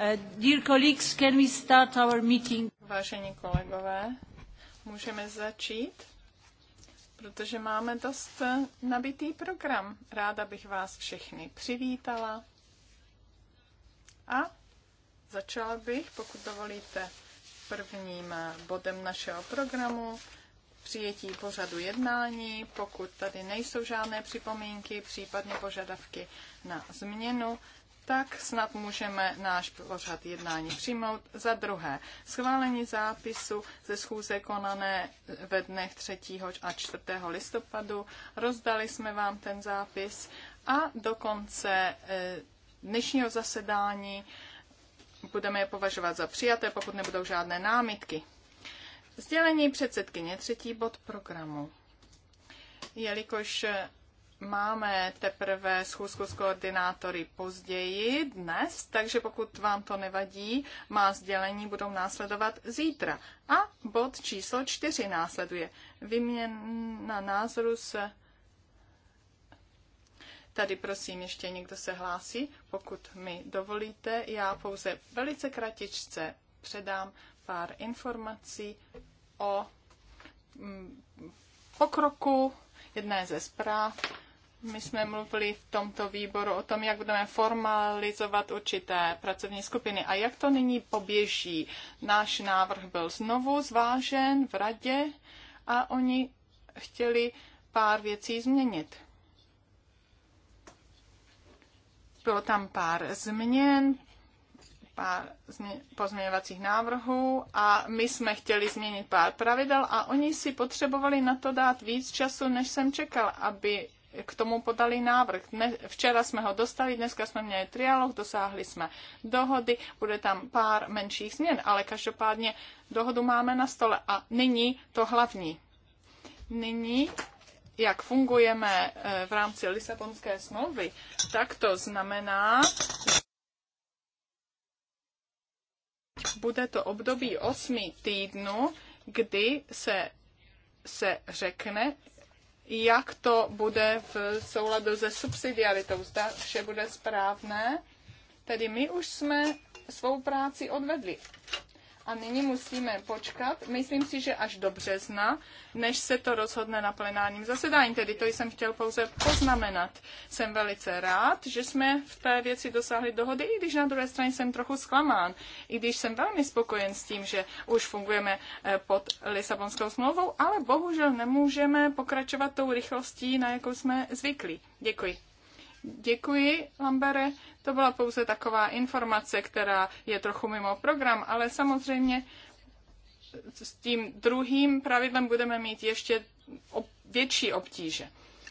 Uh, dear colleagues, can we start our meeting? Vážení kolegové, můžeme začít, protože máme dost nabitý program. Ráda bych vás všechny přivítala a začala bych, pokud dovolíte, prvním bodem našeho programu, přijetí pořadu jednání, pokud tady nejsou žádné připomínky, případně požadavky na změnu, tak snad můžeme náš pořad jednání přijmout. Za druhé, schválení zápisu ze schůze konané ve dnech 3. a 4. listopadu. Rozdali jsme vám ten zápis a do konce eh, dnešního zasedání budeme je považovat za přijaté, pokud nebudou žádné námitky. Sdělení předsedkyně, třetí bod programu. Jelikož máme teprve schůzku s koordinátory později dnes, takže pokud vám to nevadí, má sdělení budou následovat zítra. A bod číslo čtyři následuje. Vyměna názoru se... Tady prosím, ještě někdo se hlásí. Pokud mi dovolíte, já pouze velice kratičce předám pár informací o mm, pokroku jedné ze zpráv my jsme mluvili v tomto výboru o tom, jak budeme formalizovat určité pracovní skupiny a jak to nyní poběží. Náš návrh byl znovu zvážen v radě a oni chtěli pár věcí změnit. Bylo tam pár změn, pár pozměňovacích návrhů a my jsme chtěli změnit pár pravidel a oni si potřebovali na to dát víc času, než jsem čekal, aby k tomu podali návrh. Dne, včera jsme ho dostali, dneska jsme měli trialog, dosáhli jsme dohody, bude tam pár menších změn, ale každopádně dohodu máme na stole. A nyní to hlavní. Nyní, jak fungujeme eh, v rámci Lisabonské smlouvy, tak to znamená, bude to období osmi týdnů, kdy se se řekne, jak to bude v souladu se subsidiaritou, zda vše bude správné. Tedy my už jsme svou práci odvedli a nyní musíme počkat, myslím si, že až do března, než se to rozhodne na plenárním zasedání. Tedy to jsem chtěl pouze poznamenat. Jsem velice rád, že jsme v té věci dosáhli dohody, i když na druhé straně jsem trochu zklamán, i když jsem velmi spokojen s tím, že už fungujeme eh, pod Lisabonskou smlouvou, ale bohužel nemůžeme pokračovat tou rychlostí, na jakou jsme zvyklí. Děkuji. Děkuji, Lambere. To byla pouze taková informace, která je trochu mimo program, ale samozřejmě s tím druhým pravidlem budeme mít ještě větší obtíže.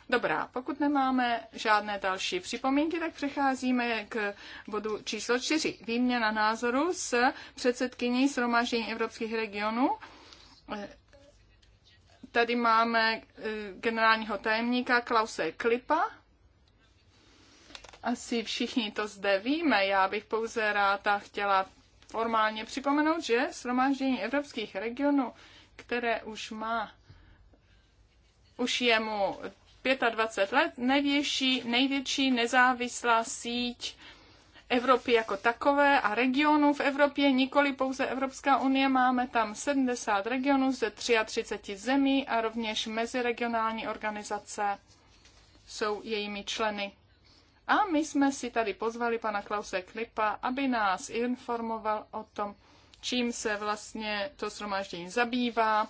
Dobrá, pokud nemáme žádné další připomínky, tak přecházíme k bodu číslo čtyři. Výměna názoru s předsedkyní Shromáždění evropských regionů. Tady máme eh, generálního tajemníka Klause Klipa, asi všichni to zde víme, já bych pouze ráda chtěla formálně připomenout, že shromáždění evropských regionů, které už má, už je mu 25 let, největší, největší nezávislá síť Evropy jako takové a regionů v Evropě, nikoli pouze Evropská unie, máme tam 70 regionů ze 33 zemí a rovněž meziregionální organizace jsou jejími členy. A my jsme si tady pozvali pana Klause Klipa, aby nás informoval o tom, čím se vlastně to shromáždění zabývá,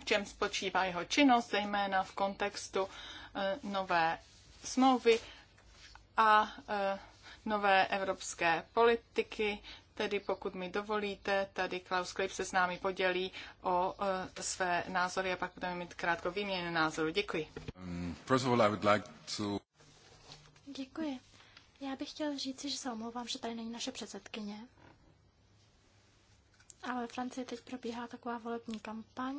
v čem spočívá jeho činnost, zejména v kontextu e, nové smlouvy a e, nové evropské politiky. Tedy pokud mi dovolíte, tady Klaus Klip se s námi podělí o e, své názory a pak budeme mít krátkou výměnu názoru. Děkuji. Um, first of all, I would like to Děkuji. Já bych chtěl říct, že se omlouvám, že tady není naše předsedkyně. Ale ve Francii teď probíhá taková volební kampaň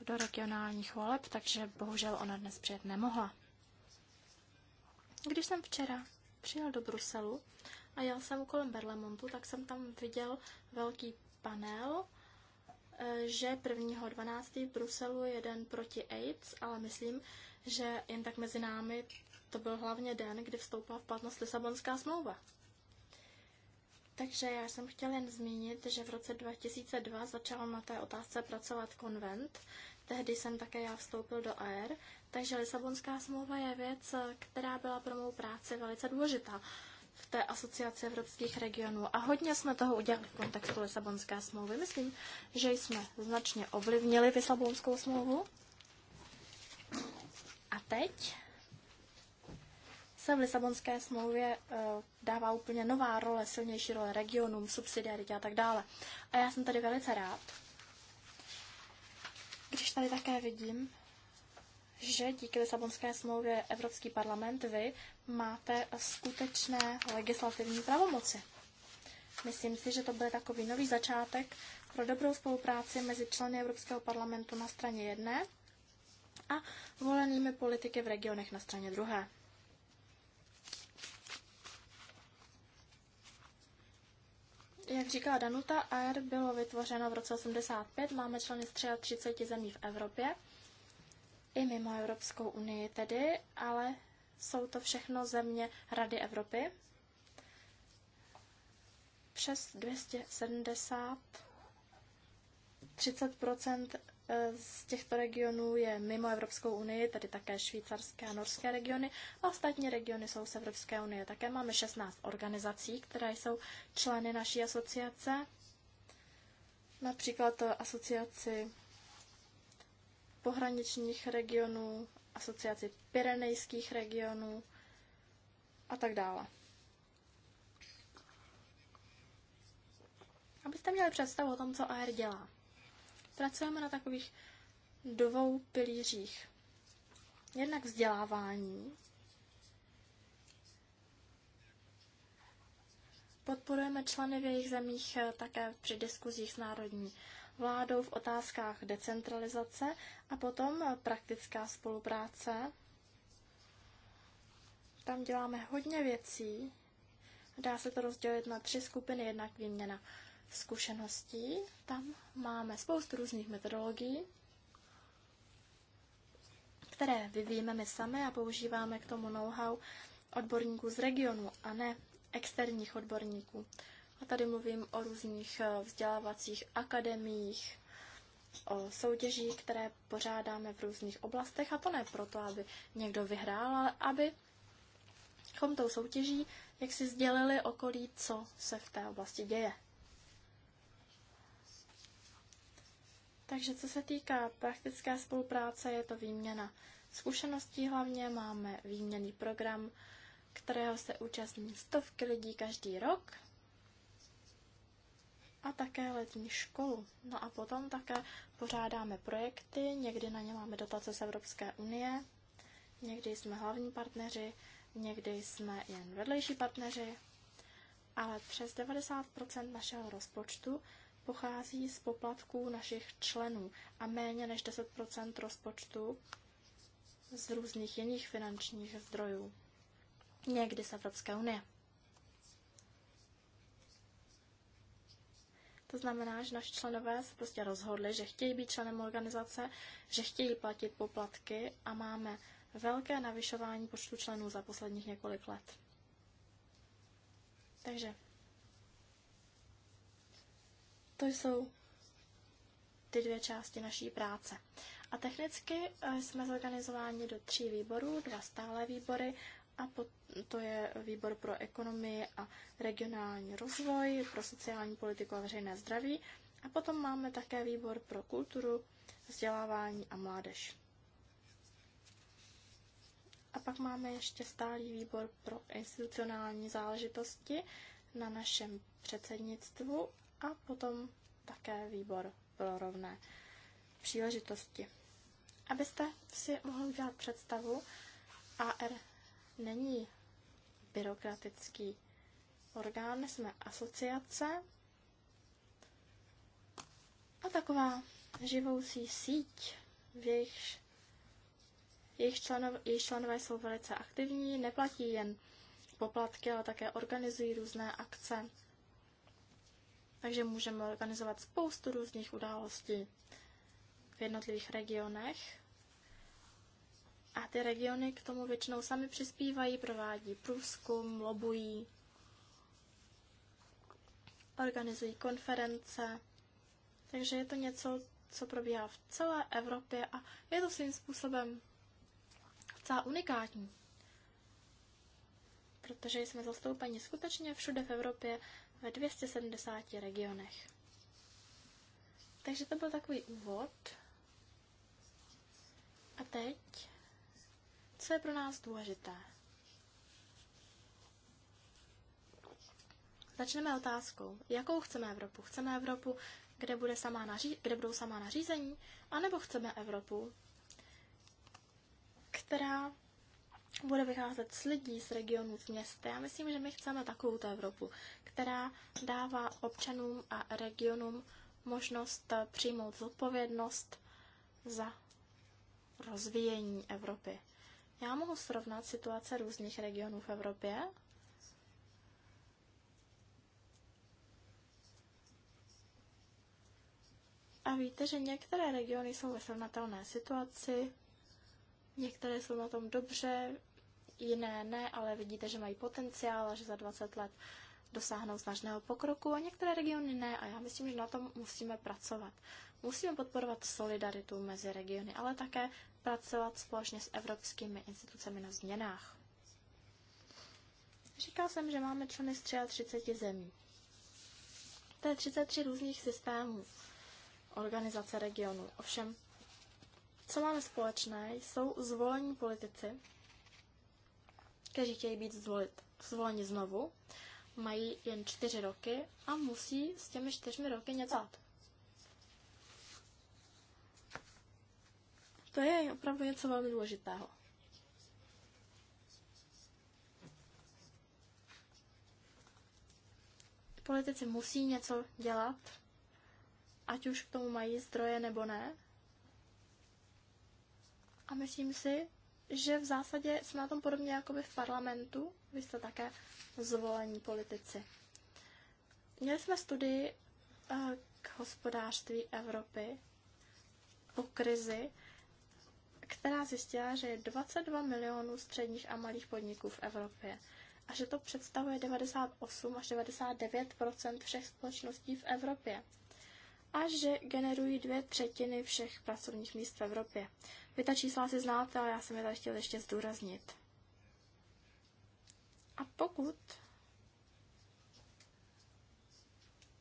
do regionálních voleb, takže bohužel ona dnes přijet nemohla. Když jsem včera přijel do Bruselu a jel jsem kolem Berlemontu, tak jsem tam viděl velký panel, eh, že 1.12. v Bruselu je den proti AIDS, ale myslím, že jen tak mezi námi to byl hlavně den, kdy vstoupila v platnost Lisabonská smlouva. Takže já jsem chtěla jen zmínit, že v roce 2002 začal na té otázce pracovat konvent. Tehdy jsem také já vstoupil do AR, takže Lisabonská smlouva je věc, která byla pro mou práci velice důležitá v té asociaci evropských regionů. A hodně jsme toho udělali v kontextu Lisabonské smlouvy. Myslím, že jsme značně ovlivnili Lisabonskou smlouvu. A teď se v Lisabonské smlouvě eh, dává úplně nová role, silnější role regionům, subsidiaritě a tak dále. A já jsem tady velice rád, když tady také vidím, že díky Lisabonské smlouvě Evropský parlament vy máte skutečné legislativní pravomoci. Myslím si, že to byl takový nový začátek pro dobrou spolupráci mezi členy Evropského parlamentu na straně jedné a volenými politiky v regionech na straně druhé. Jak říká Danuta, AR bylo vytvořeno v roce 85, máme členy z 33 zemí v Evropě, i mimo Evropskou unii tedy, ale jsou to všechno země Rady Evropy. Přes 270, 30 z těchto regionů je mimo Evropskou unii, tedy také švýcarské a norské regiony a ostatní regiony jsou z Evropské unie. Také máme 16 organizací, které jsou členy naší asociace, například asociaci pohraničních regionů, asociaci pyrenejských regionů a tak dále. Abyste měli představu o tom, co AR dělá. Pracujeme na takových dvou pilířích. Jednak vzdělávání. Podporujeme členy v jejich zemích eh, také při diskuzích s národní vládou v otázkách decentralizace a potom eh, praktická spolupráce. Tam děláme hodně věcí. Dá se to rozdělit na tři skupiny, jednak výměna zkušeností. Tam máme spoustu různých metodologií, které vyvíjíme my sami a používáme k tomu know-how odborníků z regionu a ne externích odborníků. A tady mluvím o různých eh, vzdělávacích akademiích, o soutěžích, které pořádáme v různých oblastech. A to ne proto, aby někdo vyhrál, ale aby tou soutěží, jak si sdělili okolí, co se v té oblasti děje. Takže co se týká praktické spolupráce, je to výměna zkušeností hlavně. Máme výměný program, kterého se účastní stovky lidí každý rok a také letní školu. No a potom také pořádáme projekty, někdy na ně máme dotace z Evropské unie, někdy jsme hlavní partneři, někdy jsme jen vedlejší partneři, ale přes 90% našeho rozpočtu pochází z poplatků našich členů a méně než 10 rozpočtu z různých jiných finančních zdrojů, někdy z Evropské unie. To znamená, že naši členové se prostě rozhodli, že chtějí být členem organizace, že chtějí platit poplatky a máme velké navyšování počtu členů za posledních několik let. Takže to jsou ty dvě části naší práce. A technicky eh, jsme zorganizováni do tří výborů, dva stále výbory a to je výbor pro ekonomii a regionální rozvoj, pro sociální politiku a veřejné zdraví. A potom máme také výbor pro kulturu, vzdělávání a mládež. A pak máme ještě stálý výbor pro institucionální záležitosti na našem předsednictvu a potom také výbor pro rovné příležitosti. Abyste si mohli udělat představu, AR není byrokratický orgán, jsme asociace a taková živoucí síť, v jejichž jejich, členov, jejich členové jsou velice aktivní, neplatí jen poplatky, ale také organizují různé akce, takže můžeme organizovat spoustu různých událostí v jednotlivých regionech. A ty regiony k tomu většinou sami přispívají, provádí průzkum, lobují, organizují konference. Takže je to něco, co probíhá v celé Evropě a je to svým způsobem celá unikátní. Protože jsme zastoupeni skutečně všude v Evropě ve 270 regionech. Takže to byl takový úvod. A teď, co je pro nás důležité? Začneme otázkou, jakou chceme Evropu. Chceme Evropu, kde, bude samá naří- kde budou samá nařízení, anebo chceme Evropu, která bude vycházet s lidí, z regionů, z městě. Já myslím, že my chceme takovou Evropu, která dává občanům a regionům možnost eh, přijmout zodpovědnost za rozvíjení Evropy. Já mohu srovnat situace různých regionů v Evropě. A víte, že některé regiony jsou ve srovnatelné situaci, Některé jsou na tom dobře, jiné ne, ale vidíte, že mají potenciál a že za 20 let dosáhnou značného pokroku a některé regiony ne a já myslím, že na tom musíme pracovat. Musíme podporovat solidaritu mezi regiony, ale také pracovat společně s evropskými institucemi na změnách. Říkal jsem, že máme členy z 33 zemí. To je 33 různých systémů organizace regionu. Ovšem co máme společné, jsou zvolení politici, kteří chtějí být zvolit, zvoleni znovu, mají jen čtyři roky a musí s těmi čtyřmi roky něco dát. To je opravdu něco velmi důležitého. Politici musí něco dělat, ať už k tomu mají zdroje nebo ne, a myslím si, že v zásadě jsme na tom podobně jako by v parlamentu. Vy jste také zvolení politici. Měli jsme studii eh, k hospodářství Evropy po krizi, která zjistila, že je 22 milionů středních a malých podniků v Evropě a že to představuje 98 až 99 všech společností v Evropě a že generují dvě třetiny všech pracovních míst v Evropě. Vy ta čísla si znáte, ale já jsem je tady chtěl ještě zdůraznit. A pokud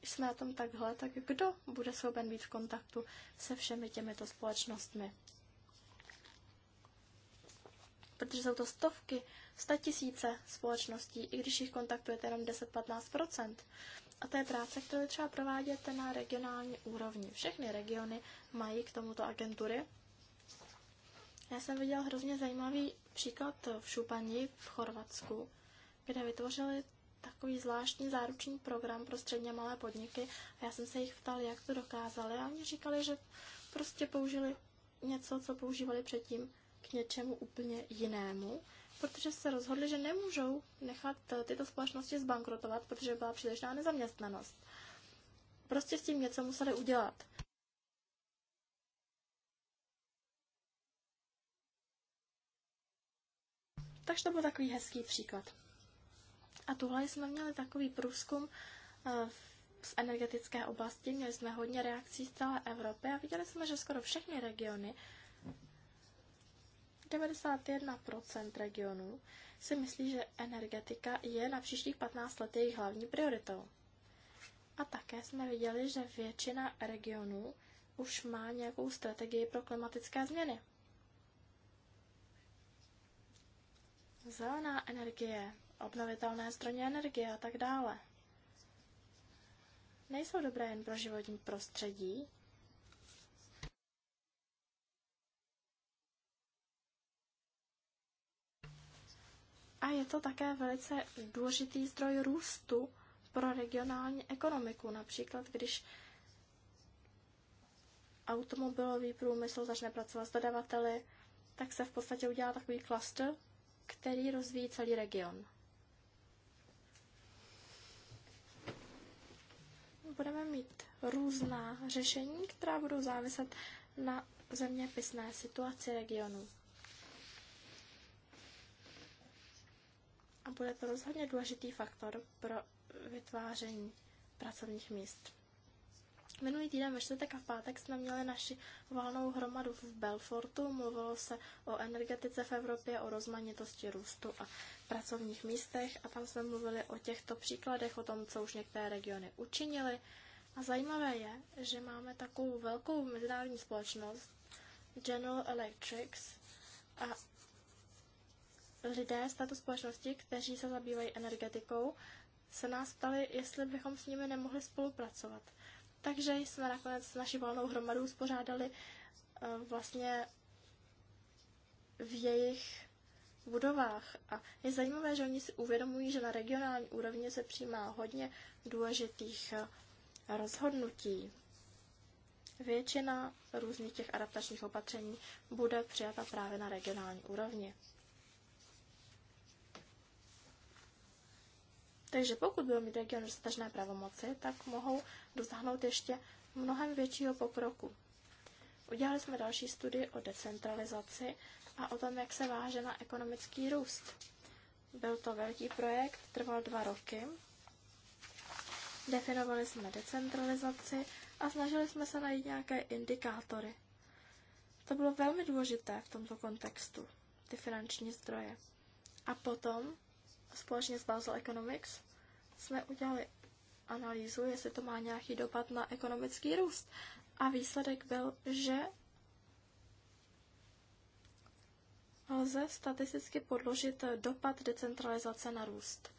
jsme na tom takhle, tak kdo bude schopen být v kontaktu se všemi těmito společnostmi? Protože jsou to stovky, sta tisíce společností, i když jich kontaktujete jenom 10-15%. A to je práce, kterou třeba provádět na regionální úrovni. Všechny regiony mají k tomuto agentury, já jsem viděl hrozně zajímavý příklad v Šupani v Chorvatsku, kde vytvořili takový zvláštní záruční program pro středně malé podniky a já jsem se jich ptal, jak to dokázali a oni říkali, že prostě použili něco, co používali předtím k něčemu úplně jinému, protože se rozhodli, že nemůžou nechat eh, tyto společnosti zbankrotovat, protože byla přílišná nezaměstnanost. Prostě s tím něco museli udělat. Takže to byl takový hezký příklad. A tuhle jsme měli takový průzkum eh, z energetické oblasti, měli jsme hodně reakcí z celé Evropy a viděli jsme, že skoro všechny regiony, 91% regionů, si myslí, že energetika je na příštích 15 let jejich hlavní prioritou. A také jsme viděli, že většina regionů už má nějakou strategii pro klimatické změny. Zelená energie, obnovitelné zdroje energie a tak dále nejsou dobré jen pro životní prostředí, A je to také velice důležitý zdroj růstu pro regionální ekonomiku. Například, když automobilový průmysl začne pracovat s dodavateli, tak se v podstatě udělá takový cluster který rozvíjí celý region. Budeme mít různá řešení, která budou záviset na zeměpisné situaci regionu. A bude to rozhodně důležitý faktor pro vytváření pracovních míst. Minulý týden ve čtvrtek a v pátek jsme měli naši valnou hromadu v Belfortu. Mluvilo se o energetice v Evropě, o rozmanitosti růstu a pracovních místech a tam jsme mluvili o těchto příkladech, o tom, co už některé regiony učinily. A zajímavé je, že máme takovou velkou mezinárodní společnost General Electrics a lidé z této společnosti, kteří se zabývají energetikou, se nás ptali, jestli bychom s nimi nemohli spolupracovat. Takže jsme nakonec s naší volnou hromadou spořádali eh, vlastně v jejich budovách. A je zajímavé, že oni si uvědomují, že na regionální úrovni se přijímá hodně důležitých eh, rozhodnutí. Většina různých těch adaptačních opatření bude přijata právě na regionální úrovni. Takže pokud budou mít regiony dostatečné pravomoci, tak mohou dosáhnout ještě mnohem většího pokroku. Udělali jsme další studii o decentralizaci a o tom, jak se váže na ekonomický růst. Byl to velký projekt, trval dva roky. Definovali jsme decentralizaci a snažili jsme se najít nějaké indikátory. To bylo velmi důležité v tomto kontextu, ty finanční zdroje. A potom společně s Basel Economics jsme udělali analýzu, jestli to má nějaký dopad na ekonomický růst. A výsledek byl, že lze statisticky podložit dopad decentralizace na růst.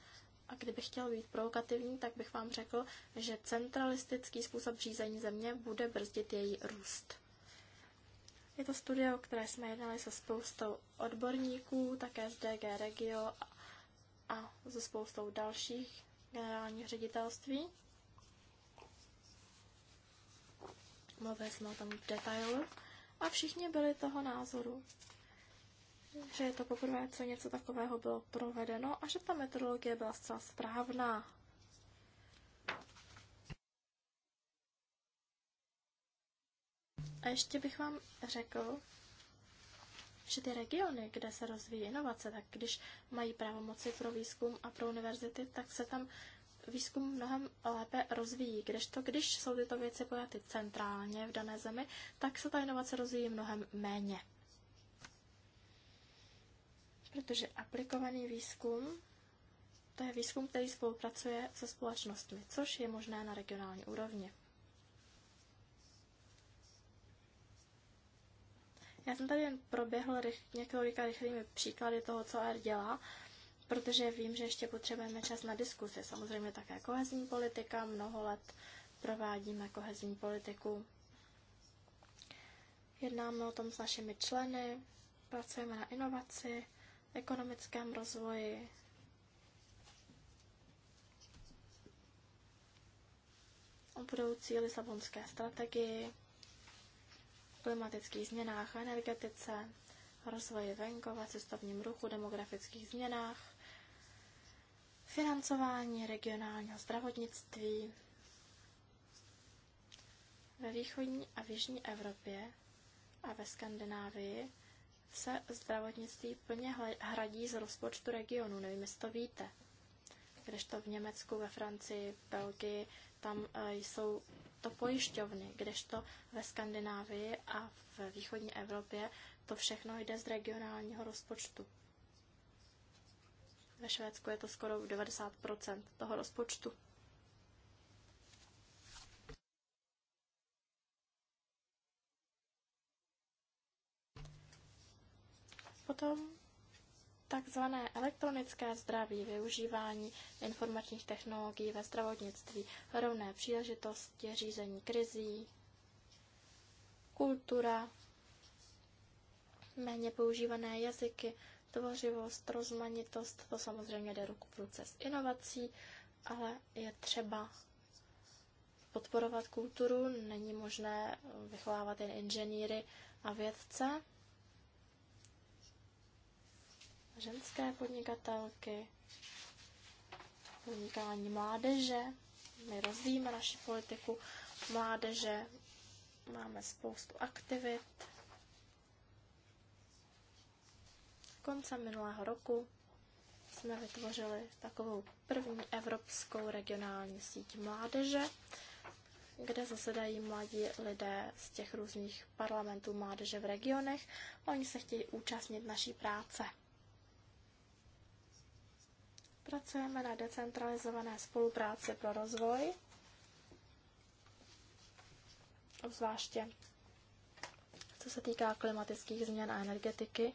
A kdybych chtěl být provokativní, tak bych vám řekl, že centralistický způsob řízení země bude brzdit její růst. Je to studio, které jsme jednali se spoustou odborníků, také z DG Regio a se spoustou dalších generálních ředitelství. Mluvili jsme o tom v detailu a všichni byli toho názoru, že je to poprvé, co něco takového bylo provedeno a že ta metodologie byla zcela správná. A ještě bych vám řekl, že ty regiony, kde se rozvíjí inovace, tak když mají pravomoci pro výzkum a pro univerzity, tak se tam výzkum mnohem lépe rozvíjí. Kdežto, když jsou tyto věci pojaty centrálně v dané zemi, tak se ta inovace rozvíjí mnohem méně. Protože aplikovaný výzkum, to je výzkum, který spolupracuje se společnostmi, což je možné na regionální úrovni. Já jsem tady jen proběhl rych, několika rychlými příklady toho, co R dělá, protože vím, že ještě potřebujeme čas na diskusi. Samozřejmě také kohezní politika, mnoho let provádíme kohezní politiku. Jednáme o tom s našimi členy, pracujeme na inovaci, ekonomickém rozvoji, o budoucí Lisabonské strategii klimatických změnách, energetice, rozvoji venkova, cestovním ruchu, demografických změnách, financování regionálního zdravotnictví. Ve východní a v jižní Evropě a ve Skandinávii se zdravotnictví plně hradí z rozpočtu regionu, nevím, jestli to víte. Kdežto v Německu, ve Francii, Belgii, tam eh, jsou to pojišťovny, kdežto ve Skandinávii a v východní Evropě to všechno jde z regionálního rozpočtu. Ve Švédsku je to skoro 90% toho rozpočtu. Potom takzvané elektronické zdraví, využívání informačních technologií ve zdravotnictví, rovné příležitosti, řízení krizí, kultura, méně používané jazyky, tvořivost, rozmanitost, to samozřejmě jde ruku v ruce s inovací, ale je třeba podporovat kulturu, není možné vychovávat jen inženýry a vědce, ženské podnikatelky, podnikání mládeže. My rozvíjíme naši politiku mládeže, máme spoustu aktivit. Koncem minulého roku jsme vytvořili takovou první evropskou regionální síť mládeže, kde zasedají mladí lidé z těch různých parlamentů mládeže v regionech. Oni se chtějí účastnit naší práce. Pracujeme na decentralizované spolupráci pro rozvoj, obzvláště co se týká klimatických změn a energetiky.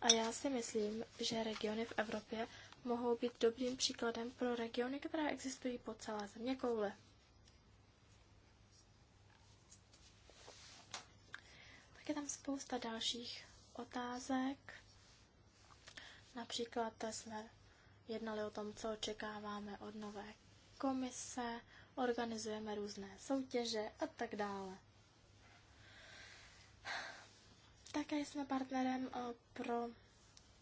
A já si myslím, že regiony v Evropě mohou být dobrým příkladem pro regiony, které existují po celé země koule. Tak je tam spousta dalších otázek. Například jsme jednali o tom, co očekáváme od nové komise, organizujeme různé soutěže a tak dále. Také jsme partnerem eh, pro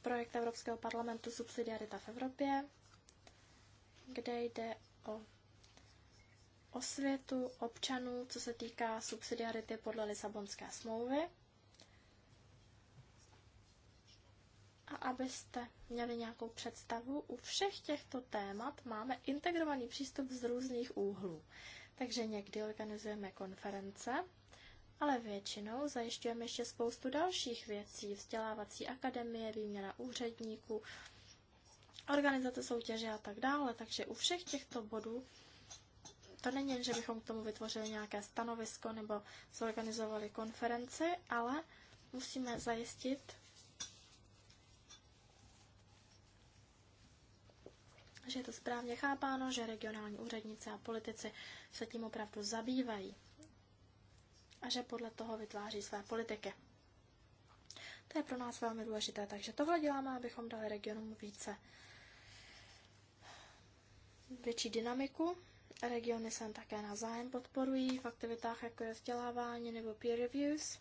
projekt Evropského parlamentu Subsidiarita v Evropě, kde jde o osvětu občanů, co se týká subsidiarity podle Lisabonské smlouvy. A abyste měli nějakou představu, u všech těchto témat máme integrovaný přístup z různých úhlů. Takže někdy organizujeme konference, ale většinou zajišťujeme ještě spoustu dalších věcí, vzdělávací akademie, výměna úředníků, organizace soutěže a tak dále. Takže u všech těchto bodů to není jen, že bychom k tomu vytvořili nějaké stanovisko nebo zorganizovali konferenci, ale musíme zajistit, že je to správně chápáno, že regionální úředníci a politici se tím opravdu zabývají a že podle toho vytváří své politiky. To je pro nás velmi důležité, takže tohle děláme, abychom dali regionům více větší dynamiku. Regiony se také na zájem podporují v aktivitách, jako je vzdělávání nebo peer reviews.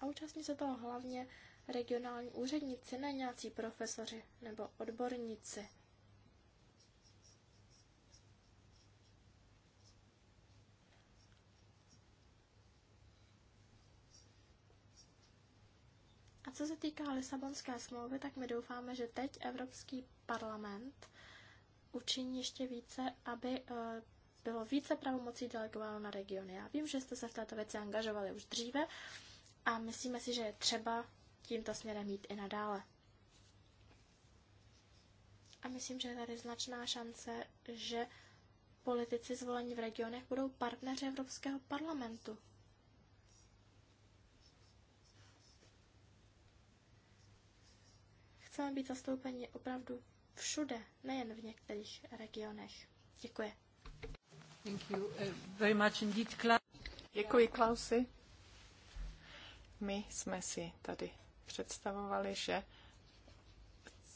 A účastní se toho hlavně regionální úředníci, ne nějací profesoři nebo odborníci. A co se týká Lisabonské smlouvy, tak my doufáme, že teď Evropský parlament učiní ještě více, aby eh, bylo více pravomocí delegováno na regiony. Já vím, že jste se v této věci angažovali už dříve a myslíme si, že je třeba tímto směrem jít i nadále. A myslím, že je tady značná šance, že politici zvolení v regionech budou partneři Evropského parlamentu. Chceme být zastoupeni opravdu všude, nejen v některých regionech. Děkuji. Thank you eh, very much indeed, Kla- Děkuji, Klausi. My jsme si tady představovali, že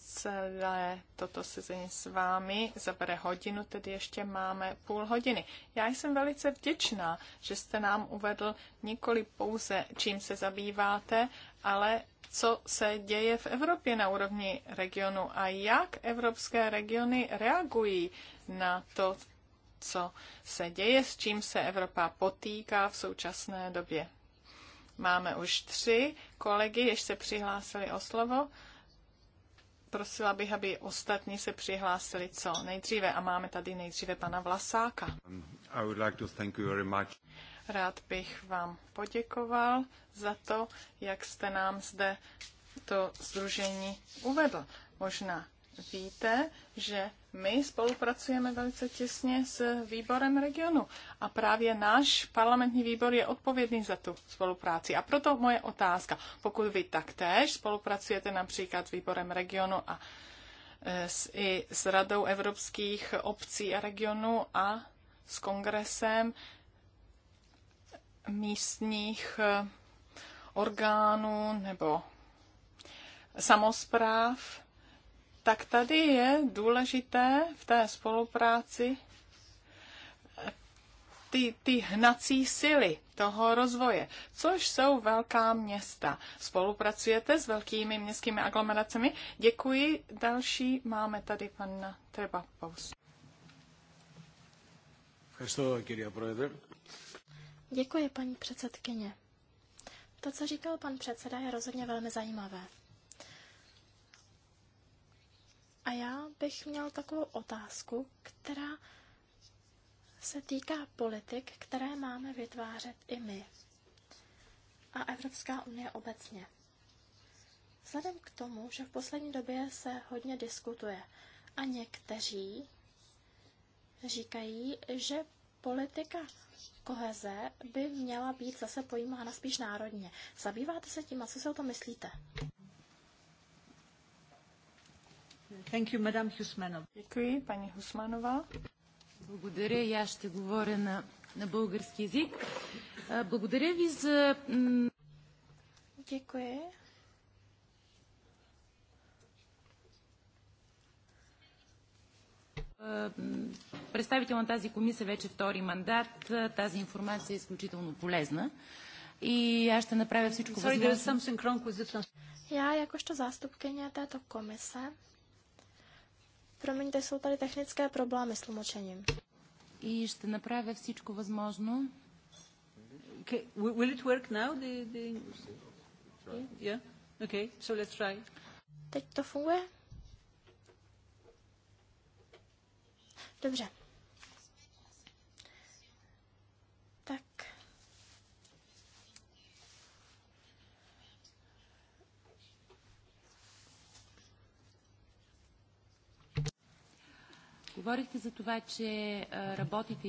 celé toto sezení s vámi zabere hodinu, tedy ještě máme půl hodiny. Já jsem velice vděčná, že jste nám uvedl nikoli pouze, čím se zabýváte, ale co se děje v Evropě na úrovni regionu a jak evropské regiony reagují na to, co se děje, s čím se Evropa potýká v současné době. Máme už tři kolegy, jež se přihlásili o slovo. Prosila bych, aby ostatní se přihlásili co nejdříve. A máme tady nejdříve pana Vlasáka. Um, I would like to thank you very much. Rád bych vám poděkoval za to, jak jste nám zde to združení uvedl. Možná víte, že my spolupracujeme velice těsně s výborem regionu a právě náš parlamentní výbor je odpovědný za tu spolupráci. A proto moje otázka, pokud vy taktéž spolupracujete například s výborem regionu a e, s, i s Radou evropských obcí a regionů a s kongresem místních e, orgánů nebo samozpráv, tak tady je důležité v té spolupráci ty, ty hnací sily toho rozvoje, což jsou velká města. Spolupracujete s velkými městskými aglomeracemi? Děkuji. Další máme tady pana Trebapaus. Děkuji, paní předsedkyně. To, co říkal pan předseda, je rozhodně velmi zajímavé. A já bych měl takovou otázku, která se týká politik, které máme vytvářet i my a Evropská unie obecně. Vzhledem k tomu, že v poslední době se hodně diskutuje a někteří říkají, že politika koheze by měla být zase pojímána spíš národně. Zabýváte se tím a co si o to myslíte? Thank you, Madame Husmanova. Děkuji, paní Husmanová. Благодаря и аз ще говоря на, на български язик. Благодаря ви за... Děkuji. Представител на тази комисия вече втори мандат. Тази информация е изключително полезна. И аз ще направя всичко възможно. Já jakožto zástupkyně této komise Promiňte, jsou tady technické problémy s tlumočením. I ще направя всичко възможно. Will it work now? The, the... Yeah? Okay, so let's try. Teď to funguje? Dobře. Говорихте за това, че работите...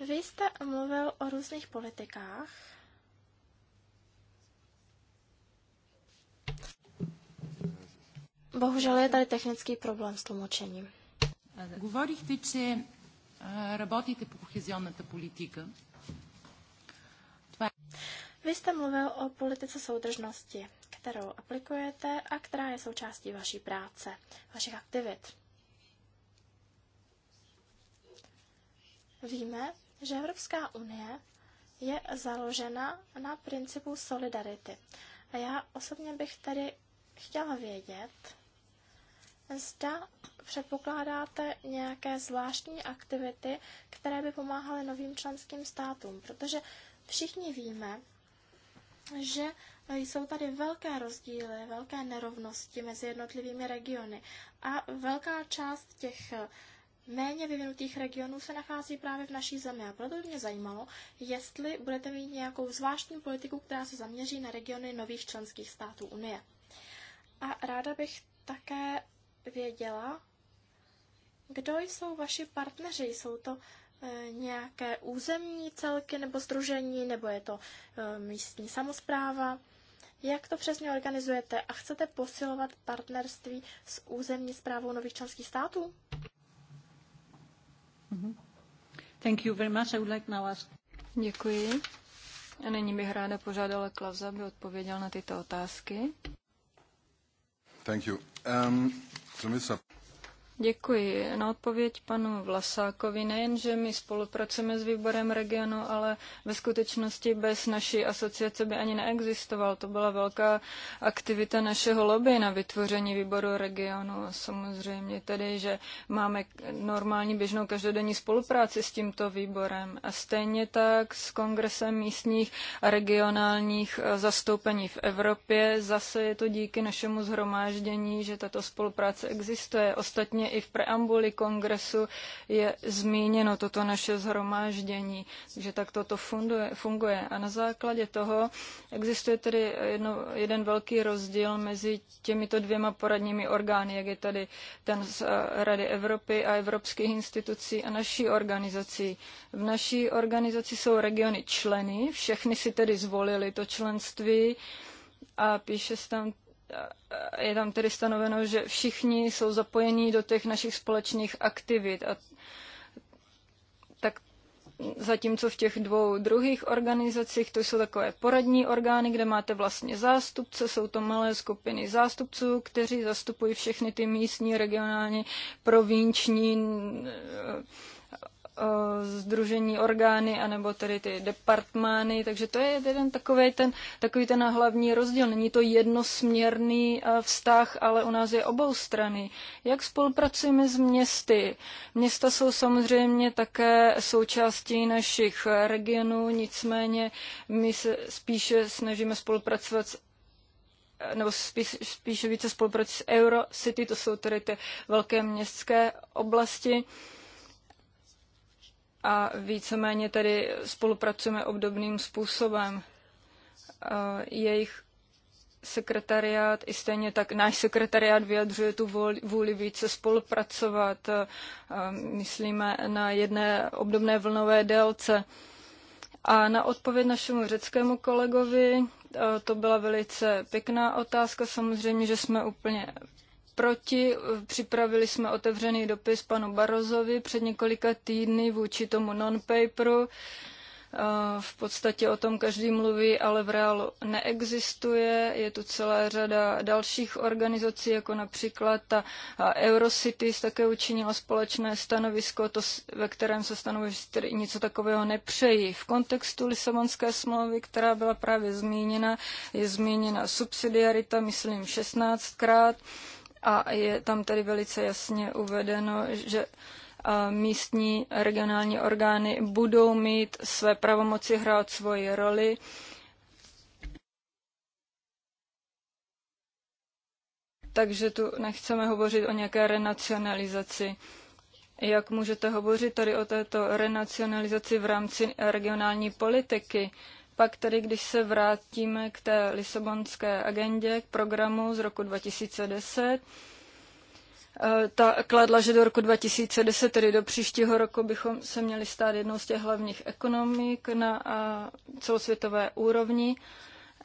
Vy jste mluvil o různých politikách. Bohužel je tady technický problém s tlumočením. Говорихте, че работите по кохезионната политика. Това... Vy jste mluvil o politice soudržnosti, kterou aplikujete a která je součástí vaší práce, vašich aktivit. Víme, že Evropská unie je založena na principu solidarity. A já osobně bych tady chtěla vědět, zda předpokládáte nějaké zvláštní aktivity, které by pomáhaly novým členským státům, protože všichni víme, že jsou tady velké rozdíly, velké nerovnosti mezi jednotlivými regiony a velká část těch méně vyvinutých regionů se nachází právě v naší zemi. A proto by mě zajímalo, jestli budete mít nějakou zvláštní politiku, která se zaměří na regiony nových členských států Unie. A ráda bych také věděla, kdo jsou vaši partneři. Jsou to eh, nějaké územní celky nebo združení, nebo je to eh, místní samozpráva. Jak to přesně organizujete a chcete posilovat partnerství s územní zprávou nových členských států? Mm-hmm. Děkuji. A nyní bych ráda požádala Klausa, aby odpověděl na tyto otázky. Thank you. Um, Děkuji. Na odpověď panu Vlasákovi nejen, že my spolupracujeme s výborem regionu, ale ve skutečnosti bez naší asociace by ani neexistoval. To byla velká aktivita našeho lobby na vytvoření výboru regionu. A samozřejmě tedy, že máme normální běžnou každodenní spolupráci s tímto výborem. A stejně tak s kongresem místních a regionálních eh, zastoupení v Evropě. Zase je to díky našemu zhromáždění, že tato spolupráce existuje. Ostatně Vlastně i v preambuli kongresu je zmíněno toto naše zhromáždění, že tak toto funduje, funguje. A na základě toho existuje tedy jedno, jeden velký rozdíl mezi těmito dvěma poradními orgány, jak je tady ten z eh, Rady Evropy a evropských institucí a naší organizací. V naší organizaci jsou regiony členy, všechny si tedy zvolili to členství a píše se tam je tam tedy stanoveno, že všichni jsou zapojení do těch našich společných aktivit. A tak zatímco v těch dvou druhých organizacích, to jsou takové poradní orgány, kde máte vlastně zástupce, jsou to malé skupiny zástupců, kteří zastupují všechny ty místní, regionální, provinční združení orgány, anebo tedy ty departmány, takže to je jeden takový ten, takový ten hlavní rozdíl. Není to jednosměrný vztah, ale u nás je obou strany. Jak spolupracujeme s městy? Města jsou samozřejmě také součástí našich regionů, nicméně my se spíše snažíme spolupracovat s nebo spíš, spíše více spolupracovat s Eurocity, to jsou tedy ty velké městské oblasti. Uh, a víceméně tedy spolupracujeme obdobným způsobem. Jejich sekretariát, i stejně tak náš sekretariát vyjadřuje tu vůli více spolupracovat. Myslíme na jedné obdobné vlnové délce. A na odpověď našemu řeckému kolegovi, to byla velice pěkná otázka. Samozřejmě, že jsme úplně proti. Připravili jsme otevřený dopis panu Barozovi před několika týdny vůči tomu non-paperu. Eh, v podstatě o tom každý mluví, ale v reálu neexistuje. Je tu celá řada dalších organizací, jako například ta Eurocities také učinila společné stanovisko, to, ve kterém se stanovuje, že něco takového nepřejí. V kontextu Lisabonské smlouvy, která byla právě zmíněna, je zmíněna subsidiarita, myslím, 16krát a je tam tedy velice jasně uvedeno, že místní regionální orgány budou mít své pravomoci hrát svoji roli. Takže tu nechceme hovořit o nějaké renacionalizaci. Jak můžete hovořit tady o této renacionalizaci v rámci regionální politiky? Pak tedy, když se vrátíme k té Lisabonské agendě, k programu z roku 2010, eh, ta kladla, že do roku 2010, tedy do příštího roku, bychom se měli stát jednou z těch hlavních ekonomik na celosvětové úrovni.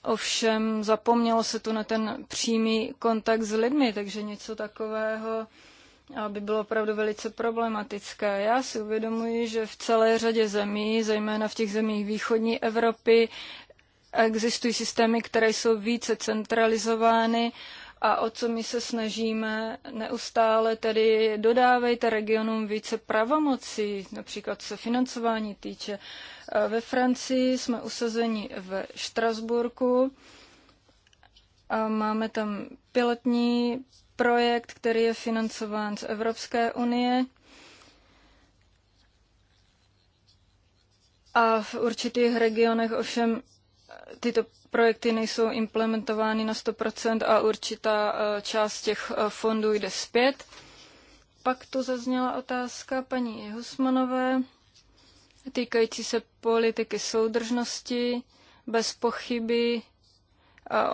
Ovšem zapomnělo se tu na ten přímý kontakt s lidmi, takže něco takového by bylo opravdu velice problematické. Já si uvědomuji, že v celé řadě zemí, zejména v těch zemích východní Evropy, existují systémy, které jsou více centralizovány a o co my se snažíme neustále, tedy dodávejte regionům více pravomocí, například se financování týče. Ve Francii jsme usazeni ve Štrasburku a máme tam pilotní projekt, který je financován z Evropské unie. A v určitých regionech ovšem tyto projekty nejsou implementovány na 100% a určitá e, část těch e, fondů jde zpět. Pak tu zazněla otázka paní Husmanové týkající se politiky soudržnosti. Bez pochyby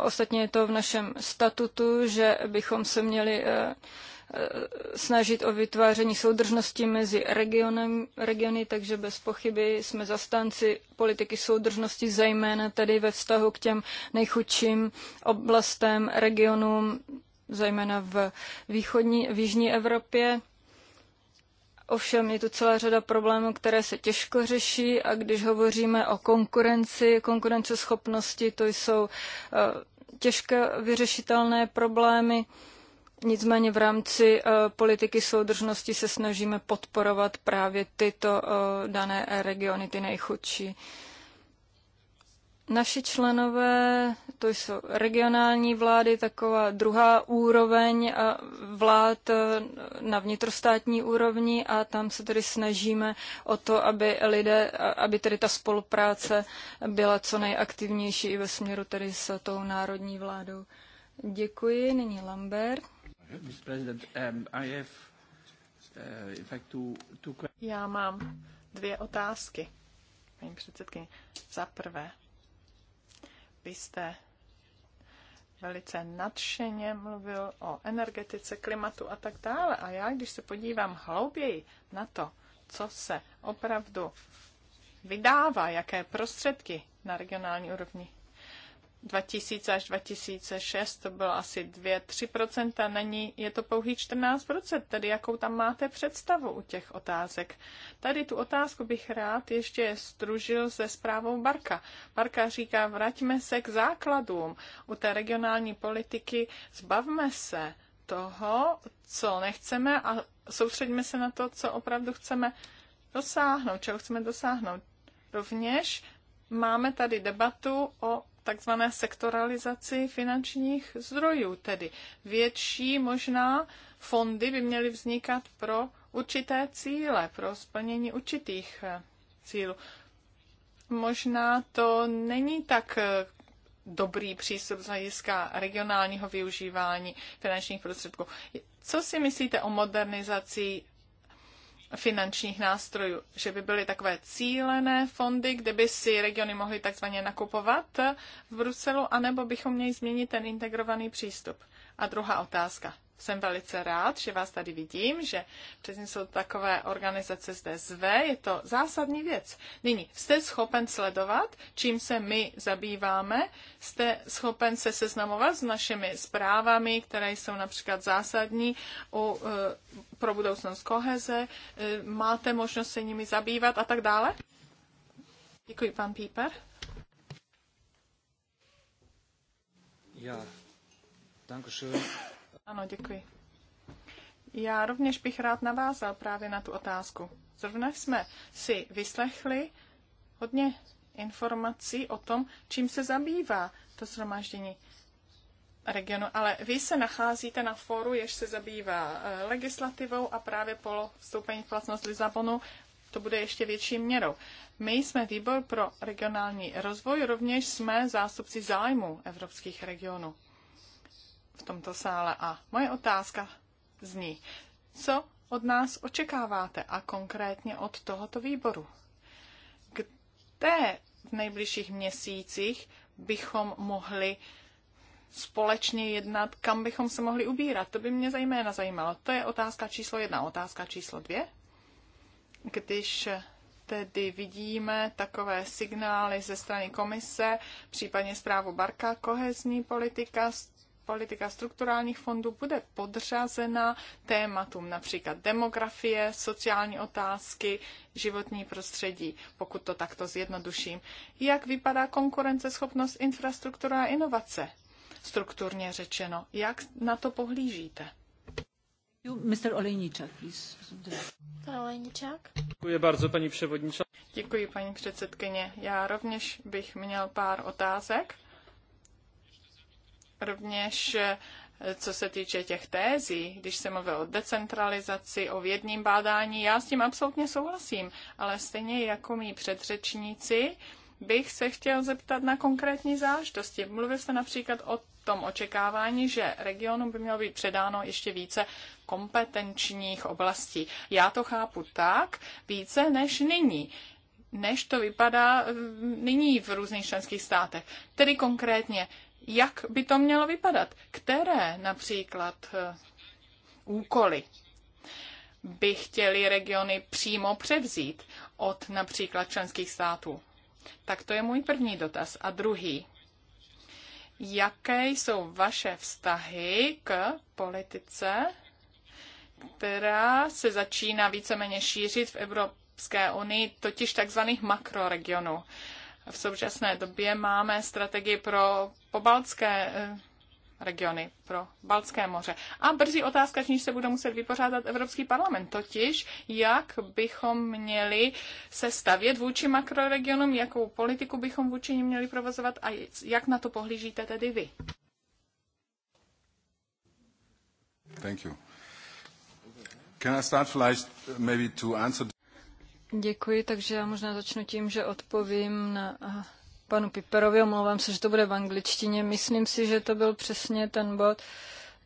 Ostatně je to v našem statutu, že bychom se měli eh, eh, snažit o vytváření soudržnosti mezi regionem, regiony, takže bez pochyby jsme zastánci politiky soudržnosti, zejména tedy ve vztahu k těm nejchudším oblastem, regionům, zejména v, východní, v jižní Evropě. Ovšem je tu celá řada problémů, které se těžko řeší a když hovoříme o konkurenci, konkurenceschopnosti, to jsou eh, těžké vyřešitelné problémy. Nicméně v rámci eh, politiky soudržnosti se snažíme podporovat právě tyto eh, dané regiony, ty nejchudší. Naši členové, to jsou regionální vlády, taková druhá úroveň a vlád eh, na vnitrostátní úrovni a tam se tedy snažíme o to, aby lidé, aby tedy ta spolupráce byla co nejaktivnější i ve směru tedy s tou národní vládou. Děkuji, nyní Lambert. Um, uh, Já mám dvě otázky, paní předsedkyně. Za prvé, vy jste velice nadšeně mluvil o energetice, klimatu a tak dále. A já, když se podívám hlouběji na to, co se opravdu vydává, jaké prostředky na regionální úrovni 2000 až 2006 to bylo asi 2-3%, není, je to pouhý 14%, tedy jakou tam máte představu u těch otázek. Tady tu otázku bych rád ještě stružil se zprávou Barka. Barka říká, vraťme se k základům u té regionální politiky, zbavme se toho, co nechceme a soustředíme se na to, co opravdu chceme dosáhnout, čeho chceme dosáhnout. Rovněž máme tady debatu o takzvané sektoralizaci finančních zdrojů, tedy větší možná fondy by měly vznikat pro určité cíle, pro splnění určitých eh, cílů. Možná to není tak eh, dobrý přístup z hlediska regionálního využívání finančních prostředků. Co si myslíte o modernizaci finančních nástrojů, že by byly takové cílené fondy, kde by si regiony mohly takzvaně nakupovat v Bruselu, anebo bychom měli změnit ten integrovaný přístup. A druhá otázka jsem velice rád, že vás tady vidím, že přesně jsou takové organizace zde zve, je to zásadní věc. Nyní, jste schopen sledovat, čím se my zabýváme, jste schopen se seznamovat s našimi zprávami, které jsou například zásadní u, eh, pro budoucnost koheze, eh, máte možnost se nimi zabývat a tak dále? Děkuji, pan Píper. Ja, danke schön. Ano, děkuji. Já rovněž bych rád navázal právě na tu otázku. Zrovna jsme si vyslechli hodně informací o tom, čím se zabývá to shromáždění regionu, ale vy se nacházíte na fóru, jež se zabývá eh, legislativou a právě po vstoupení v platnost Lizabonu to bude ještě větší měrou. My jsme výbor pro regionální rozvoj, rovněž jsme zástupci zájmu evropských regionů v tomto sále. A moje otázka zní, co od nás očekáváte a konkrétně od tohoto výboru? Kde v nejbližších měsících bychom mohli společně jednat, kam bychom se mohli ubírat? To by mě zejména zajímalo. To je otázka číslo jedna. Otázka číslo dvě. Když tedy vidíme takové signály ze strany komise, případně zprávu Barka, kohezní politika, politika strukturálních fondů bude podřazena tématům například demografie, sociální otázky, životní prostředí, pokud to takto zjednoduším. Jak vypadá konkurenceschopnost infrastruktura a inovace? Strukturně řečeno, jak na to pohlížíte? Mr. Olejničák, please. Olejničák. Děkuji bardzo, paní převodničák. Děkuji, paní předsedkyně. Já rovněž bych měl pár otázek Rovněž eh, co se týče těch tézí, když se mluví o decentralizaci, o vědním bádání, já s tím absolutně souhlasím, ale stejně jako mý předřečníci bych se chtěl zeptat na konkrétní záležitosti. Mluvil jste například o tom očekávání, že regionu by mělo být předáno ještě více kompetenčních oblastí. Já to chápu tak, více než nyní než to vypadá eh, nyní v různých členských státech. Tedy konkrétně, jak by to mělo vypadat. Které například eh, úkoly by chtěly regiony přímo převzít od například členských států? Tak to je můj první dotaz. A druhý. Jaké jsou vaše vztahy k politice, která se začíná víceméně šířit v Evropské unii, totiž takzvaných makroregionů? V současné době máme strategii pro pobaltské eh, regiony pro Baltské moře. A brzy otázka, s níž se bude muset vypořádat Evropský parlament, totiž jak bychom měli se stavět vůči makroregionům, jakou politiku bychom vůči ním měli provozovat a jak na to pohlížíte tedy vy. Thank you. Can I start vielleicht maybe to answer... Děkuji, takže já možná začnu tím, že odpovím na panu Piperovi, omlouvám se, že to bude v angličtině. Myslím si, že to byl přesně ten bod,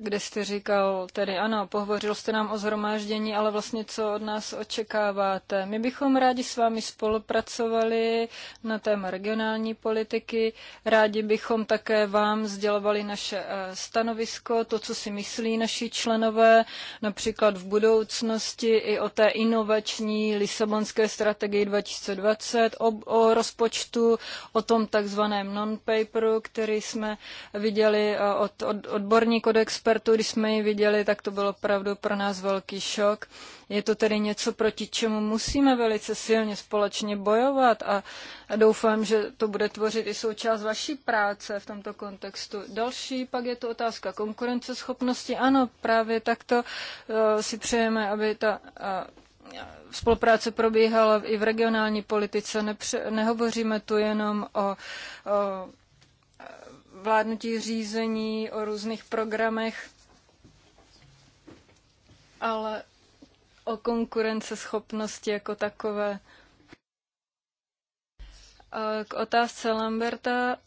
kde jste říkal, tedy ano, pohovořil jste nám o zhromáždění, ale vlastně co od nás očekáváte? My bychom rádi s vámi spolupracovali na téma regionální politiky, rádi bychom také vám sdělovali naše eh, stanovisko, to, co si myslí naši členové, například v budoucnosti i o té inovační Lisabonské strategii 2020, o, o rozpočtu, o tom takzvaném non-paperu, který jsme viděli eh, od, od odborník od expertů, když jsme ji viděli, tak to bylo opravdu pro nás velký šok. Je to tedy něco, proti čemu musíme velice silně společně bojovat a doufám, že to bude tvořit i součást vaší práce v tomto kontextu. Další pak je to otázka konkurenceschopnosti. Ano, právě takto eh, si přejeme, aby ta spolupráce probíhala i v regionální politice. Nepře- nehovoříme tu jenom o, o vládnutí řízení, o různých programech, ale o konkurenceschopnosti jako takové. K otázce Lamberta.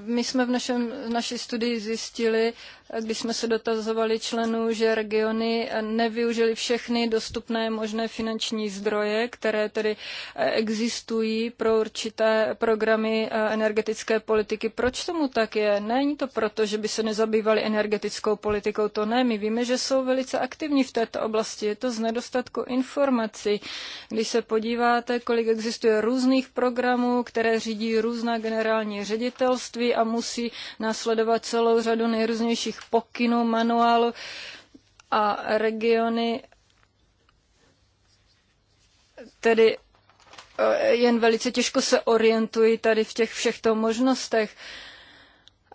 My jsme v, našem, v naší studii zjistili, když jsme se dotazovali členů, že regiony nevyužily všechny dostupné možné finanční zdroje, které tedy eh, existují pro určité programy eh, energetické politiky. Proč tomu tak je? Není to proto, že by se nezabývali energetickou politikou, to ne. My víme, že jsou velice aktivní v této oblasti. Je to z nedostatku informací. Když se podíváte, kolik existuje různých programů, které řídí různá generální ředitelství a musí následovat celou řadu nejrůznějších různých pokynů, manuálu a regiony tedy eh, jen velice těžko se orientují tady v těch všech možnostech. Uh,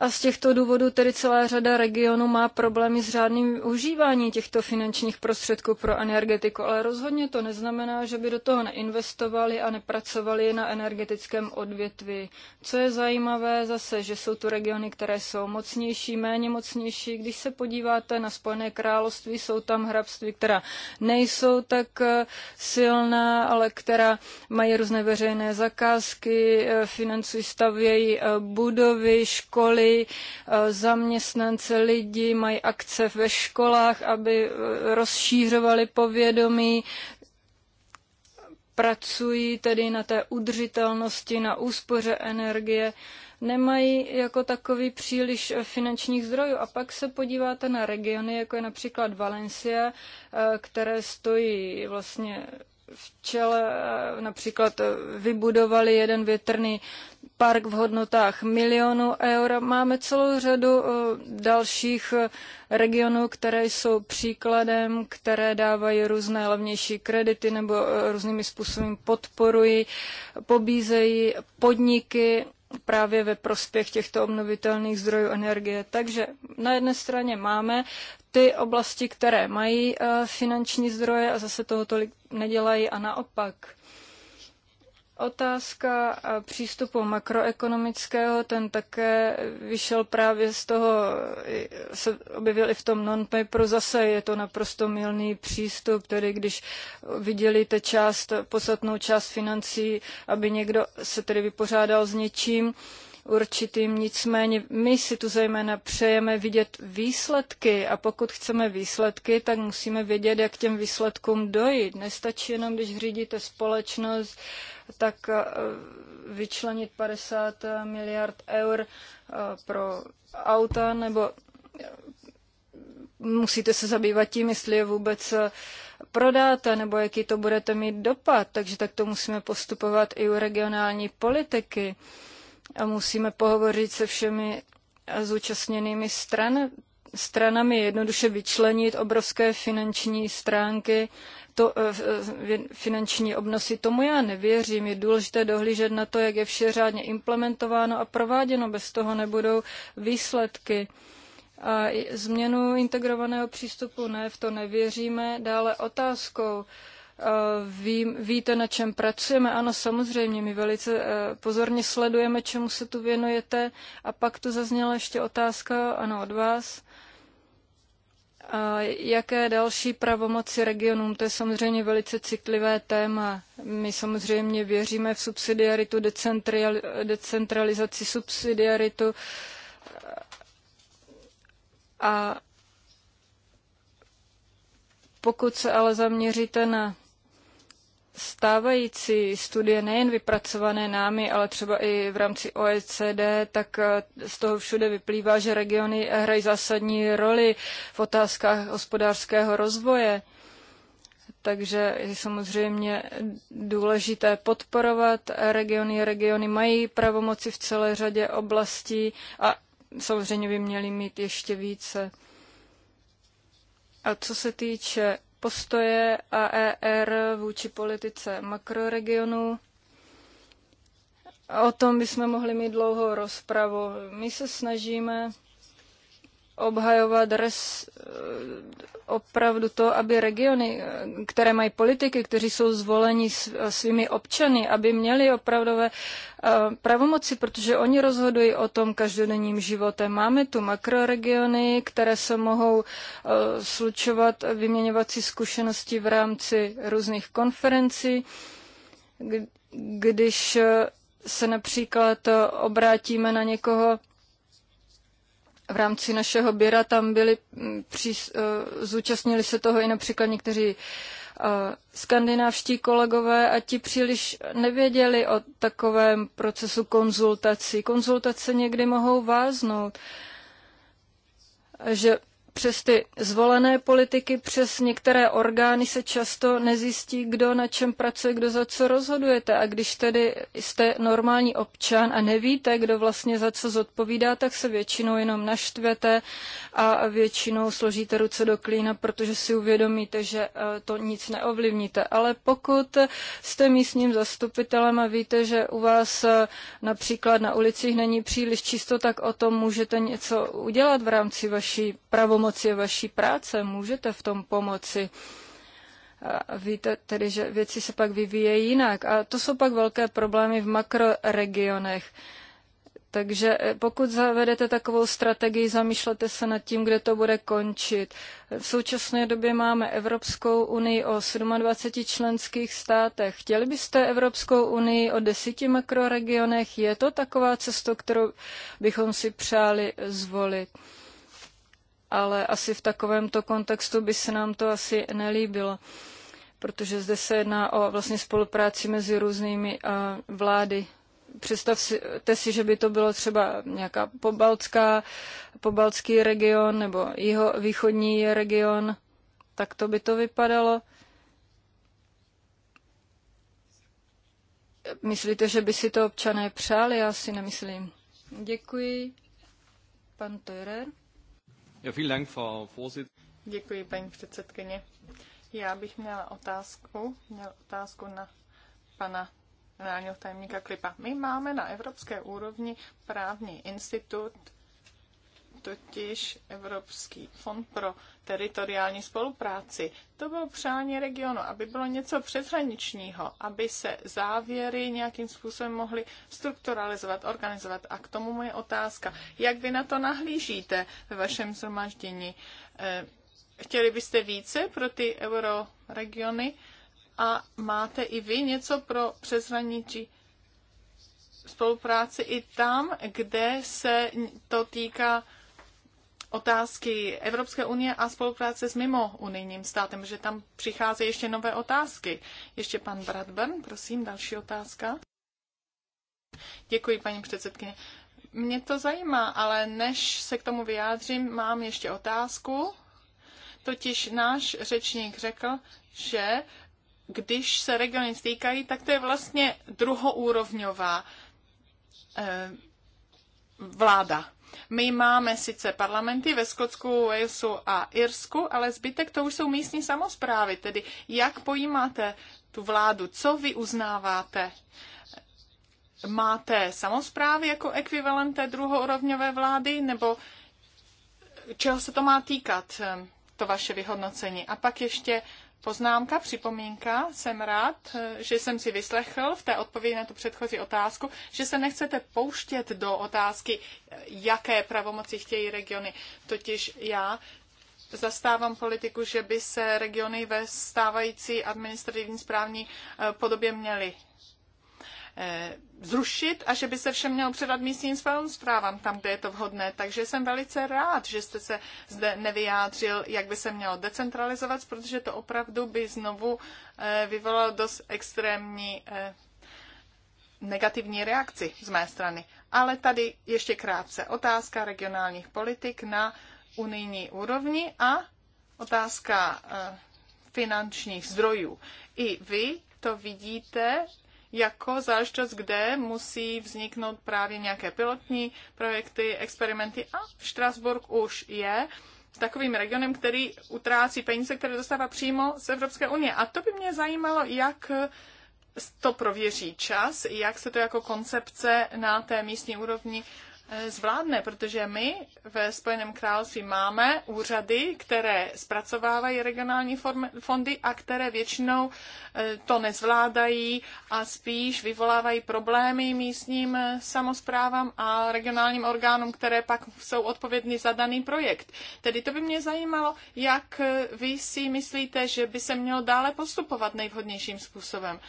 a z těchto důvodů tedy celá řada regionů má problémy s řádným užíváním těchto finančních prostředků pro energetiku, ale rozhodně to neznamená, že by do toho neinvestovali a nepracovali na energetickém odvětví. Co je zajímavé zase, že jsou tu regiony, které jsou mocnější, méně mocnější. Když se podíváte na Spojené království, jsou tam hrabství, která nejsou tak eh, silná, ale která mají různé veřejné zakázky, eh, financují, stavějí eh, budovy, školy, Eh, zaměstnance lidi, mají akce ve školách, aby eh, rozšířovali povědomí, pracují tedy na té udržitelnosti, na úspoře energie, nemají jako takový příliš eh, finančních zdrojů. A pak se podíváte na regiony, jako je například Valencia, které stojí vlastně v čele eh, například eh, vybudovali jeden větrný park v hodnotách milionu eur. Máme celou řadu eh, dalších regionů, které jsou příkladem, které dávají různé levnější kredity nebo různými způsoby podporují, pobízejí podniky právě ve prospěch těchto obnovitelných zdrojů energie. Takže na jedné straně máme ty oblasti, které mají eh, finanční zdroje a zase toho tolik nedělají a naopak. Otázka přístupu makroekonomického, ten také vyšel právě z toho, se objevil i v tom non-paperu, zase je to naprosto milný přístup, tedy když vydělíte část, posadnou část financí, aby někdo se tedy vypořádal s něčím, určitým. Nicméně my si tu zejména přejeme vidět výsledky a pokud chceme výsledky, tak musíme vědět, jak těm výsledkům dojít. Nestačí jenom, když řídíte společnost, tak eh, vyčlenit 50 eh, miliard eur eh, pro auta nebo musíte se zabývat tím, jestli je vůbec prodáte nebo jaký to budete mít dopad. Takže tak to musíme postupovat i u regionální politiky. A musíme pohovořit se všemi zúčastněnými stran, stranami, jednoduše vyčlenit obrovské finanční stránky to, eh, eh, finanční obnosy. Tomu já nevěřím. Je důležité dohlížet na to, jak je vše řádně implementováno a prováděno. Bez toho nebudou výsledky. A změnu integrovaného přístupu ne, v to nevěříme. Dále otázkou. Eh, Ví, víte, na čem pracujeme? Ano, samozřejmě, my velice pozorně sledujeme, čemu se tu věnujete. A pak tu zazněla ještě otázka, ano, od vás a jaké další pravomoci regionům? To je samozřejmě velice citlivé téma. My samozřejmě věříme v subsidiaritu, decentralizaci subsidiaritu a pokud se ale zaměříte na stávající studie, nejen vypracované námi, ale třeba i v rámci OECD, tak eh, z toho všude vyplývá, že regiony hrají zásadní roli v otázkách hospodářského rozvoje. Takže je samozřejmě důležité podporovat regiony. Regiony mají pravomoci v celé řadě oblastí a samozřejmě by měly mít ještě více. A co se týče postoje AER vůči politice makroregionu. O tom bychom mohli mít dlouhou rozpravu. My se snažíme obhajovat res, eh, opravdu to, aby regiony, eh, které mají politiky, kteří jsou zvoleni eh, svými občany, aby měli opravdové pravomoci, protože oni rozhodují o tom každodenním životem. Máme tu makroregiony, které se mohou slučovat, vyměňovací si zkušenosti v rámci různých konferencí, když se například obrátíme na někoho, v rámci našeho běra tam byli, mm, při, eh, zúčastnili se toho i například někteří eh, skandinávští kolegové a ti příliš nevěděli o takovém procesu konzultací. Konzultace někdy mohou váznout, že přes ty zvolené politiky, přes některé orgány se často nezjistí, kdo na čem pracuje, kdo za co rozhodujete. A když tedy jste normální občan a nevíte, kdo vlastně za co zodpovídá, tak se většinou jenom naštvete a většinou složíte ruce do klína, protože si uvědomíte, že eh, to nic neovlivníte. Ale pokud jste místním zastupitelem a víte, že u vás eh, například na ulicích není příliš čisto, tak o tom můžete něco udělat v rámci vaší pravomoci pomoci vaší práce, můžete v tom pomoci. A víte tedy, že věci se pak vyvíjejí jinak. A to jsou pak velké problémy v makroregionech. Takže e, pokud zavedete takovou strategii, zamýšlete se nad tím, kde to bude končit. V současné době máme Evropskou unii o 27 členských státech. Chtěli byste Evropskou unii o deseti makroregionech? Je to taková cesta, kterou bychom si přáli zvolit? ale asi v takovémto kontextu by se nám to asi nelíbilo, protože zde se jedná o vlastně spolupráci mezi různými vlády představte si, že by to bylo třeba nějaká pobaltská, pobaltský region nebo jeho východní region, tak to by to vypadalo. Myslíte, že by si to občané přáli? Já si nemyslím. Děkuji. Pan Teurer. Děkuji, paní předsedkyně. Já bych měla otázku, měl otázku na pana generálního tajemníka Klipa. My máme na evropské úrovni právní institut totiž Evropský fond pro teritoriální spolupráci. To bylo přání regionu, aby bylo něco přeshraničního, aby se závěry nějakým způsobem mohly strukturalizovat, organizovat. A k tomu moje otázka. Jak vy na to nahlížíte ve vašem zhromaždění? Eh, chtěli byste více pro ty euroregiony? A máte i vy něco pro přeshraničí? spolupráci i tam, kde se to týká otázky Evropské unie a spolupráce s mimo unijním státem, že tam přicházejí ještě nové otázky. Ještě pan Bradburn, prosím, další otázka. Děkuji, paní předsedkyně. Mě to zajímá, ale než se k tomu vyjádřím, mám ještě otázku. Totiž náš řečník řekl, že když se regiony stýkají, tak to je vlastně druhoúrovňová eh, vláda my máme sice parlamenty ve Skotsku, Walesu a Irsku, ale zbytek to už jsou místní samozprávy. Tedy jak pojímáte tu vládu? Co vy uznáváte? Máte samozprávy jako ekvivalent té druhourovňové vlády, nebo čeho se to má týkat, to vaše vyhodnocení? A pak ještě poznámka, připomínka. Jsem rád, že jsem si vyslechl v té odpovědi na tu předchozí otázku, že se nechcete pouštět do otázky, jaké pravomoci chtějí regiony. Totiž já zastávám politiku, že by se regiony ve stávající administrativní správní eh, podobě měly Eh, zrušit a že by se vše mělo předat místním zprávám tam, kde je to vhodné. Takže jsem velice rád, že jste se zde nevyjádřil, jak by se mělo decentralizovat, protože to opravdu by znovu eh, vyvolalo dost extrémní eh, negativní reakci z mé strany. Ale tady ještě krátce otázka regionálních politik na unijní úrovni a otázka finančních zdrojů. I vy to vidíte jako záležitost, kde musí vzniknout právě nějaké pilotní projekty, experimenty a Štrasburg už je takovým regionem, který utrácí peníze, které dostává přímo z Evropské unie. A to by mě zajímalo, jak to prověří čas, jak se to jako koncepce na té místní úrovni Eh, zvládne, protože my ve Spojeném království máme úřady, které zpracovávají regionální fondy a které většinou eh, to nezvládají a spíš vyvolávají problémy místním eh, samozprávám a regionálním orgánům, které pak jsou odpovědní za daný projekt. Tedy to by mě zajímalo, jak vy si myslíte, že by se mělo dále postupovat nejvhodnějším způsobem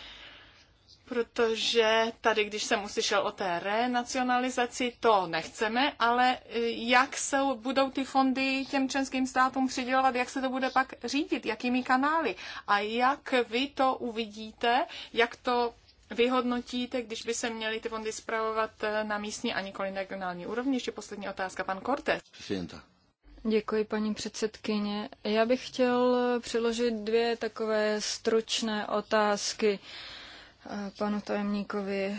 protože tady, když jsem uslyšel o té renacionalizaci, to nechceme, ale e, jak se budou ty fondy těm členským státům přidělovat, jak se to bude pak řídit, jakými kanály a jak vy to uvidíte, jak to vyhodnotíte, když by se měly ty fondy zpravovat e, na místní a nikoli na regionální úrovni? Ještě poslední otázka, pan Korte. Děkuji, paní předsedkyně. Já bych chtěl e, přiložit dvě takové stručné otázky panu tajemníkovi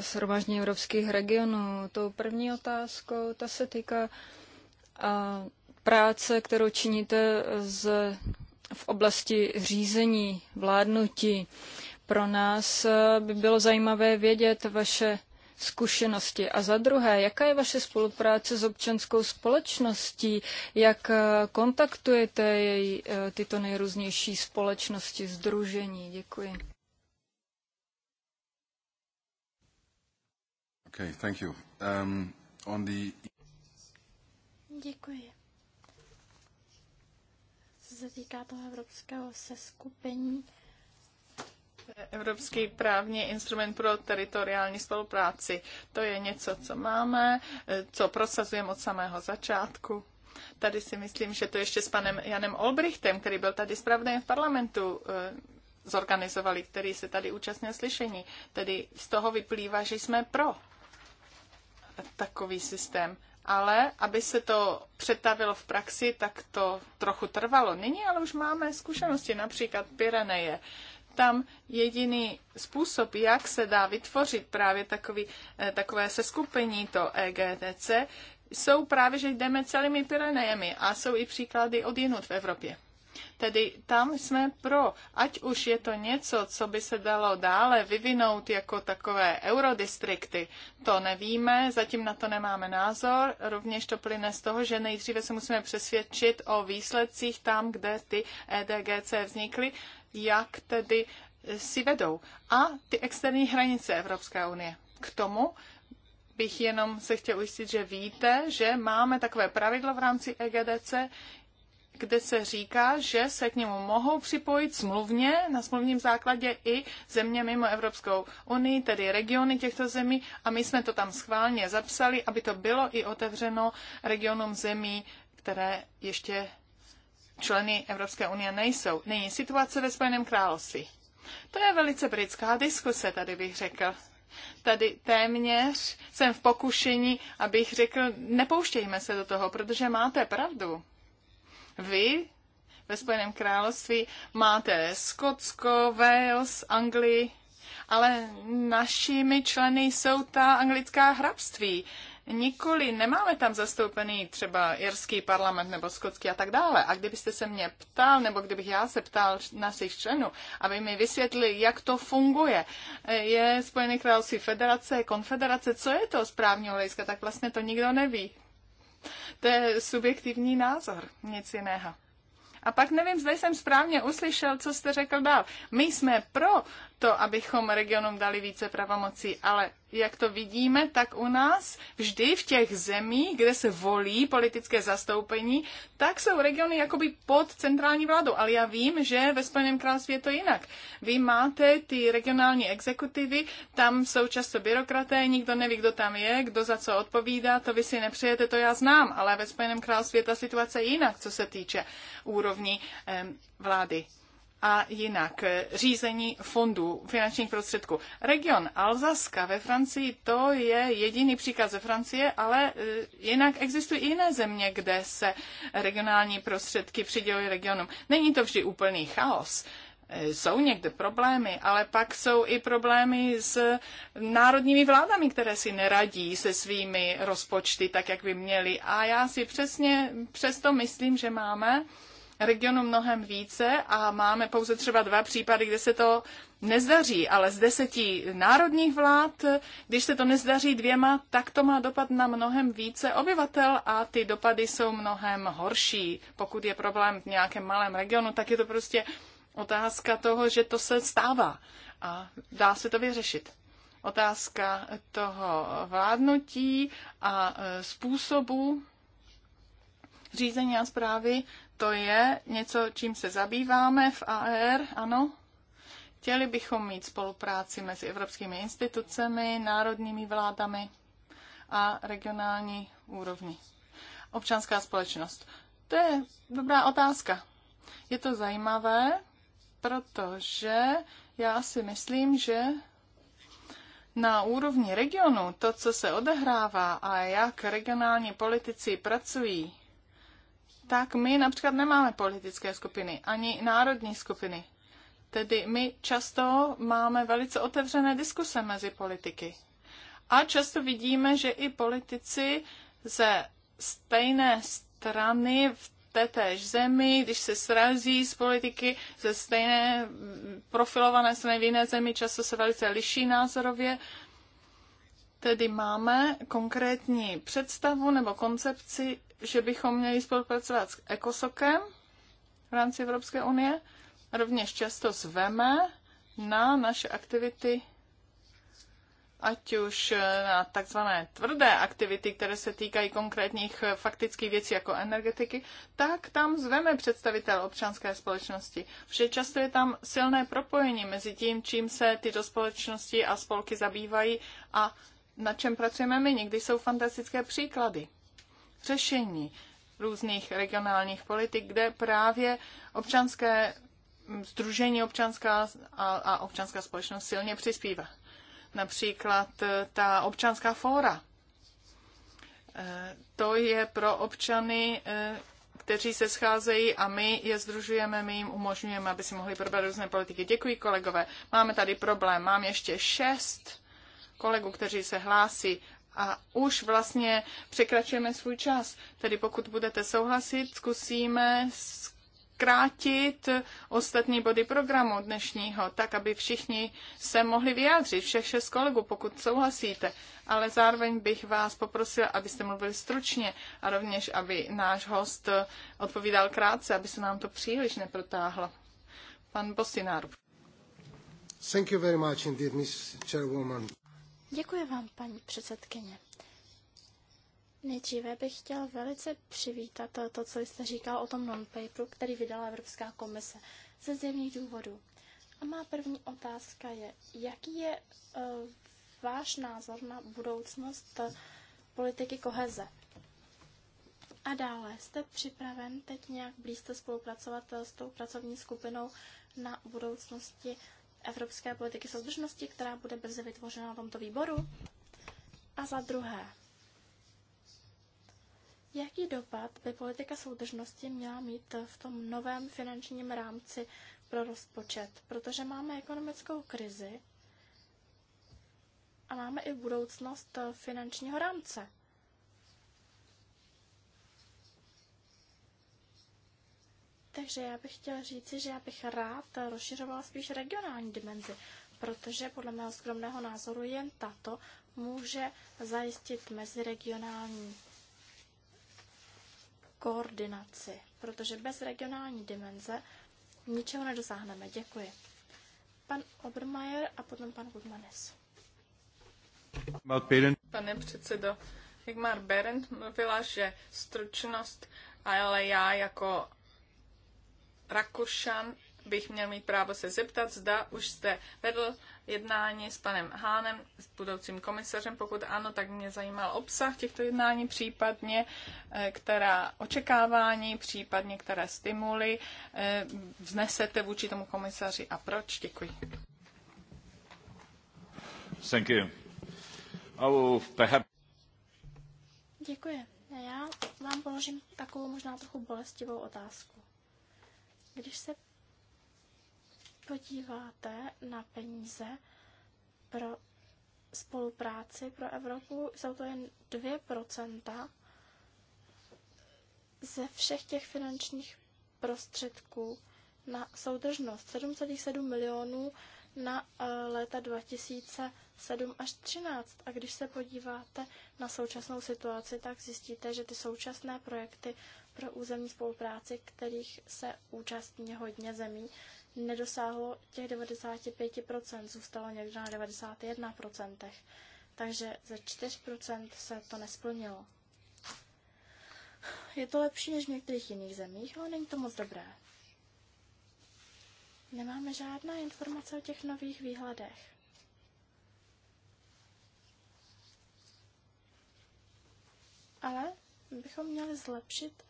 Shromaždění evropských regionů. Tou první otázkou, ta se týká práce, kterou činíte z, v oblasti řízení, vládnutí. Pro nás e, by bylo zajímavé vědět vaše zkušenosti? A za druhé, jaká je vaše spolupráce s občanskou společností? Jak e, kontaktujete její, e, tyto nejrůznější společnosti, združení? Děkuji. Okay, thank you. Um, on the... Děkuji. Co se týká toho evropského seskupení, Evropský právní instrument pro teritoriální spolupráci. To je něco, co máme, co prosazujeme od samého začátku. Tady si myslím, že to ještě s panem Janem Olbrichtem, který byl tady zpravodajem v parlamentu, eh, zorganizovali, který se tady účastnil slyšení. Tedy z toho vyplývá, že jsme pro takový systém. Ale aby se to přetavilo v praxi, tak to trochu trvalo. Nyní ale už máme zkušenosti, například Pireneje. Tam jediný způsob, jak se dá vytvořit právě takový, eh, takové seskupení, to EGTC, jsou právě, že jdeme celými Pirenejemi a jsou i příklady od jinut v Evropě. Tedy tam jsme pro, ať už je to něco, co by se dalo dále vyvinout jako takové eurodistrikty, to nevíme, zatím na to nemáme názor, rovněž to plyne z toho, že nejdříve se musíme přesvědčit o výsledcích tam, kde ty EDGC vznikly, jak tedy si vedou. A ty externí hranice Evropské unie. K tomu bych jenom se chtěl ujistit, že víte, že máme takové pravidlo v rámci EGDC, kde se říká, že se k němu mohou připojit smluvně, na smluvním základě i země mimo Evropskou unii, tedy regiony těchto zemí a my jsme to tam schválně zapsali, aby to bylo i otevřeno regionům zemí, které ještě členy Evropské unie nejsou. Není situace ve Spojeném království. To je velice britská diskuse, tady bych řekl. Tady téměř jsem v pokušení, abych řekl, nepouštějme se do toho, protože máte pravdu. Vy ve Spojeném království máte Skotsko, Wales, Anglii, ale našimi členy jsou ta anglická hrabství. Nikoli, nemáme tam zastoupený třeba irský parlament nebo skotský a tak dále. A kdybyste se mě ptal, nebo kdybych já se ptal svých členů, aby mi vysvětlili, jak to funguje, je Spojené království federace, konfederace, co je to správního hlediska, tak vlastně to nikdo neví. To je subjektivní názor, nic jiného. A pak nevím, zda jsem správně uslyšel, co jste řekl dál. My jsme pro to, abychom regionům dali více pravomocí, ale jak to vidíme, tak u nás vždy v těch zemích, kde se volí politické zastoupení, tak jsou regiony jakoby pod centrální vládou. Ale já vím, že ve Spojeném království je to jinak. Vy máte ty regionální exekutivy, tam jsou často byrokraté, nikdo neví, kdo tam je, kdo za co odpovídá, to vy si nepřijete, to já znám, ale ve Spojeném království je ta situace jinak, co se týče úrovní eh, vlády a jinak řízení fondů finančních prostředků. Region Alzaska ve Francii, to je jediný příklad ze Francie, ale e, jinak existují i jiné země, kde se regionální prostředky přidělují regionům. Není to vždy úplný chaos. E, jsou někde problémy, ale pak jsou i problémy s národními vládami, které si neradí se svými rozpočty tak, jak by měly. A já si přesně přesto myslím, že máme regionu mnohem více a máme pouze třeba dva případy, kde se to nezdaří, ale z deseti národních vlád, když se to nezdaří dvěma, tak to má dopad na mnohem více obyvatel a ty dopady jsou mnohem horší. Pokud je problém v nějakém malém regionu, tak je to prostě otázka toho, že to se stává a dá se to vyřešit otázka toho vládnutí a e, způsobu řízení a zprávy to je něco, čím se zabýváme v AR, ano. Chtěli bychom mít spolupráci mezi evropskými institucemi, národními vládami a regionální úrovni. Občanská společnost. To je dobrá otázka. Je to zajímavé, protože já si myslím, že na úrovni regionu to, co se odehrává a jak regionální politici pracují, tak my například nemáme politické skupiny, ani národní skupiny. Tedy my často máme velice otevřené diskuse mezi politiky. A často vidíme, že i politici ze stejné strany v tétéž zemi, když se srazí z politiky ze stejné profilované strany v jiné zemi, často se velice liší názorově. Tedy máme konkrétní představu nebo koncepci že bychom měli spolupracovat s ECOSOCem v rámci Evropské unie. Rovněž často zveme na naše aktivity, ať už eh, na takzvané tvrdé aktivity, které se týkají konkrétních eh, faktických věcí jako energetiky, tak tam zveme představitel občanské společnosti. Vše často je tam silné propojení mezi tím, čím se tyto společnosti a spolky zabývají a na čem pracujeme my. Někdy jsou fantastické příklady řešení různých regionálních politik, kde právě občanské združení občanská a, a občanská společnost silně přispívá. Například eh, ta občanská fóra. Eh, to je pro občany, eh, kteří se scházejí a my je združujeme, my jim umožňujeme, aby si mohli probrat různé politiky. Děkuji, kolegové. Máme tady problém. Mám ještě šest kolegů, kteří se hlásí a už vlastně překračujeme svůj čas. Tedy pokud budete souhlasit, zkusíme zkrátit ostatní body programu dnešního, tak aby všichni se mohli vyjádřit, všech šest kolegů, pokud souhlasíte. Ale zároveň bych vás poprosil, abyste mluvili stručně a rovněž, aby náš host odpovídal krátce, aby se nám to příliš neprotáhlo. Pan Bosinár. Thank you very much indeed, Miss Chairwoman. Děkuji vám, paní předsedkyně. Nejdříve bych chtěl velice přivítat to, to co jste říkal o tom non-paperu, který vydala Evropská komise ze zjevných důvodů. A má první otázka je, jaký je uh, váš názor na budoucnost eh, politiky koheze? A dále, jste připraven teď nějak blízce spolupracovat eh, s tou pracovní skupinou na budoucnosti evropské politiky soudržnosti, která bude brzy vytvořena na tomto výboru? A za druhé, jaký dopad by politika soudržnosti měla mít v tom novém finančním rámci pro rozpočet? Protože máme ekonomickou krizi a máme i budoucnost finančního rámce. Takže já bych chtěla říci, že já bych rád rozšiřovala spíš regionální dimenzi, protože podle mého skromného názoru jen tato může zajistit meziregionální koordinaci, protože bez regionální dimenze ničeho nedosáhneme. Děkuji. Pan Obermeier a potom pan Gudmanes. Pane předsedo, Higmar Berend mluvila, že stručnost, ale já jako Rakušan bych měl mít právo se zeptat, zda už jste vedl jednání s panem Hánem, s budoucím komisařem. Pokud ano, tak mě zajímal obsah těchto jednání, případně eh, která očekávání, případně které stimuly eh, vznesete vůči tomu komisaři a proč. Děkuji. Thank you. Oh, perhaps... Děkuji. Já vám položím takovou možná trochu bolestivou otázku. Když se podíváte na peníze pro spolupráci pro Evropu, jsou to jen 2% ze všech těch finančních prostředků na soudržnost. 7,7 milionů na eh, léta 2007 až 2013. A když se podíváte na současnou situaci, tak zjistíte, že ty současné projekty pro územní spolupráci, kterých se účastní hodně zemí, nedosáhlo těch 95%, zůstalo někde na 91%. Takže ze 4% se to nesplnilo. Je to lepší než v některých jiných zemích, ale není to moc dobré. Nemáme žádná informace o těch nových výhledech. Ale bychom měli zlepšit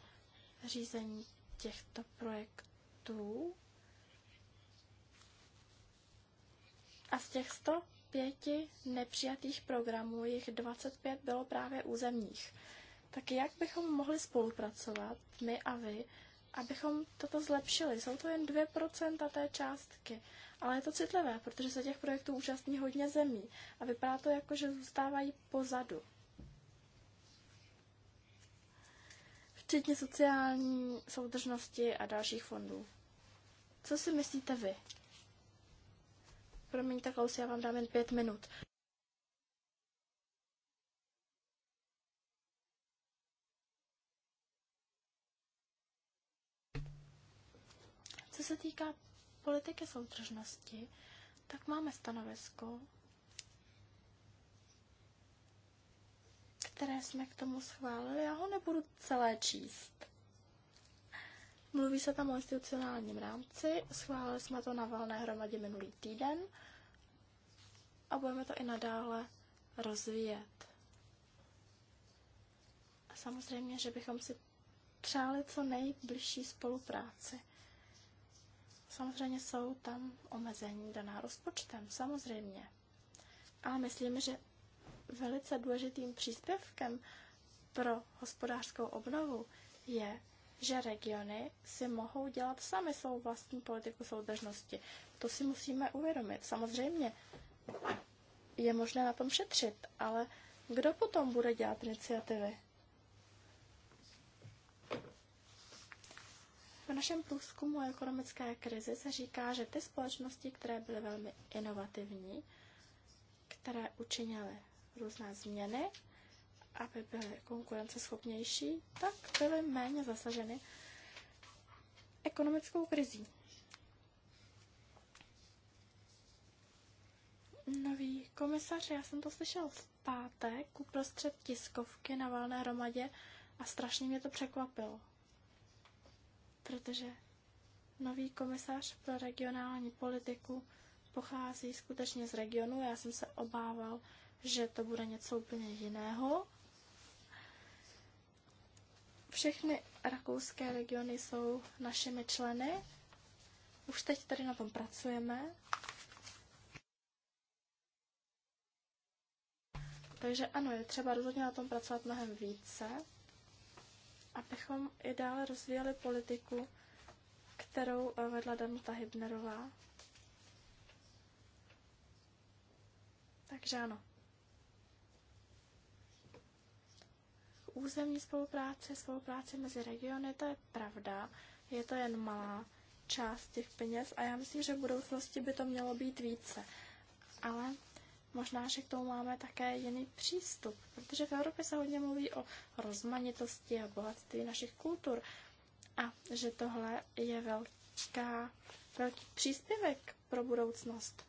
řízení těchto projektů. A z těch 105 nepřijatých programů, jich 25 bylo právě územních. Tak jak bychom mohli spolupracovat, my a vy, abychom toto zlepšili? Jsou to jen 2% té částky, ale je to citlivé, protože se těch projektů účastní hodně zemí a vypadá to jako, že zůstávají pozadu. včetně sociální soudržnosti a dalších fondů. Co si myslíte vy? Promiňte, Klaus, já vám dám jen pět minut. Co se týká politiky soudržnosti, tak máme stanovisko, které jsme k tomu schválili. Já ho nebudu celé číst. Mluví se tam o institucionálním rámci, schválili jsme to na valné hromadě minulý týden a budeme to i nadále rozvíjet. A samozřejmě, že bychom si přáli co nejbližší spolupráci. Samozřejmě jsou tam omezení daná rozpočtem, samozřejmě. Ale myslím, že velice důležitým příspěvkem pro hospodářskou obnovu je, že regiony si mohou dělat sami svou vlastní politiku soudržnosti. To si musíme uvědomit. Samozřejmě je možné na tom šetřit, ale kdo potom bude dělat iniciativy? V našem průzkumu o ekonomické krizi se říká, že ty společnosti, které byly velmi inovativní, které učinily různé změny, aby byly konkurenceschopnější, tak byly méně zasaženy ekonomickou krizí. Nový komisař, já jsem to slyšel v pátek uprostřed tiskovky na valné hromadě a strašně mě to překvapilo. Protože nový komisař pro regionální politiku pochází skutečně z regionu. Já jsem se obával, že to bude něco úplně jiného. Všechny rakouské regiony jsou našimi členy. Už teď tady na tom pracujeme. Takže ano, je třeba rozhodně na tom pracovat mnohem více, abychom i dále rozvíjeli politiku, kterou eh, vedla Danuta Hybnerová. Takže ano, územní spolupráce, spolupráce mezi regiony, to je pravda. Je to jen malá část těch peněz a já myslím, že v budoucnosti by to mělo být více. Ale možná, že k tomu máme také jiný přístup, protože v Evropě se hodně mluví o rozmanitosti a bohatství našich kultur a že tohle je velká, velký příspěvek pro budoucnost.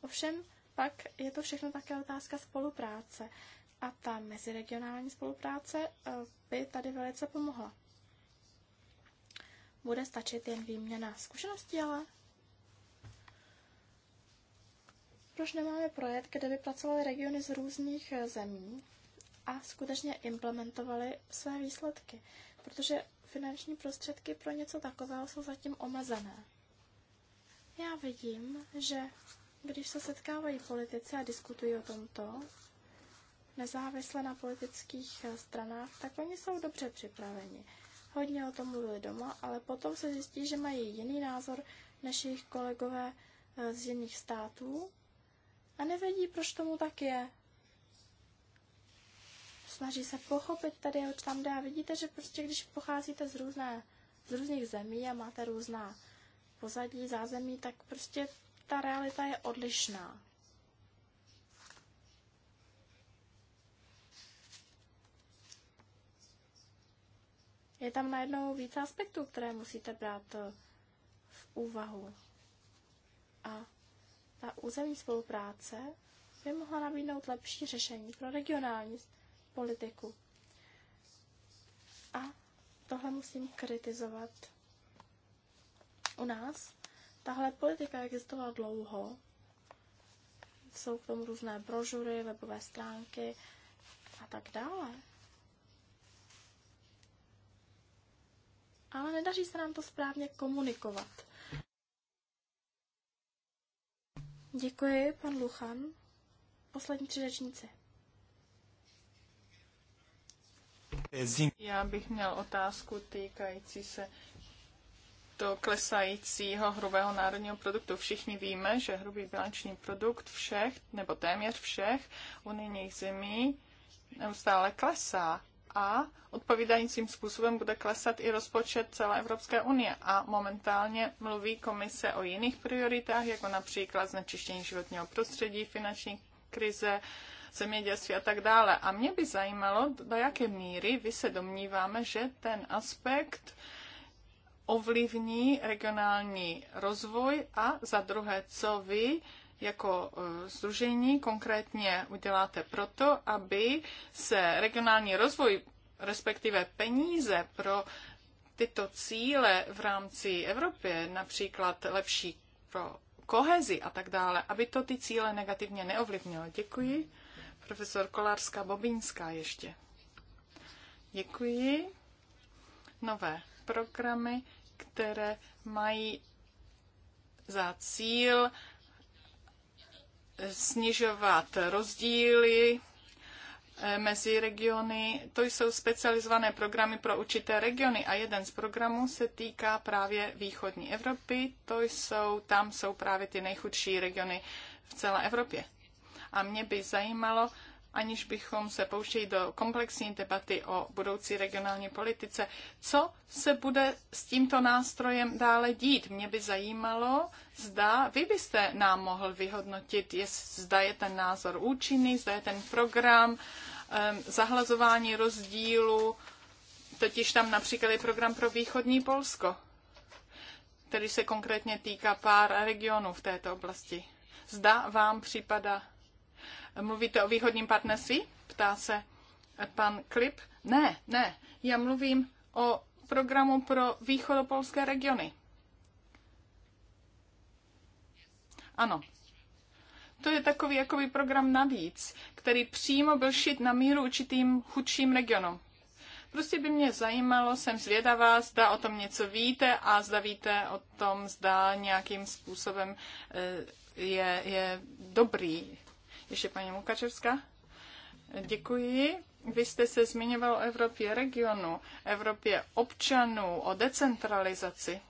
Ovšem, pak je to všechno také otázka spolupráce a ta meziregionální spolupráce eh, by tady velice pomohla. Bude stačit jen výměna zkušeností, ale proč nemáme projekt, kde by pracovaly regiony z různých eh, zemí a skutečně implementovali své výsledky? Protože finanční prostředky pro něco takového jsou zatím omezené. Já vidím, že když se setkávají politici a diskutují o tomto, nezávisle na politických eh, stranách, tak oni jsou dobře připraveni. Hodně o tom mluvili doma, ale potom se zjistí, že mají jiný názor než jejich kolegové eh, z jiných států a nevědí, proč tomu tak je. Snaží se pochopit tady, oč tam jde a vidíte, že prostě když pocházíte z, různé, z různých zemí a máte různá pozadí, zázemí, tak prostě ta realita je odlišná. je tam najednou více aspektů, které musíte brát eh, v úvahu. A ta územní spolupráce by mohla nabídnout lepší řešení pro regionální politiku. A tohle musím kritizovat. U nás tahle politika existovala dlouho. Jsou k tomu různé brožury, webové stránky a tak dále. ale nedaří se nám to správně komunikovat. Děkuji, pan Luchan. Poslední tři řečníci. Já bych měl otázku týkající se to klesajícího hrubého národního produktu. Všichni víme, že hrubý bilanční produkt všech, nebo téměř všech unijních zemí neustále klesá a odpovídajícím způsobem bude klesat i rozpočet celé Evropské unie. A momentálně mluví komise o jiných prioritách, jako například znečištění životního prostředí, finanční krize, zemědělství a tak dále. A mě by zajímalo, do jaké míry vy se domníváme, že ten aspekt ovlivní regionální rozvoj a za druhé, co vy jako združení e, konkrétně uděláte proto, aby se regionální rozvoj, respektive peníze pro tyto cíle v rámci Evropy, například lepší pro kohezi a tak dále, aby to ty cíle negativně neovlivnilo. Děkuji. Profesor Kolárská Bobínská, ještě. Děkuji. Nové programy, které mají za cíl snižovat rozdíly eh, mezi regiony. To jsou specializované programy pro určité regiony a jeden z programů se týká právě východní Evropy. To jsou, tam jsou právě ty nejchudší regiony v celé Evropě. A mě by zajímalo, aniž bychom se pouštěli do komplexní debaty o budoucí regionální politice. Co se bude s tímto nástrojem dále dít? Mě by zajímalo, zda vy byste nám mohl vyhodnotit, jest, zda je ten názor účinný, zda je ten program um, zahlazování rozdílu, totiž tam například je program pro východní Polsko, který se konkrétně týká pár regionů v této oblasti. Zda vám připada Mluvíte o východním partnerství? Ptá se pan Klip. Ne, ne, já mluvím o programu pro východopolské regiony. Ano. To je takový jakoby program navíc, který přímo byl šit na míru určitým chudším regionům. Prostě by mě zajímalo, jsem zvědavá, zda o tom něco víte a zda víte o tom, zda nějakým způsobem eh, je, je dobrý ještě paní Lukačevská. Děkuji. Vy jste se zmiňoval o Evropě regionu, Evropě občanů, o decentralizaci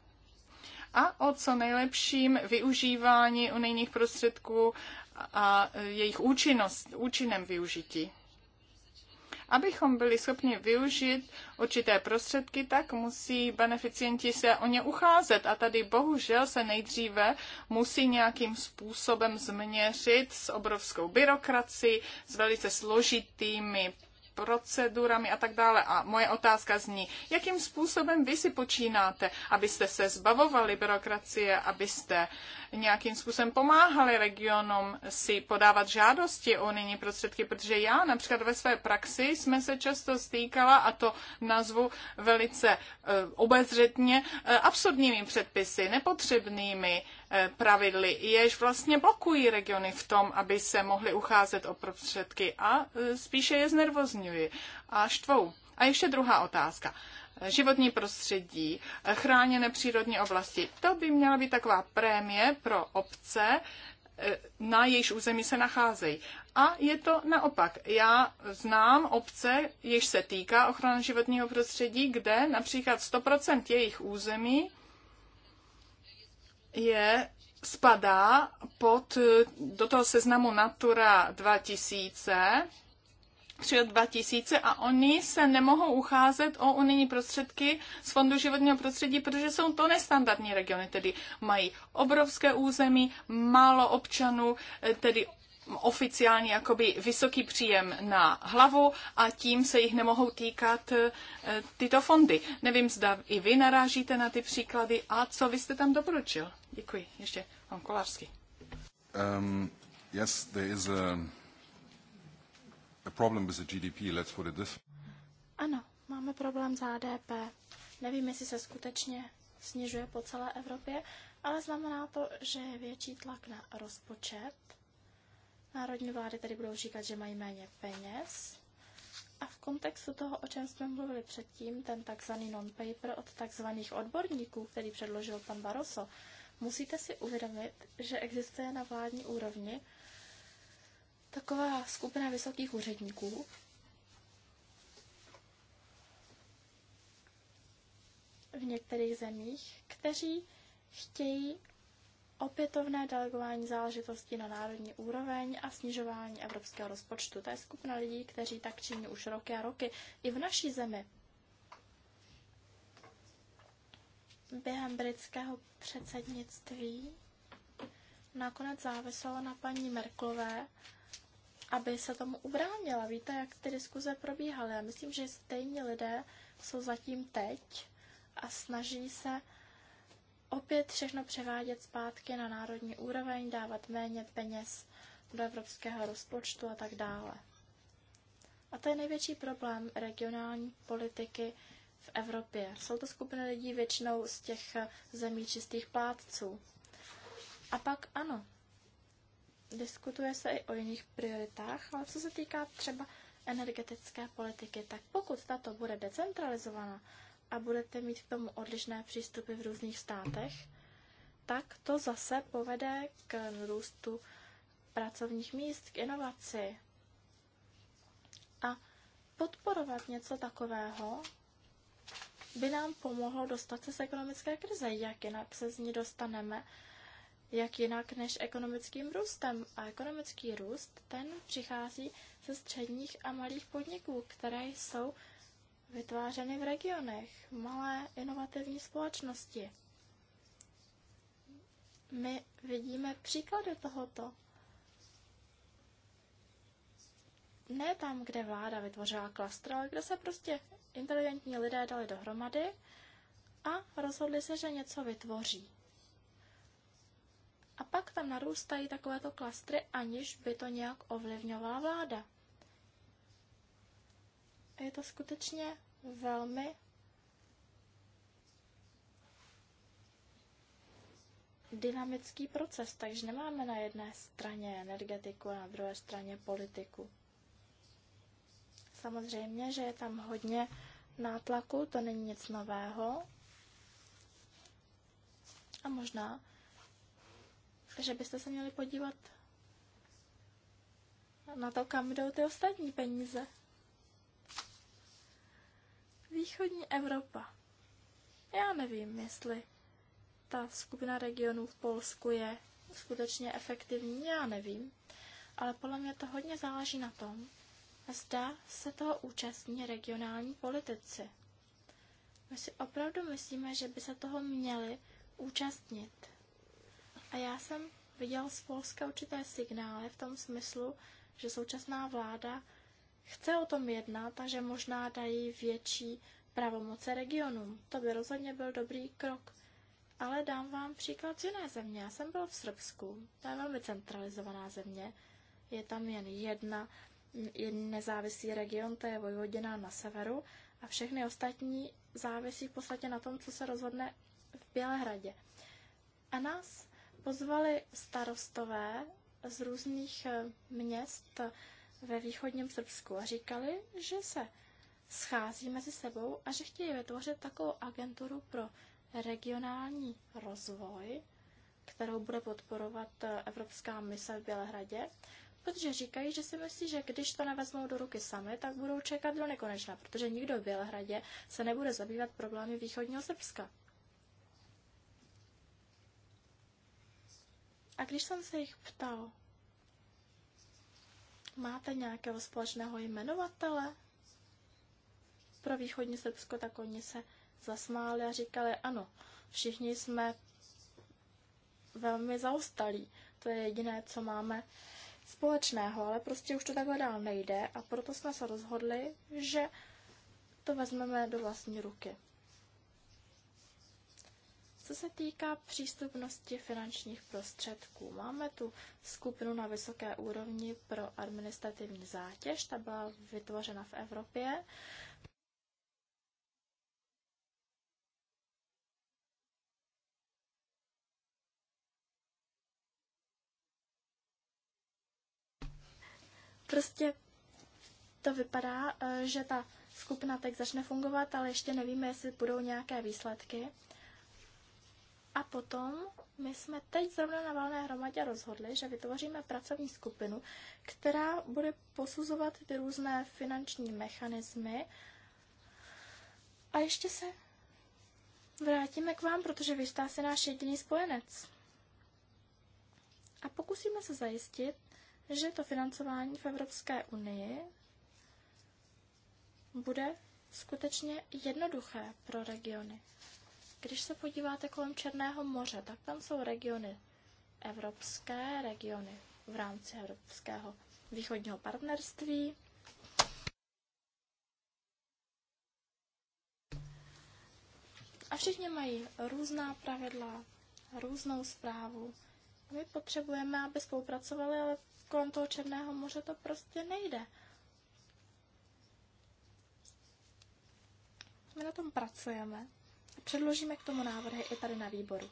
a o co nejlepším využívání unijních prostředků a jejich účinnost, účinném využití. Abychom byli schopni využít určité prostředky, tak musí beneficienti se o ně ucházet. A tady bohužel se nejdříve musí nějakým způsobem změřit s obrovskou byrokracií, s velice složitými procedurami a tak dále. A moje otázka zní, jakým způsobem vy si počínáte, abyste se zbavovali byrokracie, abyste uh, nějakým způsobem pomáhali regionům si podávat žádosti o unijní prostředky, protože já například ve své praxi jsme se často stýkala, a to nazvu velice eh, obezřetně, eh, absurdními předpisy, nepotřebnými eh, pravidly, jež vlastně blokují regiony v tom, aby se mohly ucházet o prostředky a spíše je znervozňují a štvou. A ještě druhá otázka životní prostředí, chráněné přírodní oblasti. To by měla být taková prémie pro obce, eh, na jejíž území se nacházejí. A je to naopak. Já znám obce, jež se týká ochrany životního prostředí, kde například 100% jejich území je spadá pod, eh, do toho seznamu Natura 2000 3 od 2000 a oni se nemohou ucházet o unijní prostředky z Fondu životního prostředí, protože jsou to nestandardní regiony, tedy mají obrovské území, málo občanů, eh, tedy oficiálně jakoby vysoký příjem na hlavu a tím se jich nemohou týkat eh, tyto fondy. Nevím, zda i vy narážíte na ty příklady a co vy jste tam doporučil. Děkuji. Ještě pan Kolářský. Um, yes, there is a a problem with the GDP, let's put it this. Ano, máme problém s HDP. Nevím, jestli se skutečně snižuje po celé Evropě, ale znamená to, že je větší tlak na rozpočet. Národní vlády tedy budou říkat, že mají méně peněz. A v kontextu toho, o čem jsme mluvili předtím, ten takzvaný non-paper od takzvaných odborníků, který předložil pan Barroso, musíte si uvědomit, že existuje na vládní úrovni taková skupina vysokých úředníků, v některých zemích, kteří chtějí opětovné delegování záležitostí na národní úroveň a snižování evropského rozpočtu. To je skupina lidí, kteří tak činí už roky a roky i v naší zemi. Během britského předsednictví nakonec záviselo na paní Merklové, aby se tomu ubránila. Víte, jak ty diskuze probíhaly? Já myslím, že stejní lidé jsou zatím teď a snaží se opět všechno převádět zpátky na národní úroveň, dávat méně peněz do evropského rozpočtu a tak dále. A to je největší problém regionální politiky v Evropě. Jsou to skupiny lidí většinou z těch zemí čistých plátců. A pak ano, diskutuje se i o jiných prioritách, ale co se týká třeba energetické politiky, tak pokud tato bude decentralizovaná a budete mít k tomu odlišné přístupy v různých státech, tak to zase povede k růstu pracovních míst, k inovaci. A podporovat něco takového by nám pomohlo dostat se z ekonomické krize. Jak jinak se z ní dostaneme, jak jinak než ekonomickým růstem. A ekonomický růst, ten přichází ze středních a malých podniků, které jsou vytvářeny v regionech, malé inovativní společnosti. My vidíme příklady tohoto. Ne tam, kde vláda vytvořila klastr, ale kde se prostě inteligentní lidé dali dohromady a rozhodli se, že něco vytvoří. A pak tam narůstají takovéto klastry, aniž by to nějak ovlivňovala vláda. Je to skutečně velmi dynamický proces, takže nemáme na jedné straně energetiku a na druhé straně politiku. Samozřejmě, že je tam hodně nátlaku, to není nic nového. A možná, takže byste se měli podívat na to, kam jdou ty ostatní peníze. Východní Evropa. Já nevím, jestli ta skupina regionů v Polsku je skutečně efektivní, já nevím. Ale podle mě to hodně záleží na tom, zda se toho účastní regionální politici. My si opravdu myslíme, že by se toho měli účastnit. A já jsem viděl z Polska určité signály v tom smyslu, že současná vláda chce o tom jednat a že možná dají větší pravomoce regionům. To by rozhodně byl dobrý krok. Ale dám vám příklad z jiné země. Já jsem byl v Srbsku, to je velmi centralizovaná země. Je tam jen jedna, jeden nezávislý region, to je Vojvodina na severu a všechny ostatní závisí v podstatě na tom, co se rozhodne v Bělehradě. A nás pozvali starostové z různých eh, měst ve východním Srbsku a říkali, že se schází mezi sebou a že chtějí vytvořit takovou agenturu pro regionální rozvoj, kterou bude podporovat eh, Evropská mise v Bělehradě, protože říkají, že si myslí, že když to nevezmou do ruky sami, tak budou čekat do nekonečna, protože nikdo v Bělehradě se nebude zabývat problémy východního Srbska. A když jsem se jich ptal, máte nějakého společného jmenovatele? Pro východní Srbsko tak oni se zasmáli a říkali, ano, všichni jsme velmi zaostalí. To je jediné, co máme společného, ale prostě už to takhle dál nejde a proto jsme se rozhodli, že to vezmeme do vlastní ruky. Co se týká přístupnosti finančních prostředků, máme tu skupinu na vysoké úrovni pro administrativní zátěž, ta byla vytvořena v Evropě. Prostě to vypadá, eh, že ta skupina teď začne fungovat, ale ještě nevíme, jestli budou nějaké výsledky. A potom my jsme teď zrovna na valné hromadě rozhodli, že vytvoříme pracovní skupinu, která bude posuzovat ty různé finanční mechanismy. A ještě se vrátíme k vám, protože vy jste asi náš jediný spojenec. A pokusíme se zajistit, že to financování v Evropské unii bude skutečně jednoduché pro regiony. Když se podíváte kolem Černého moře, tak tam jsou regiony evropské, regiony v rámci evropského východního partnerství. A všichni mají různá pravidla, různou zprávu. My potřebujeme, aby spolupracovali, ale kolem toho Černého moře to prostě nejde. My na tom pracujeme. Předložíme k tomu návrhy i tady na výboru.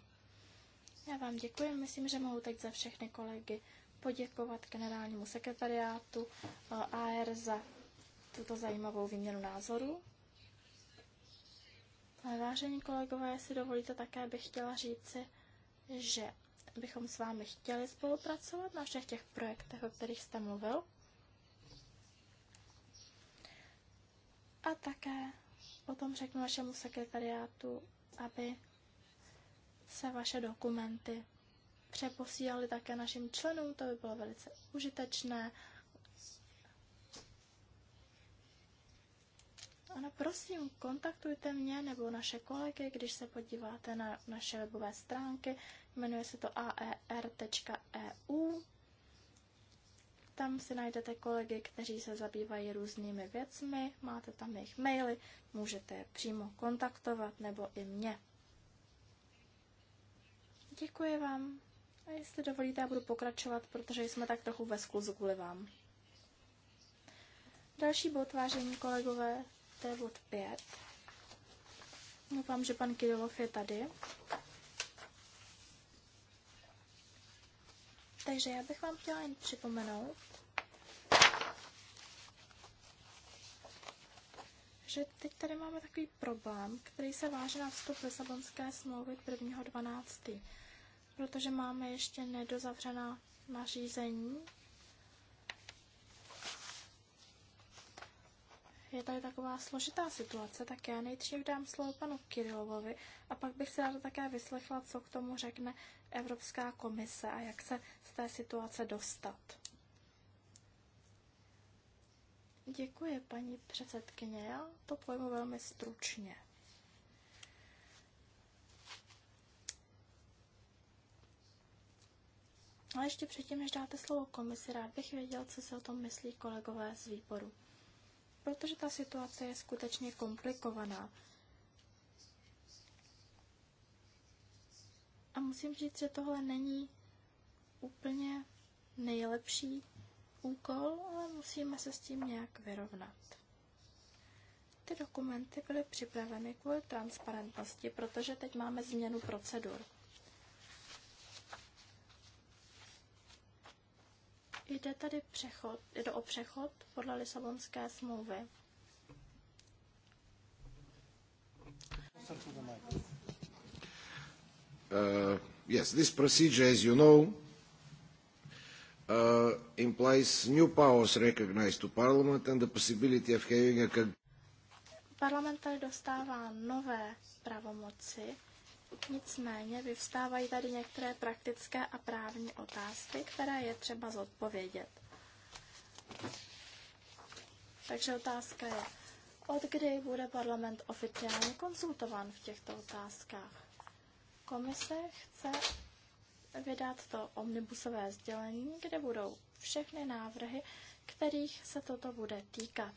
Já vám děkuji, myslím, že mohu teď za všechny kolegy poděkovat generálnímu sekretariátu eh, AR za tuto zajímavou výměnu názorů. Vážení kolegové, jestli dovolíte, také bych chtěla říci, že bychom s vámi chtěli spolupracovat na všech těch projektech, o kterých jste mluvil. A také Potom řeknu vašemu sekretariátu, aby se vaše dokumenty přeposílali také našim členům, to by bylo velice užitečné. Ano, prosím, kontaktujte mě nebo naše kolegy, když se podíváte na naše webové stránky. Jmenuje se to aer.eu. Tam si najdete kolegy, kteří se zabývají různými věcmi, máte tam jejich maily, můžete je přímo kontaktovat nebo i mě. Děkuji vám. A jestli dovolíte, já budu pokračovat, protože jsme tak trochu ve skluzu kvůli vám. Další bod, vážení kolegové, to je bod 5. Doufám, že pan Kirilov je tady. Takže já bych vám chtěla jen připomenout, že teď tady máme takový problém, který se váže na vstup Lisabonské smlouvy 1.12., protože máme ještě nedozavřená nařízení je tady taková složitá situace, tak já nejdřív dám slovo panu Kirilovovi a pak bych si ráda také vyslechla, co k tomu řekne Evropská komise a jak se z té situace dostat. Děkuji, paní předsedkyně. Já to pojmu velmi stručně. Ale ještě předtím, než dáte slovo komisi, rád bych věděl, co si o tom myslí kolegové z výboru protože ta situace je skutečně komplikovaná. A musím říct, že tohle není úplně nejlepší úkol, ale musíme se s tím nějak vyrovnat. Ty dokumenty byly připraveny kvůli transparentnosti, protože teď máme změnu procedur. Jde tady přechod, jde o přechod podle Lisabonské smlouvy. Uh, yes, this procedure, as you know, uh, implies new powers recognized to Parliament and the possibility of having a... Parlament tady dostává nové pravomoci, Nicméně vyvstávají tady některé praktické a právní otázky, které je třeba zodpovědět. Takže otázka je, od kdy bude parlament oficiálně konzultován v těchto otázkách? Komise chce vydat to omnibusové sdělení, kde budou všechny návrhy, kterých se toto bude týkat.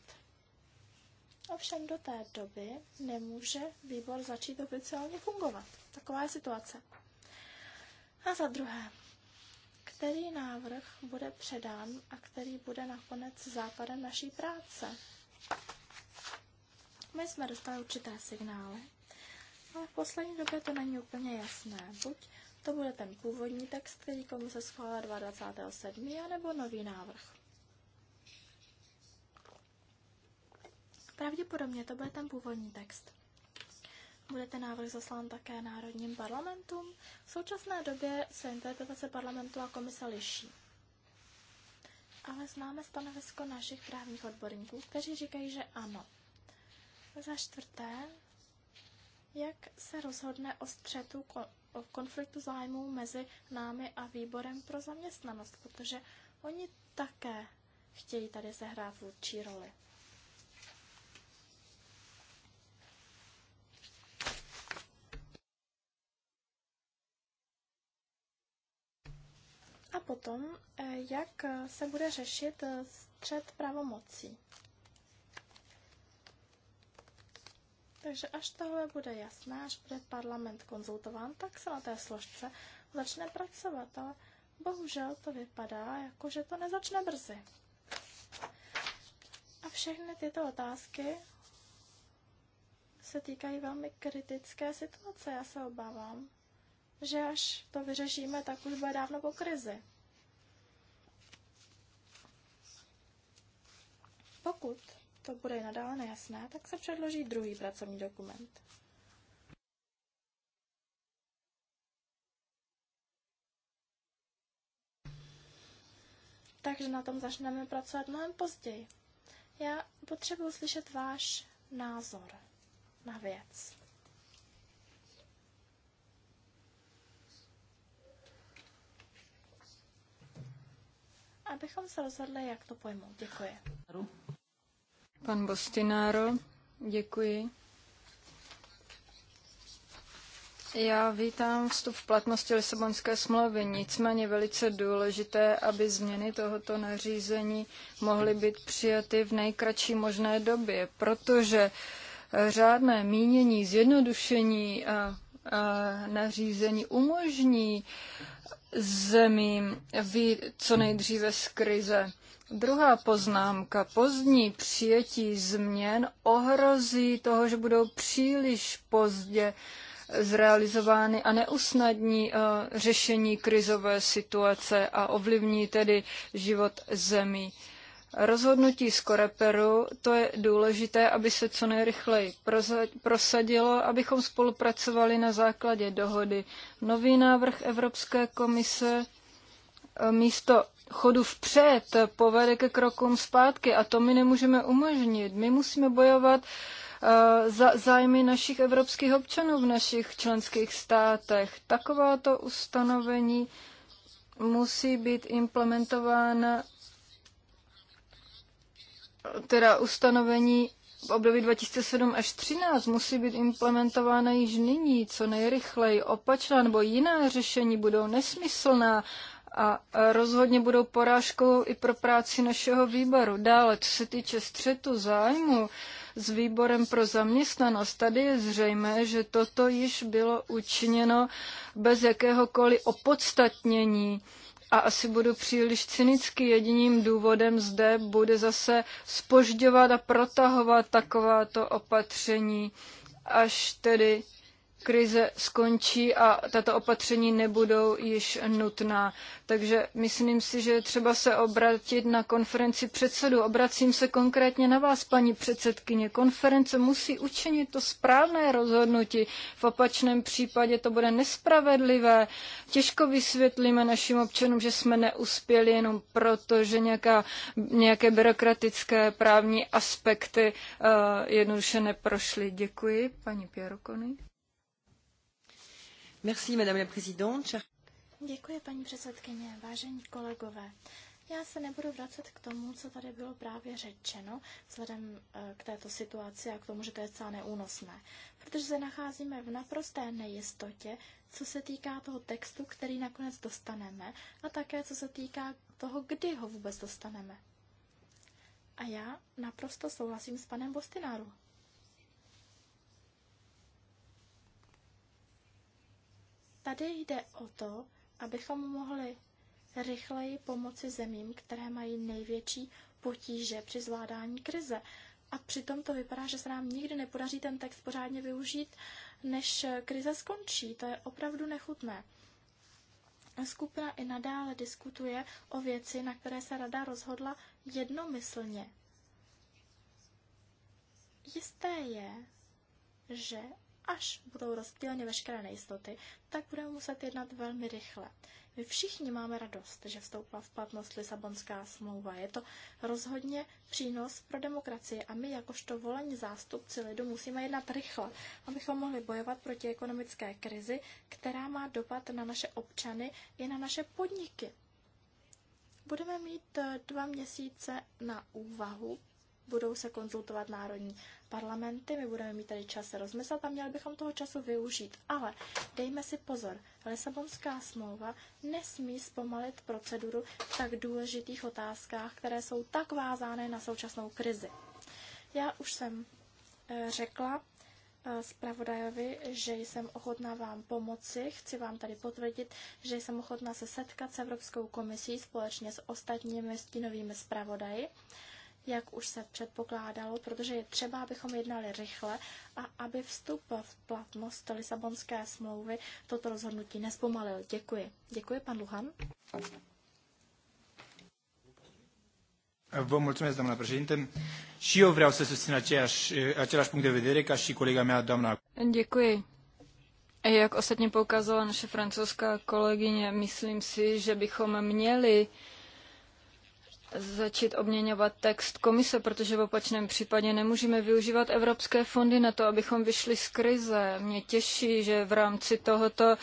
Ovšem do té doby nemůže výbor začít oficiálně fungovat. Taková je situace. A za druhé, který návrh bude předán a který bude nakonec západem naší práce. My jsme dostali určité signály, ale v poslední době to není úplně jasné. Buď to bude ten původní text, který se schválila 27. nebo nový návrh. Pravděpodobně to bude ten původní text. Bude ten návrh zaslán také národním parlamentům? V současné době se interpretace parlamentu a komise liší. Ale známe stanovisko našich právních odborníků, kteří říkají, že ano. Za čtvrté, jak se rozhodne o střetu o konfliktu zájmů mezi námi a výborem pro zaměstnanost, protože oni také chtějí tady sehrát vůdčí roli. A potom, eh, jak eh, se bude řešit eh, střed pravomocí. Takže až tohle bude jasné, až bude parlament konzultován, tak se na té složce začne pracovat. Ale bohužel to vypadá, jako že to nezačne brzy. A všechny tyto otázky se týkají velmi kritické situace, já se obávám, že až to vyřešíme, tak už bude dávno po krizi. Pokud to bude nadále nejasné, tak se předloží druhý pracovní dokument. Takže na tom začneme pracovat mnohem později. Já potřebuji slyšet váš názor na věc. abychom se rozhodli, jak to pojmout. Děkuji. Pan Bostináro, děkuji. Já vítám vstup v platnosti Lisabonské smlouvy, nicméně velice důležité, aby změny tohoto nařízení mohly být přijaty v nejkratší možné době, protože řádné mínění, zjednodušení a Eh, nařízení umožní zemím vyjít co nejdříve z krize. Druhá poznámka. Pozdní přijetí změn ohrozí toho, že budou příliš pozdě zrealizovány a neusnadní eh, řešení krizové situace a ovlivní tedy život zemí. Rozhodnutí z Koreperu, to je důležité, aby se co nejrychleji prosadilo, abychom spolupracovali na základě dohody. Nový návrh Evropské komise eh, místo chodu vpřed povede ke krokům zpátky a to my nemůžeme umožnit. My musíme bojovat eh, za zájmy našich evropských občanů v našich členských státech. Takováto ustanovení musí být implementována teda ustanovení v období 2007 až 2013 musí být implementována již nyní, co nejrychleji. Opačná nebo jiná řešení budou nesmyslná a rozhodně budou porážkou i pro práci našeho výboru. Dále, co se týče střetu zájmu s výborem pro zaměstnanost, tady je zřejmé, že toto již bylo učiněno bez jakéhokoliv opodstatnění a asi budu příliš cynický, jediným důvodem zde bude zase spožďovat a protahovat takováto opatření, až tedy krize skončí a tato opatření nebudou již nutná. Takže myslím si, že je třeba se obratit na konferenci předsedů. Obracím se konkrétně na vás, paní předsedkyně. Konference musí učinit to správné rozhodnutí. V opačném případě to bude nespravedlivé. Těžko vysvětlíme našim občanům, že jsme neuspěli jenom proto, že nějaká, nějaké byrokratické právní aspekty uh, jednoduše neprošly. Děkuji, paní Pěrokony. Merci, madame la présidente. Děkuji, paní předsedkyně, vážení kolegové. Já se nebudu vracet k tomu, co tady bylo právě řečeno, vzhledem eh, k této situaci a k tomu, že to je celá neúnosné. Protože se nacházíme v naprosté nejistotě, co se týká toho textu, který nakonec dostaneme, a také co se týká toho, kdy ho vůbec dostaneme. A já naprosto souhlasím s panem Bostináru. Tady jde o to, abychom mohli rychleji pomoci zemím, které mají největší potíže při zvládání krize. A přitom to vypadá, že se nám nikdy nepodaří ten text pořádně využít, než krize skončí. To je opravdu nechutné. Skupina i nadále diskutuje o věci, na které se rada rozhodla jednomyslně. Jisté je, že až budou rozptýleny veškeré nejistoty, tak budeme muset jednat velmi rychle. My všichni máme radost, že vstoupila v platnost Lisabonská smlouva. Je to rozhodně přínos pro demokracii a my, jakožto volení zástupci lidu, musíme jednat rychle, abychom mohli bojovat proti ekonomické krizi, která má dopad na naše občany i na naše podniky. Budeme mít eh, dva měsíce na úvahu budou se konzultovat národní parlamenty, my budeme mít tady čas se rozmyslet a měli bychom toho času využít. Ale dejme si pozor, Lisabonská smlouva nesmí zpomalit proceduru v tak důležitých otázkách, které jsou tak vázány na současnou krizi. Já už jsem eh, řekla eh, zpravodajovi, že jsem ochotná vám pomoci. Chci vám tady potvrdit, že jsem ochotná se setkat s Evropskou komisí společně s ostatními stínovými zpravodaji jak už se předpokládalo, protože je třeba, abychom jednali rychle a aby vstup v platnost Lisabonské smlouvy toto rozhodnutí nespomalil. Děkuji. Děkuji, pan Luhan. Vă mulțumesc, doamna președinte. Și eu vreau să susțin aceeași, același punct de vedere ca și colega mea, doamna. Děkuji. Jak ostatně poukázala naše francouzská kolegyně, myslím si, že bychom měli začít obměňovat text komise, protože v opačném případě nemůžeme využívat evropské fondy na to, abychom vyšli z krize. Mě těší, že v rámci tohoto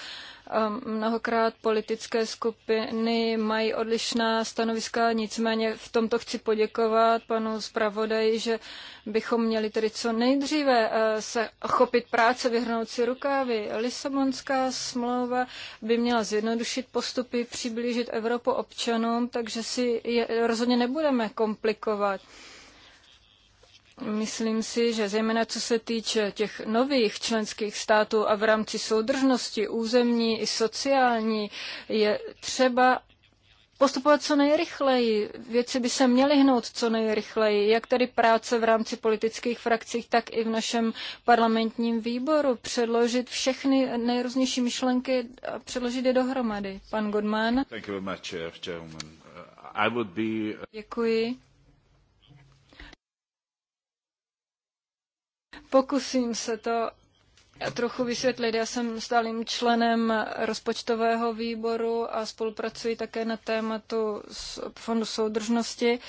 Mnohokrát politické skupiny mají odlišná stanoviska, nicméně v tomto chci poděkovat panu zpravodaji, že bychom měli tedy co nejdříve eh, se chopit práce, vyhrnout si rukávy. Lisabonská smlouva by měla zjednodušit postupy, přiblížit Evropu občanům, takže si je rozhodně nebudeme komplikovat. Myslím si, že zejména co se týče těch nových členských států a v rámci soudržnosti územní i sociální, je třeba postupovat co nejrychleji. Věci by se měly hnout co nejrychleji, jak tady práce v rámci politických frakcí, tak i v našem parlamentním výboru. Předložit všechny nejrůznější myšlenky a předložit je dohromady. Pan Godman. Uh, uh, uh, Děkuji. Pokusím se to trochu vysvětlit. Já jsem stálým členem rozpočtového výboru a spolupracuji také na tématu s Fondu soudržnosti.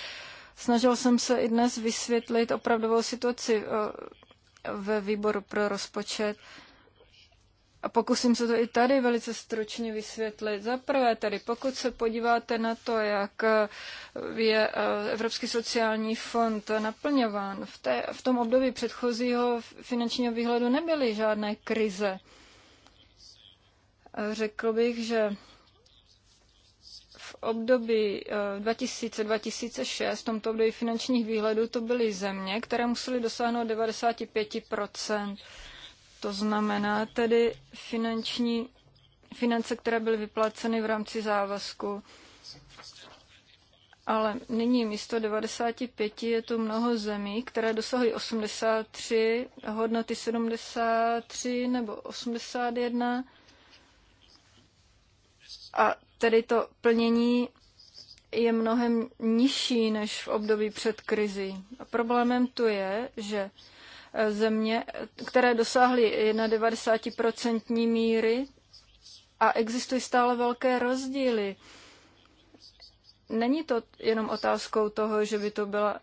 Snažil jsem se i dnes vysvětlit opravdovou situaci eh, ve výboru pro rozpočet. A pokusím se to i tady velice stručně vysvětlit. Za prvé tedy, pokud se podíváte na to, jak je eh, Evropský sociální fond naplňován, v, té, v tom období předchozího finančního výhledu nebyly žádné krize. Eh, řekl bych, že v období 2000-2006, eh, v tomto období finančních výhledů, to byly země, které musely dosáhnout 95 to znamená tedy finanční, finance, které byly vyplaceny v rámci závazku. Ale nyní místo 95 je tu mnoho zemí, které dosahují 83, hodnoty 73 nebo 81. A tedy to plnění je mnohem nižší než v období před krizi. A problémem tu je, že země, které dosáhly 91% míry a existují stále velké rozdíly. Není to jenom otázkou toho, že by to byla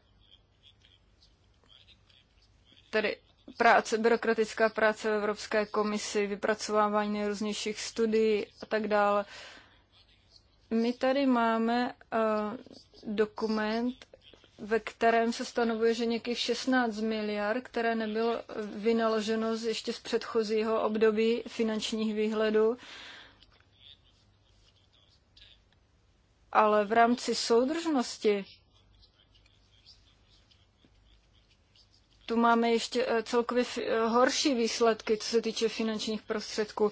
tedy práce, byrokratická práce v Evropské komisi, vypracovávání nejrůznějších studií a tak dále. My tady máme uh, dokument, ve kterém se stanovuje, že nějakých 16 miliard, které nebylo vynaloženo z ještě z předchozího období finančních výhledů, ale v rámci soudržnosti tu máme ještě eh, celkově eh, horší výsledky, co se týče finančních prostředků.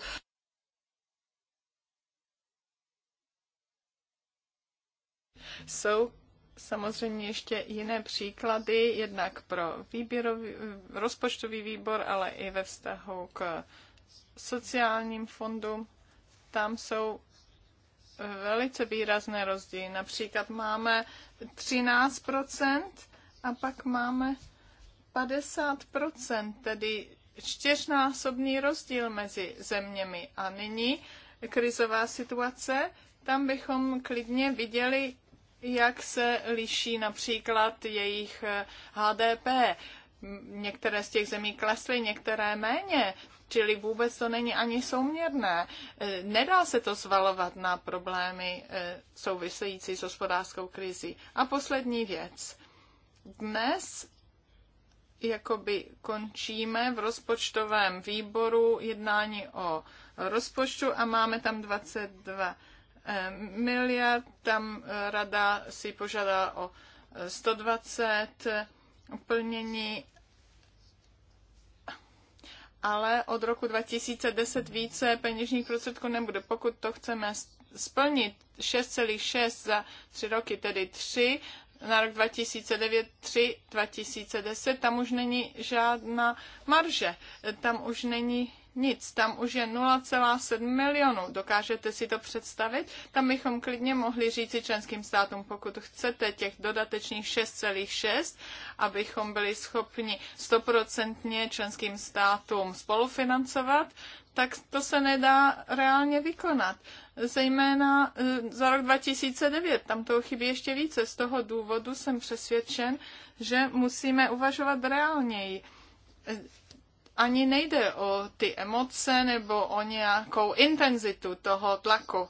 So, samozřejmě ještě jiné příklady, jednak pro výběrový, rozpočtový výbor, ale i ve vztahu k sociálním fondům. Tam jsou eh, velice výrazné rozdíly. Například máme 13% a pak máme 50%, tedy čtyřnásobný rozdíl mezi zeměmi. A nyní krizová situace, tam bychom klidně viděli jak se liší například jejich HDP. Eh, některé z těch zemí klesly, některé méně, čili vůbec to není ani souměrné. Eh, nedá se to zvalovat na problémy eh, související s hospodářskou krizi. A poslední věc. Dnes jakoby končíme v rozpočtovém výboru jednání o rozpočtu a máme tam 22 Eh, miliard, tam eh, rada si požádala o 120 eh, plnění, ale od roku 2010 více peněžních prostředků nebude. Pokud to chceme splnit 6,6 za tři roky, tedy 3, na rok 2009, 3, 2010, tam už není žádná marže, tam už není nic, tam už je 0,7 milionů. Dokážete si to představit? Tam bychom klidně mohli říci členským státům, pokud chcete těch dodatečných 6,6, abychom byli schopni stoprocentně členským státům spolufinancovat, tak to se nedá reálně vykonat. Zejména eh, za rok 2009, tam toho chybí ještě více. Z toho důvodu jsem přesvědčen, že musíme uvažovat reálněji ani nejde o ty emoce nebo o nějakou intenzitu toho tlaku.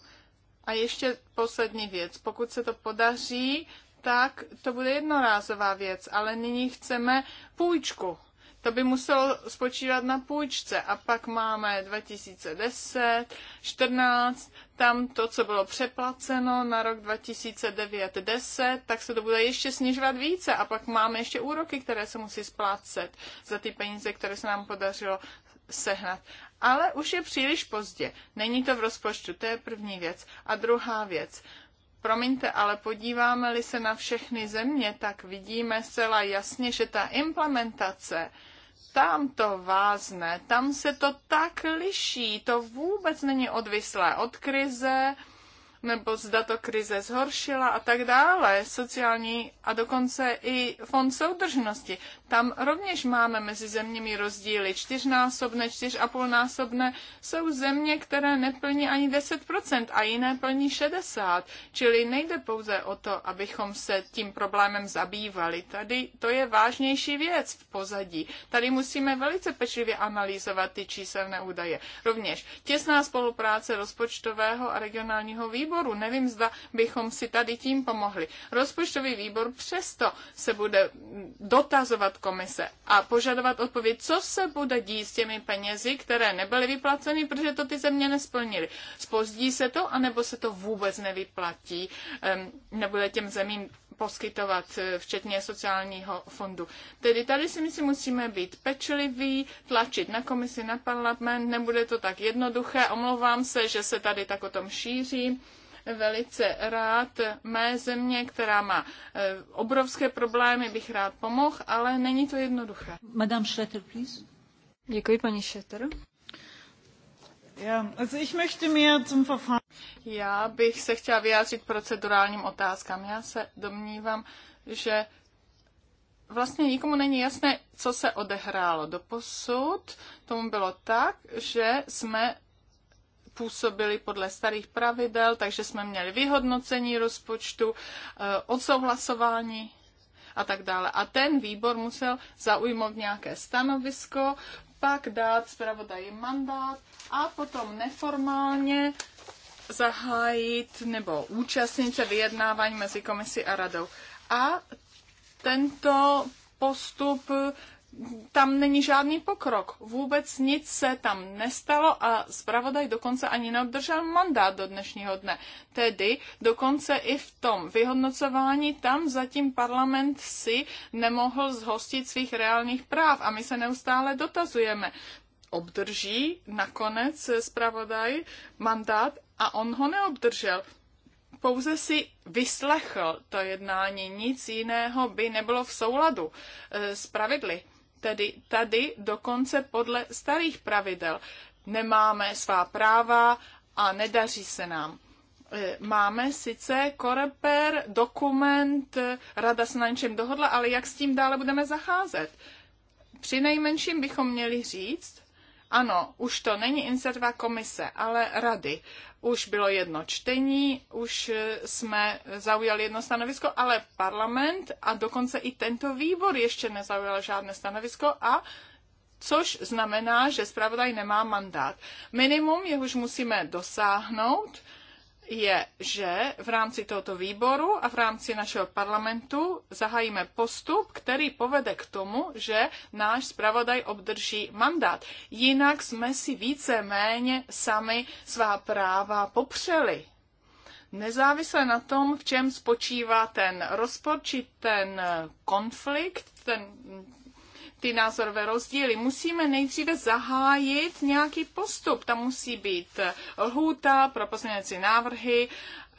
A ještě poslední věc. Pokud se to podaří, tak to bude jednorázová věc, ale nyní chceme půjčku to by muselo spočívat na půjčce. A pak máme 2010, 14, tam to, co bylo přeplaceno na rok 2009, 10, tak se to bude ještě snižovat více. A pak máme ještě úroky, které se musí splácet za ty peníze, které se nám podařilo sehnat. Ale už je příliš pozdě. Není to v rozpočtu, to je první věc. A druhá věc. Promiňte, ale podíváme-li se na všechny země, tak vidíme zcela jasně, že ta implementace tam to vázne, tam se to tak liší, to vůbec není odvislé od krize, nebo zda to krize zhoršila a tak dále, sociální a dokonce i fond soudržnosti. Tam rovněž máme mezi zeměmi rozdíly. Čtyřnásobné, čtyř a půlnásobné jsou země, které neplní ani 10% a jiné plní 60%. Čili nejde pouze o to, abychom se tím problémem zabývali. Tady to je vážnější věc v pozadí. Tady musíme velice pečlivě analyzovat ty číselné údaje. Rovněž těsná spolupráce rozpočtového a regionálního výboru výboru. Nevím, zda bychom si tady tím pomohli. Rozpočtový výbor přesto se bude dotazovat komise a požadovat odpověď, co se bude dít s těmi penězi, které nebyly vyplaceny, protože to ty země nesplnily. Spozdí se to, anebo se to vůbec nevyplatí, nebude těm zemím poskytovat, eh, včetně sociálního fondu. Tedy tady si myslím, musíme být pečliví, tlačit na komisi, na parlament, nebude to tak jednoduché. Omlouvám se, že se tady tak o tom šíří velice rád mé země, která má eh, obrovské problémy, bych rád pomohl, ale není to jednoduché. Madame Schletter, please. Děkuji, paní Schletter. Já bych se chtěla vyjádřit procedurálním otázkám. Já se domnívám, že vlastně nikomu není jasné, co se odehrálo. Do posud. tomu bylo tak, že jsme působili podle starých pravidel, takže jsme měli vyhodnocení rozpočtu, eh, odsouhlasování a tak dále. A ten výbor musel zaujmout nějaké stanovisko, pak dát zpravodaji mandát a potom neformálně zahájit nebo účastnit se vyjednávání mezi komisí a radou. A tento postup tam není žádný pokrok. Vůbec nic se tam nestalo a zpravodaj dokonce ani neobdržel mandát do dnešního dne. Tedy dokonce i v tom vyhodnocování tam zatím parlament si nemohl zhostit svých reálných práv a my se neustále dotazujeme. Obdrží nakonec zpravodaj mandát a on ho neobdržel pouze si vyslechl to jednání, nic jiného by nebylo v souladu eh, s pravidly tedy tady dokonce podle starých pravidel. Nemáme svá práva a nedaří se nám. E, máme sice koreper, dokument, e, rada se na něčem dohodla, ale jak s tím dále budeme zacházet? Při nejmenším bychom měli říct, ano, už to není iniciativa komise, ale rady. Už bylo jedno čtení, už eh, jsme zaujali jedno stanovisko, ale parlament a dokonce i tento výbor ještě nezaujal žádné stanovisko a což znamená, že zpravodaj nemá mandát. Minimum, jehož musíme dosáhnout, je, že v rámci tohoto výboru a v rámci našeho parlamentu zahájíme postup, který povede k tomu, že náš zpravodaj obdrží mandát. Jinak jsme si více-méně sami svá práva popřeli. Nezávisle na tom, v čem spočívá ten rozpor či ten konflikt, ten, ty názorové rozdíly, musíme nejdříve zahájit nějaký postup. Tam musí být lhůta pro pozměňovací návrhy,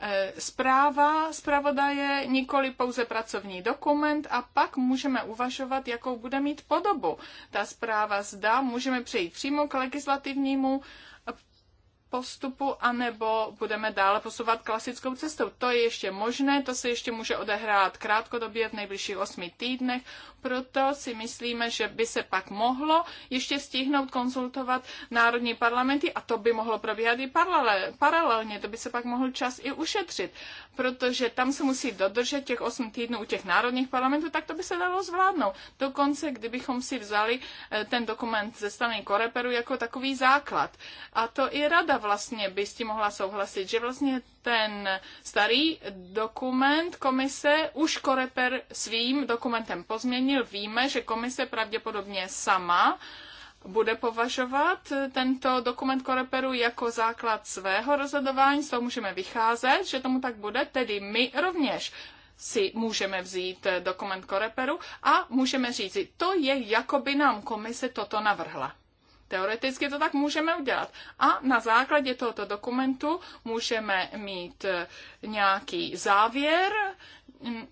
eh, zpráva zpravodaje, nikoli pouze pracovní dokument a pak můžeme uvažovat, jakou bude mít podobu ta zpráva. Zda můžeme přejít přímo k legislativnímu postupu, anebo budeme dále posouvat klasickou cestou. To je ještě možné, to se ještě může odehrát krátkodobě v nejbližších osmi týdnech, proto si myslíme, že by se pak mohlo ještě stihnout konzultovat národní parlamenty a to by mohlo probíhat i paralelně, to by se pak mohl čas i ušetřit, protože tam se musí dodržet těch osm týdnů u těch národních parlamentů, tak to by se dalo zvládnout. Dokonce, kdybychom si vzali eh, ten dokument ze strany Koreperu jako takový základ. A to i rada vlastně by s tím mohla souhlasit, že vlastně ten starý dokument komise už Koreper svým dokumentem pozměnil. Víme, že komise pravděpodobně sama bude považovat tento dokument Koreperu jako základ svého rozhodování, z toho můžeme vycházet, že tomu tak bude, tedy my rovněž si můžeme vzít dokument Koreperu a můžeme říct, to je, jako by nám komise toto navrhla. Teoreticky to tak můžeme udělat. A na základě tohoto dokumentu můžeme mít eh, nějaký závěr,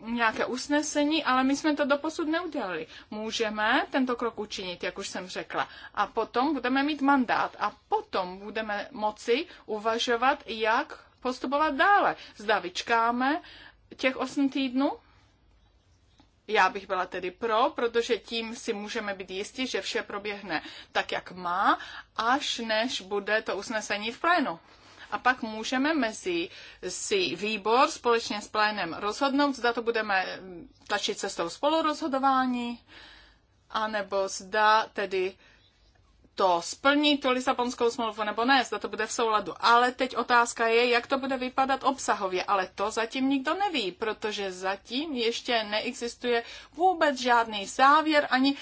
nějaké usnesení, ale my jsme to doposud neudělali. Můžeme tento krok učinit, jak už jsem řekla. A potom budeme mít mandát a potom budeme moci uvažovat, jak postupovat dále. Zda vyčkáme těch 8 týdnů, já bych byla tedy pro, protože tím si můžeme být jistí, že vše proběhne tak, jak má, až než bude to usnesení v plénu. A pak můžeme mezi si výbor společně s plénem rozhodnout, zda to budeme tlačit cestou spolurozhodování, anebo zda tedy to splní tu Lisabonskou smlouvu nebo ne, zda to bude v souladu. Ale teď otázka je, jak to bude vypadat obsahově, ale to zatím nikdo neví, protože zatím ještě neexistuje vůbec žádný závěr ani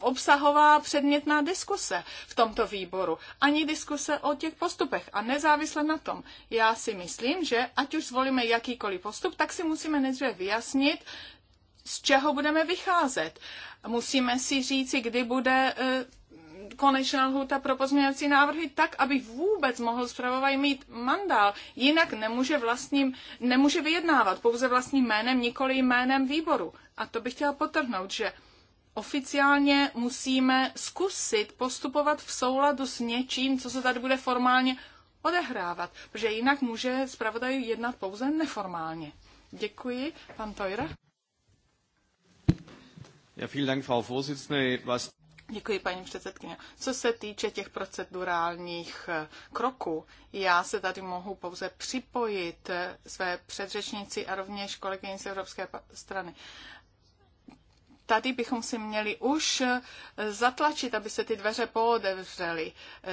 obsahová předmětná diskuse v tomto výboru, ani diskuse o těch postupech a nezávisle na tom. Já si myslím, že ať už zvolíme jakýkoliv postup, tak si musíme nejdříve vyjasnit, z čeho budeme vycházet. Musíme si říci, kdy bude eh, konečná lhůta pro pozměňovací návrhy tak, aby vůbec mohl zpravodaj mít mandál. Jinak nemůže, vlastním, nemůže vyjednávat pouze vlastním jménem, nikoli jménem výboru. A to bych chtěla potrhnout, že oficiálně musíme zkusit postupovat v souladu s něčím, co se tady bude formálně odehrávat, protože jinak může zpravodaj jednat pouze neformálně. Děkuji, pan Tojra. Ja, vielen Dank, Frau Vorsitzende. Was Děkuji, paní předsedkyně. Co se týče těch procedurálních eh, kroků, já se tady mohu pouze připojit eh, své předřečnici a rovněž kolegyni z Evropské strany. Tady bychom si měli už eh, zatlačit, aby se ty dveře poodevřely,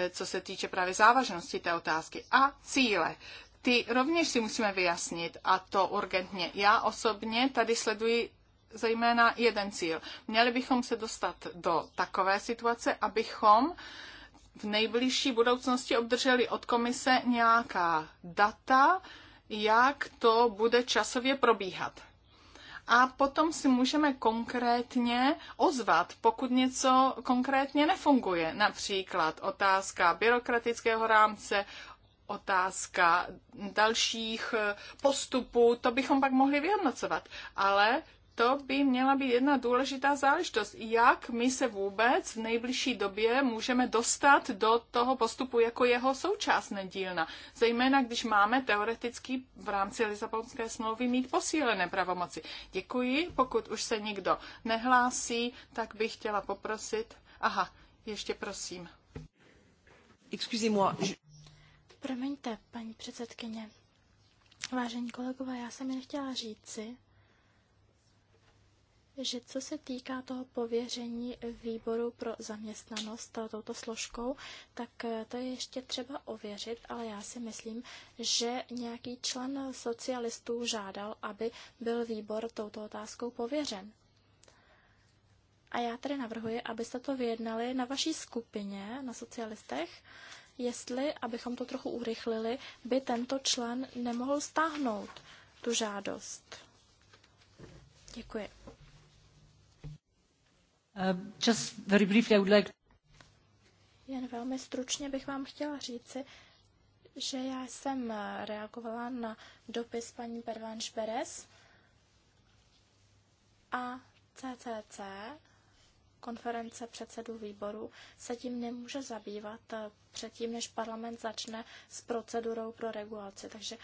co se týče právě závažnosti té otázky a cíle ty rovněž si musíme vyjasnit a to urgentně. Já osobně tady sleduji zejména jeden cíl. Měli bychom se dostat do takové situace, abychom v nejbližší budoucnosti obdrželi od komise nějaká data, jak to bude časově probíhat. A potom si můžeme konkrétně ozvat, pokud něco konkrétně nefunguje. Například otázka byrokratického rámce, otázka dalších eh, postupů, to bychom pak mohli vyhodnocovat. Ale to by měla být jedna důležitá záležitost. Jak my se vůbec v nejbližší době můžeme dostat do toho postupu jako jeho současné dílna, Zejména, když máme teoreticky v rámci Lisabonské smlouvy mít posílené pravomoci. Děkuji. Pokud už se nikdo nehlásí, tak bych chtěla poprosit. Aha, ještě prosím. Excusez-moi. Promiňte, paní předsedkyně. Vážení kolegové, já jsem jen chtěla říci, že co se týká toho pověření výboru pro zaměstnanost touto složkou, tak eh, to je ještě třeba ověřit, ale já si myslím, že nějaký člen socialistů žádal, aby byl výbor touto otázkou pověřen. A já tedy navrhuji, abyste to vyjednali na vaší skupině, na socialistech, jestli, abychom to trochu urychlili, by tento člen nemohl stáhnout tu žádost. Děkuji. Eh, Jen velmi stručně bych vám chtěla říci, že já jsem eh, reagovala na dopis paní Pervanš Beres a CCC, konference předsedů výboru, se tím nemůže zabývat eh, předtím, než parlament začne s procedurou pro regulaci. Takže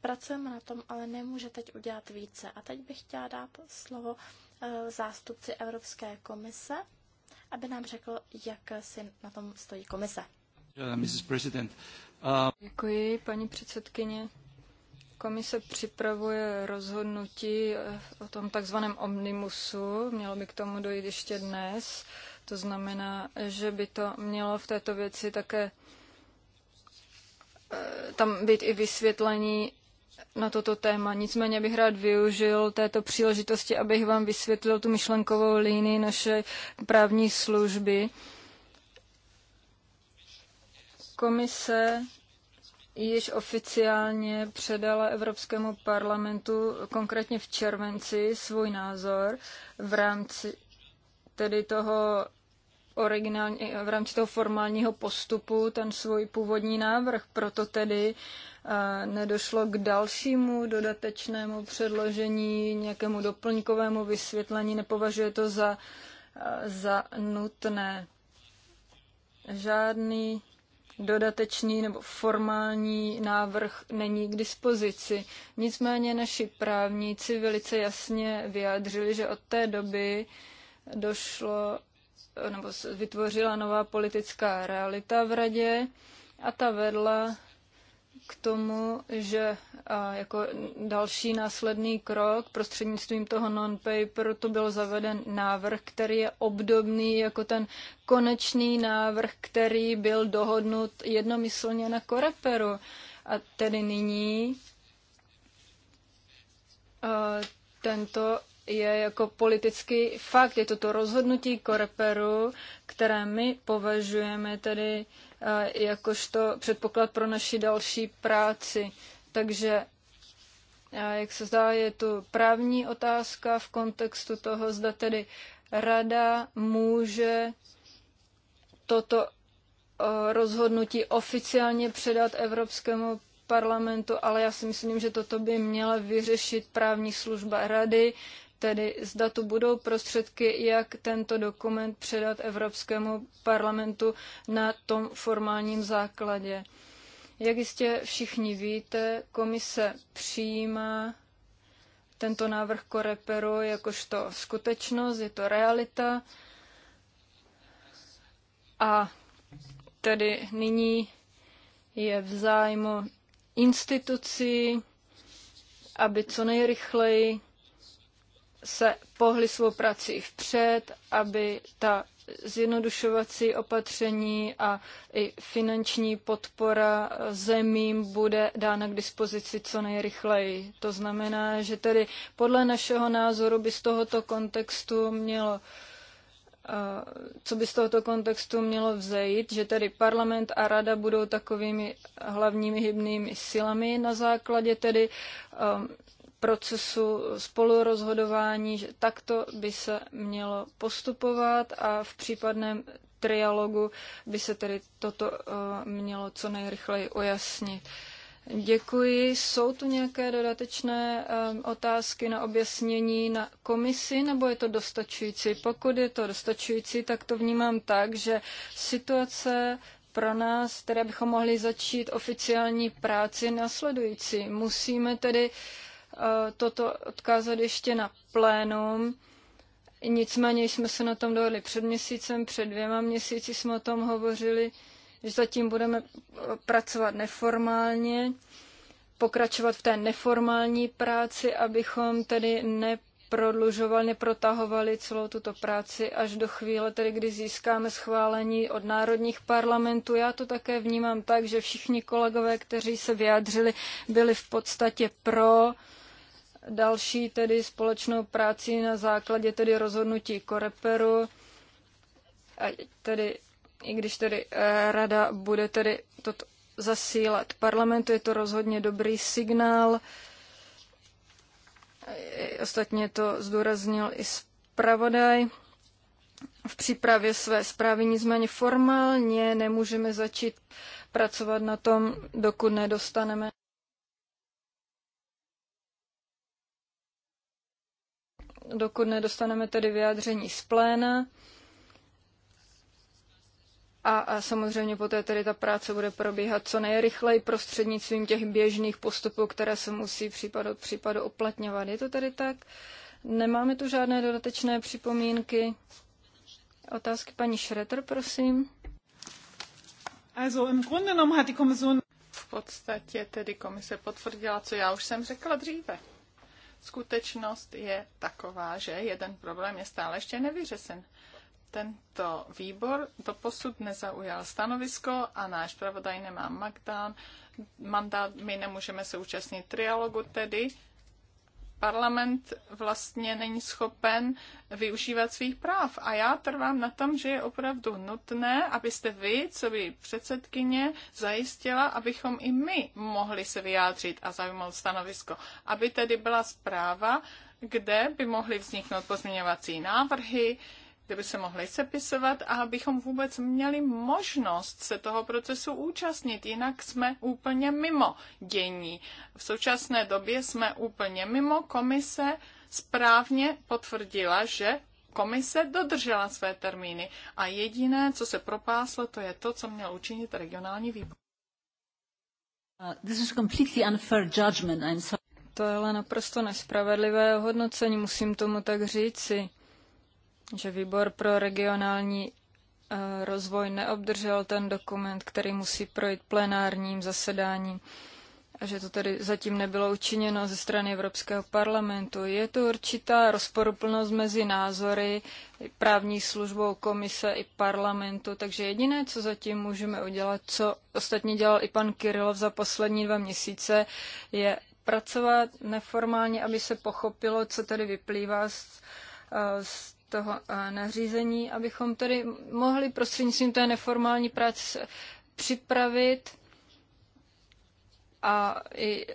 pracujeme na tom, ale nemůže teď udělat více. A teď bych chtěla dát slovo uh, Eh, zástupci Evropské komise, aby nám řekl, jak si na tom stojí komise. Eh, Děkuji, paní předsedkyně. Komise připravuje rozhodnutí eh, o tom takzvaném omnimusu. Mělo by k tomu dojít ještě dnes. To znamená, že by to mělo v této věci také tam být i vysvětlení na toto téma. Nicméně bych rád využil této příležitosti, abych vám vysvětlil tu myšlenkovou linii naše právní služby. Komise již oficiálně předala Evropskému parlamentu konkrétně v červenci svůj názor v rámci tedy toho originální, v rámci toho formálního postupu ten svůj původní návrh. Proto tedy eh, nedošlo k dalšímu dodatečnému předložení, nějakému doplňkovému vysvětlení. Nepovažuje to za, eh, za nutné. Žádný dodatečný nebo formální návrh není k dispozici. Nicméně naši právníci velice jasně vyjádřili, že od té doby došlo nebo vytvořila nová politická realita v radě a ta vedla k tomu, že jako další následný krok prostřednictvím toho non-paperu to byl zaveden návrh, který je obdobný jako ten konečný návrh, který byl dohodnut jednomyslně na Koreperu. A tedy nyní tento je jako politický fakt. Je to to rozhodnutí Koreperu, které my považujeme tedy eh, jakožto předpoklad pro naši další práci. Takže eh, jak se zdá, je tu právní otázka v kontextu toho, zda tedy rada může toto eh, rozhodnutí oficiálně předat Evropskému parlamentu, ale já si myslím, že toto by měla vyřešit právní služba rady tedy zda tu budou prostředky, jak tento dokument předat Evropskému parlamentu na tom formálním základě. Jak jistě všichni víte, komise přijímá tento návrh koreperu jakožto skutečnost, je to realita. A tedy nyní je v zájmu institucí, aby co nejrychleji se pohli svou prací vpřed, aby ta zjednodušovací opatření a i finanční podpora zemím bude dána k dispozici co nejrychleji. To znamená, že tedy podle našeho názoru by z tohoto kontextu mělo eh, co by z tohoto kontextu mělo vzejít, že tedy parlament a rada budou takovými hlavními hybnými silami na základě tedy eh, procesu spolurozhodování, že takto by se mělo postupovat a v případném trialogu by se tedy toto eh, mělo co nejrychleji ujasnit. Děkuji. Jsou tu nějaké dodatečné eh, otázky na objasnění na komisi, nebo je to dostačující? Pokud je to dostačující, tak to vnímám tak, že situace pro nás, které bychom mohli začít oficiální práci následující. Musíme tedy uh, Eh, toto odkázat ještě na plénum. Nicméně jsme se na tom dohodli před měsícem, před dvěma měsíci jsme o tom hovořili, že zatím budeme eh, pracovat neformálně, pokračovat v té neformální práci, abychom tedy neprodlužovali, neprotahovali celou tuto práci až do chvíle, tedy kdy získáme schválení od národních parlamentů. Já to také vnímám tak, že všichni kolegové, kteří se vyjádřili, byli v podstatě pro další tedy společnou práci na základě tedy rozhodnutí Koreperu, a tedy, i když tedy eh, rada bude tedy toto zasílat parlamentu, je to rozhodně dobrý signál. Eh, ostatně to zdůraznil i zpravodaj v přípravě své zprávy, nicméně formálně nemůžeme začít pracovat na tom, dokud nedostaneme dokud nedostaneme tedy vyjádření z pléna. A, a samozřejmě poté tedy ta práce bude probíhat co nejrychleji prostřednictvím těch běžných postupů, které se musí případ od případu oplatňovat. Je to tedy tak? Nemáme tu žádné dodatečné připomínky. Otázky paní Schretter, prosím. v podstatě tedy komise potvrdila, co já už jsem řekla dříve. Skutečnost je taková, že jeden problém je stále ještě nevyřešen. Tento výbor doposud nezaujal stanovisko a náš pravodaj nemá Magdán. mandát. My nemůžeme se účastnit trialogu, tedy parlament vlastně není schopen využívat svých práv. A já trvám na tom, že je opravdu nutné, abyste vy, co by předsedkyně, zajistila, abychom i my mohli se vyjádřit a zaujmout stanovisko. Aby tedy byla zpráva, kde by mohly vzniknout pozměňovací návrhy, kde by se mohli sepisovat a abychom vůbec měli možnost se toho procesu účastnit. Jinak jsme úplně mimo dění. V současné době jsme úplně mimo. Komise správně potvrdila, že komise dodržela své termíny a jediné, co se propáslo, to je to, co měl učinit regionální výbor. Uh, to je ale naprosto nespravedlivé hodnocení, musím tomu tak říci že výbor pro regionální eh, rozvoj neobdržel ten dokument, který musí projít plenárním zasedáním a že to tedy zatím nebylo učiněno ze strany Evropského parlamentu. Je tu určitá rozporuplnost mezi názory právní službou komise i parlamentu, takže jediné, co zatím můžeme udělat, co ostatně dělal i pan Kirilov za poslední dva měsíce, je pracovat neformálně, aby se pochopilo, co tedy vyplývá z, eh, z toho eh, nařízení, abychom tedy mohli prostřednictvím té neformální práce připravit a i,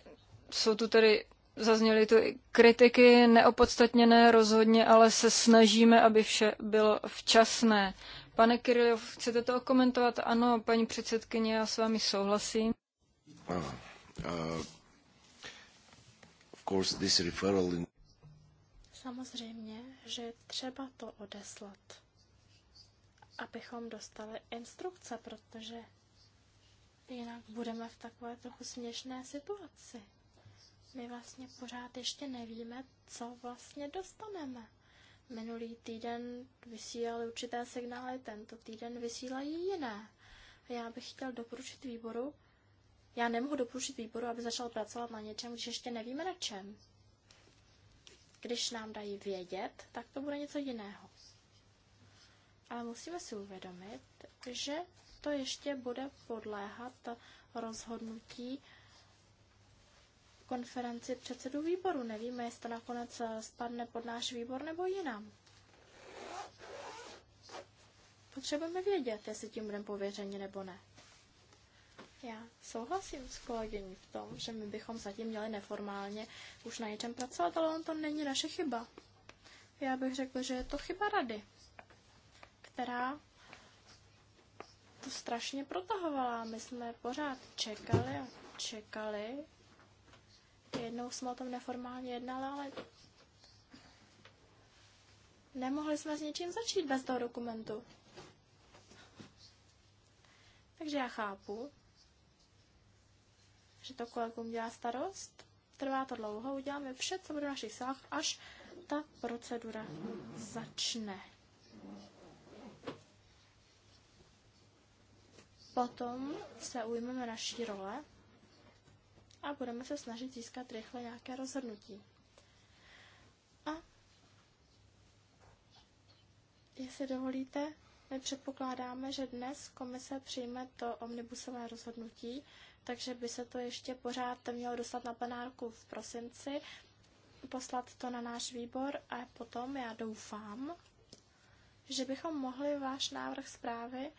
jsou tu tedy zazněly tu kritiky neopodstatněné rozhodně, ale se snažíme, aby vše bylo včasné. Pane Kirilov, chcete to okomentovat? Ano, paní předsedkyně, já s vámi souhlasím. Uh, uh, of course this referral in... Samozřejmě, že je třeba to odeslat, abychom dostali instrukce, protože jinak budeme v takové trochu směšné situaci. My vlastně pořád ještě nevíme, co vlastně dostaneme. Minulý týden vysílali určité signály, tento týden vysílají jiné. Já bych chtěl doporučit výboru, já nemohu doporučit výboru, aby začal pracovat na něčem, když ještě nevíme na čem. Když nám dají vědět, tak to bude něco jiného. Ale musíme si uvědomit, že to ještě bude podléhat rozhodnutí konferenci předsedů výboru. Nevíme, jestli to nakonec spadne pod náš výbor nebo jinam. Potřebujeme vědět, jestli tím budeme pověřeni nebo ne. Já souhlasím s kolegyní v tom, že my bychom zatím měli neformálně už na něčem pracovat, ale on to není naše chyba. Já bych řekla, že je to chyba rady, která to strašně protahovala. My jsme pořád čekali a čekali. Jednou jsme o tom neformálně jednali, ale nemohli jsme s něčím začít bez toho dokumentu. Takže já chápu, že to kolegům dělá starost. Trvá to dlouho, uděláme vše, co bude v našich silách, až ta procedura začne. Potom se ujmeme naší role a budeme se snažit získat rychle nějaké rozhodnutí. A jestli dovolíte, my předpokládáme, že dnes komise přijme to omnibusové rozhodnutí takže by se to ještě pořád mělo dostat na plenárku v prosinci, poslat to na náš výbor a potom já doufám, že bychom mohli váš návrh zprávy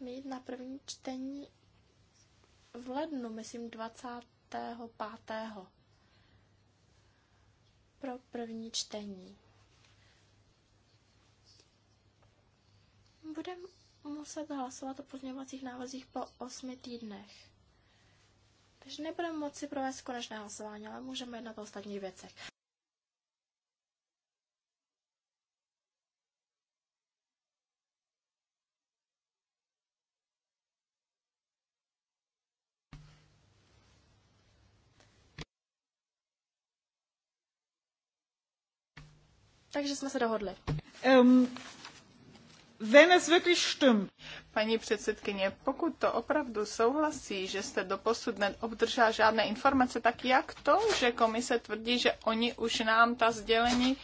mít na první čtení v lednu, myslím 25. pro první čtení. Budeme muset hlasovat o pozměňovacích návrzích po osmi týdnech. Takže nebudeme moci provést konečné hlasování, ale můžeme jednat o ostatních věcech. Takže jsme se dohodli. Um, Wenn es wirklich stimmt. Paní předsedkyně, pokud to opravdu souhlasí, že jste doposud neobdržela žádné informace, tak jak to, že komise tvrdí, že oni už nám ta sdělení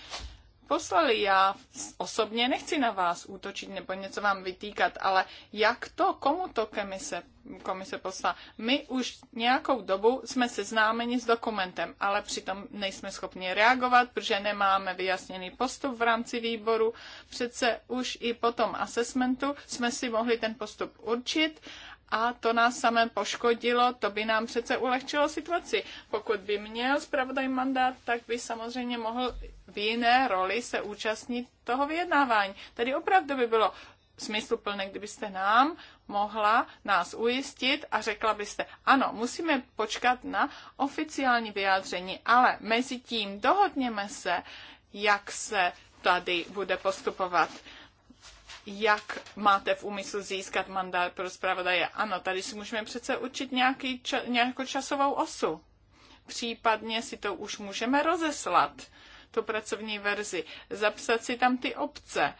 poslali. Já osobně nechci na vás útočit nebo něco vám vytýkat, ale jak to, komu to komise, komise poslala? My už nějakou dobu jsme seznámeni s dokumentem, ale přitom nejsme schopni reagovat, protože nemáme vyjasněný postup v rámci výboru. Přece už i po tom assessmentu jsme si mohli ten postup určit a to nás samé poškodilo, to by nám přece ulehčilo situaci. Pokud by měl zpravodaj mandát, tak by samozřejmě mohl v jiné roli se účastnit toho vyjednávání. Tady opravdu by bylo smysluplné, kdybyste nám mohla nás ujistit a řekla byste, ano, musíme počkat na oficiální vyjádření, ale mezi tím dohodněme se, jak se tady bude postupovat jak máte v úmyslu získat mandát pro zpravodaje. Ano, tady si můžeme přece určit nějaký, ča, nějakou časovou osu. Případně si to už můžeme rozeslat, tu pracovní verzi, zapsat si tam ty obce.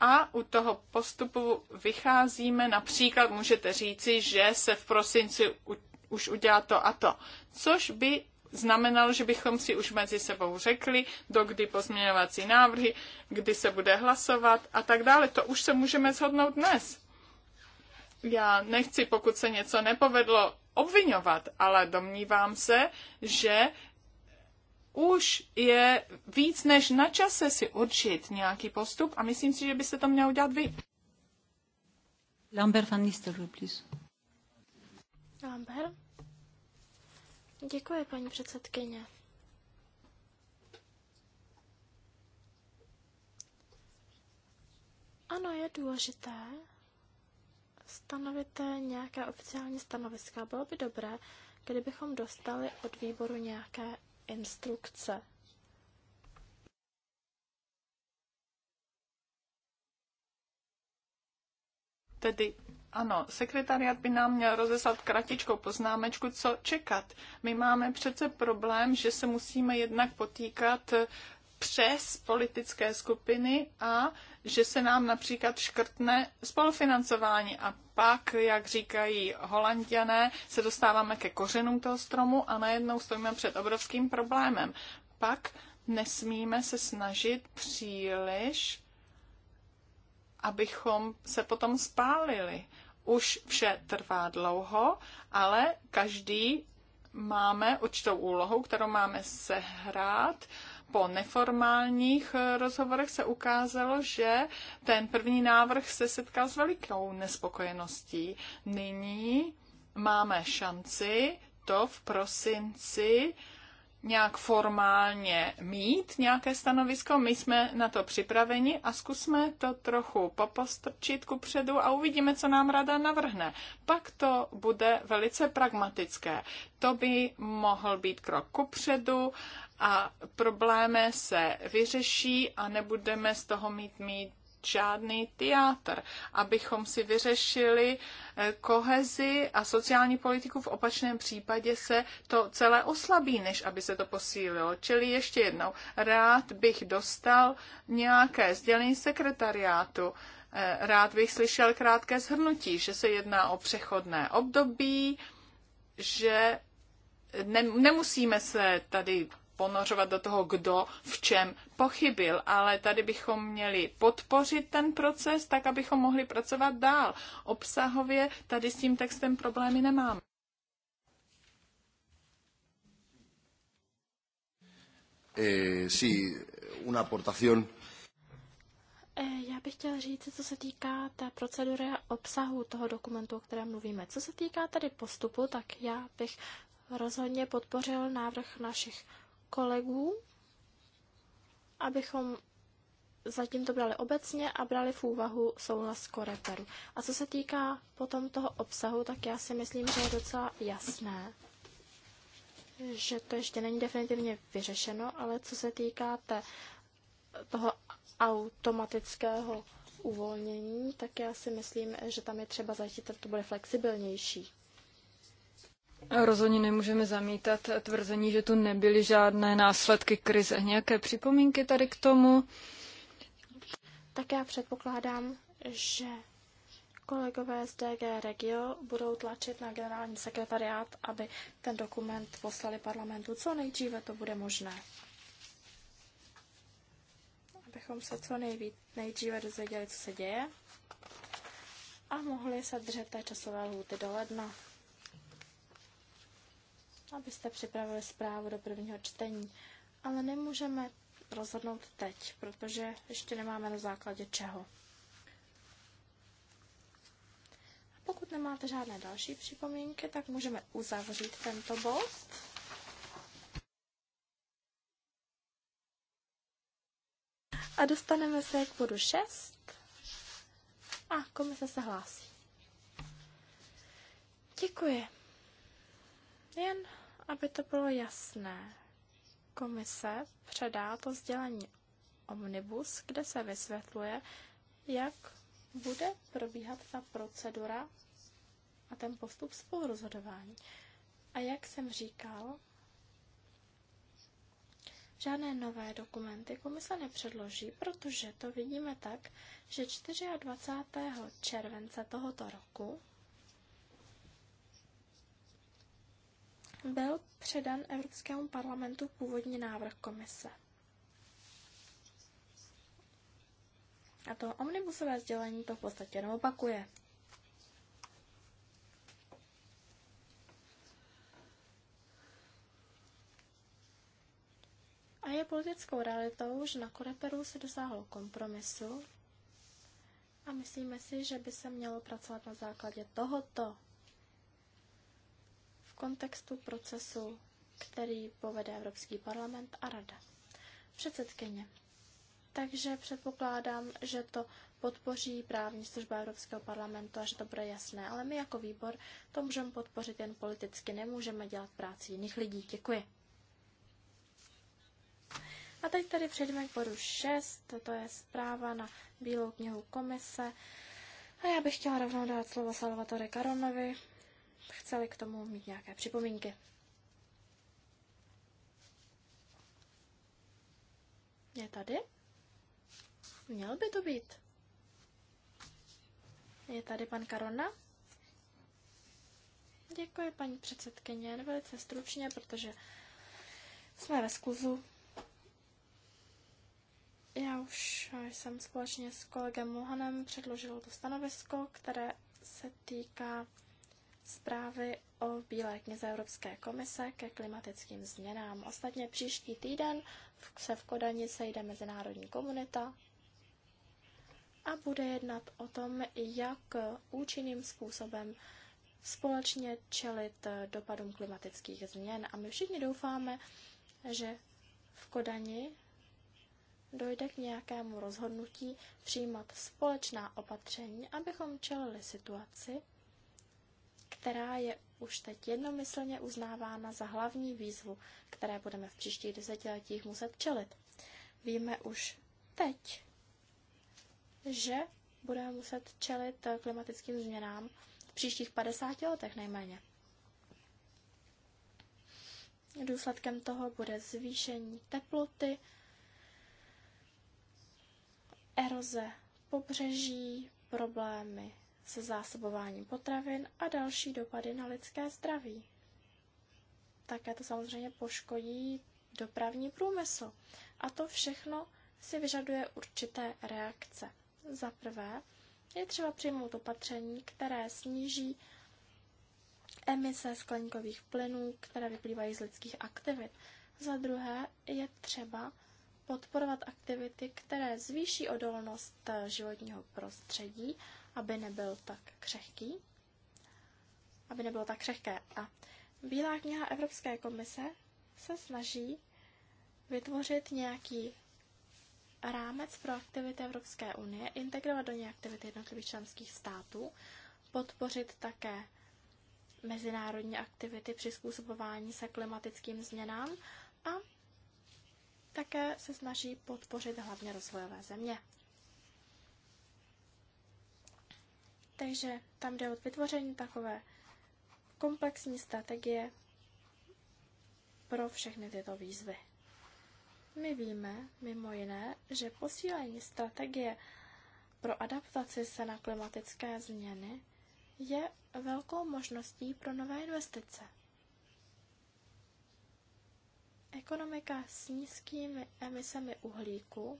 A u toho postupu vycházíme, například můžete říci, že se v prosinci u, už udělá to a to, což by znamenal, že bychom si už mezi sebou řekli, dokdy pozměňovací návrhy, kdy se bude hlasovat a tak dále. To už se můžeme shodnout dnes. Já nechci, pokud se něco nepovedlo, obvinovat, ale domnívám se, že už je víc než na čase si určit nějaký postup a myslím si, že byste to měl udělat vy. Lambert van Nistelrooy, please. Lambert? Děkuji, paní předsedkyně. Ano, je důležité stanovit nějaké oficiální stanoviska. Bylo by dobré, kdybychom dostali od výboru nějaké instrukce. Tedy ano, sekretariat by nám měl rozeslat kratičkou poznámečku, co čekat. My máme přece problém, že se musíme jednak potýkat eh, přes politické skupiny a že se nám například škrtne spolufinancování a pak, jak říkají holanděné, se dostáváme ke kořenům toho stromu a najednou stojíme před obrovským problémem. Pak nesmíme se snažit příliš abychom se potom spálili. Už vše trvá dlouho, ale každý máme určitou úlohu, kterou máme sehrát. Po neformálních rozhovorech se ukázalo, že ten první návrh se setkal s velikou nespokojeností. Nyní máme šanci to v prosinci nějak formálně mít nějaké stanovisko. My jsme na to připraveni a zkusme to trochu popostrčit ku předu a uvidíme, co nám rada navrhne. Pak to bude velice pragmatické. To by mohl být krok ku předu a problémy se vyřeší a nebudeme z toho mít, mít žádný teátr, abychom si vyřešili eh, kohezi a sociální politiku. V opačném případě se to celé oslabí, než aby se to posílilo. Čili ještě jednou, rád bych dostal nějaké sdělení sekretariátu, eh, rád bych slyšel krátké shrnutí, že se jedná o přechodné období, že ne, nemusíme se tady ponořovat do toho, kdo v čem pochybil, ale tady bychom měli podpořit ten proces, tak abychom mohli pracovat dál. Obsahově tady s tím textem problémy nemám. Eh, sí, una aportación. Eh, já bych chtěl říct, co se týká té procedury a obsahu toho dokumentu, o kterém mluvíme. Co se týká tady postupu, tak já bych rozhodně podpořil návrh našich kolegů, abychom zatím to brali obecně a brali v úvahu souhlas koreperu. A co se týká potom toho obsahu, tak já si myslím, že je docela jasné, že to ještě není definitivně vyřešeno, ale co se týká té, toho automatického uvolnění, tak já si myslím, že tam je třeba zajistit, že to bude flexibilnější. Rozhodně nemůžeme zamítat tvrzení, že tu nebyly žádné následky krize. Nějaké připomínky tady k tomu? Tak já předpokládám, že kolegové z DG Regio budou tlačit na generální sekretariát, aby ten dokument poslali parlamentu co nejdříve to bude možné. Abychom se co nejví, nejdříve dozvěděli, co se děje a mohli se držet té časové lhůty do ledna abyste připravili zprávu do prvního čtení. Ale nemůžeme rozhodnout teď, protože ještě nemáme na základě čeho. A pokud nemáte žádné další připomínky, tak můžeme uzavřít tento bod. A dostaneme se k bodu 6. A komise se hlásí. Děkuji. Jen aby to bylo jasné. Komise předá to sdělení Omnibus, kde se vysvětluje, jak bude probíhat ta procedura a ten postup spolurozhodování. A jak jsem říkal, žádné nové dokumenty komise nepředloží, protože to vidíme tak, že 24. července tohoto roku byl předán Evropskému parlamentu původní návrh komise. A to omnibusové sdělení to v podstatě neopakuje. A je politickou realitou, že na Koreperu se dosáhlo kompromisu a myslíme si, že by se mělo pracovat na základě tohoto kontextu procesu, který povede Evropský parlament a Rada. Předsedkyně. Takže předpokládám, že to podpoří právní služba Evropského parlamentu a že to bude jasné, ale my jako výbor to můžeme podpořit jen politicky, nemůžeme dělat práci jiných lidí. Děkuji. A teď tady přejdeme k bodu 6, to je zpráva na Bílou knihu komise. A já bych chtěla rovnou dát slovo Salvatore Karonovi, chceli k tomu mít nějaké připomínky. Je tady? Měl by to být. Je tady pan Karona? Děkuji, paní předsedkyně, velice stručně, protože jsme ve skluzu. Já už jsem společně s kolegem Mohanem předložila to stanovisko, které se týká zprávy o Bílé knize Evropské komise ke klimatickým změnám. Ostatně příští týden se v Kodani sejde mezinárodní komunita a bude jednat o tom, jak účinným způsobem společně čelit dopadům klimatických změn. A my všichni doufáme, že v Kodani dojde k nějakému rozhodnutí přijímat společná opatření, abychom čelili situaci, která je už teď jednomyslně uznávána za hlavní výzvu, které budeme v příštích desetiletích muset čelit. Víme už teď, že budeme muset čelit klimatickým změnám v příštích 50 letech nejméně. Důsledkem toho bude zvýšení teploty, eroze pobřeží, problémy se zásobováním potravin a další dopady na lidské zdraví. Také to samozřejmě poškodí dopravní průmysl. A to všechno si vyžaduje určité reakce. Za prvé, je třeba přijmout opatření, které sníží emise skleníkových plynů, které vyplývají z lidských aktivit. Za druhé, je třeba podporovat aktivity, které zvýší odolnost životního prostředí aby nebyl tak křehký, aby nebylo tak křehké. A Bílá kniha Evropské komise se snaží vytvořit nějaký rámec pro aktivity Evropské unie, integrovat do něj aktivity jednotlivých členských států, podpořit také mezinárodní aktivity přizpůsobování se klimatickým změnám a také se snaží podpořit hlavně rozvojové země. Takže tam jde o vytvoření takové komplexní strategie pro všechny tyto výzvy. My víme, mimo jiné, že posílení strategie pro adaptaci se na klimatické změny je velkou možností pro nové investice. Ekonomika s nízkými emisemi uhlíku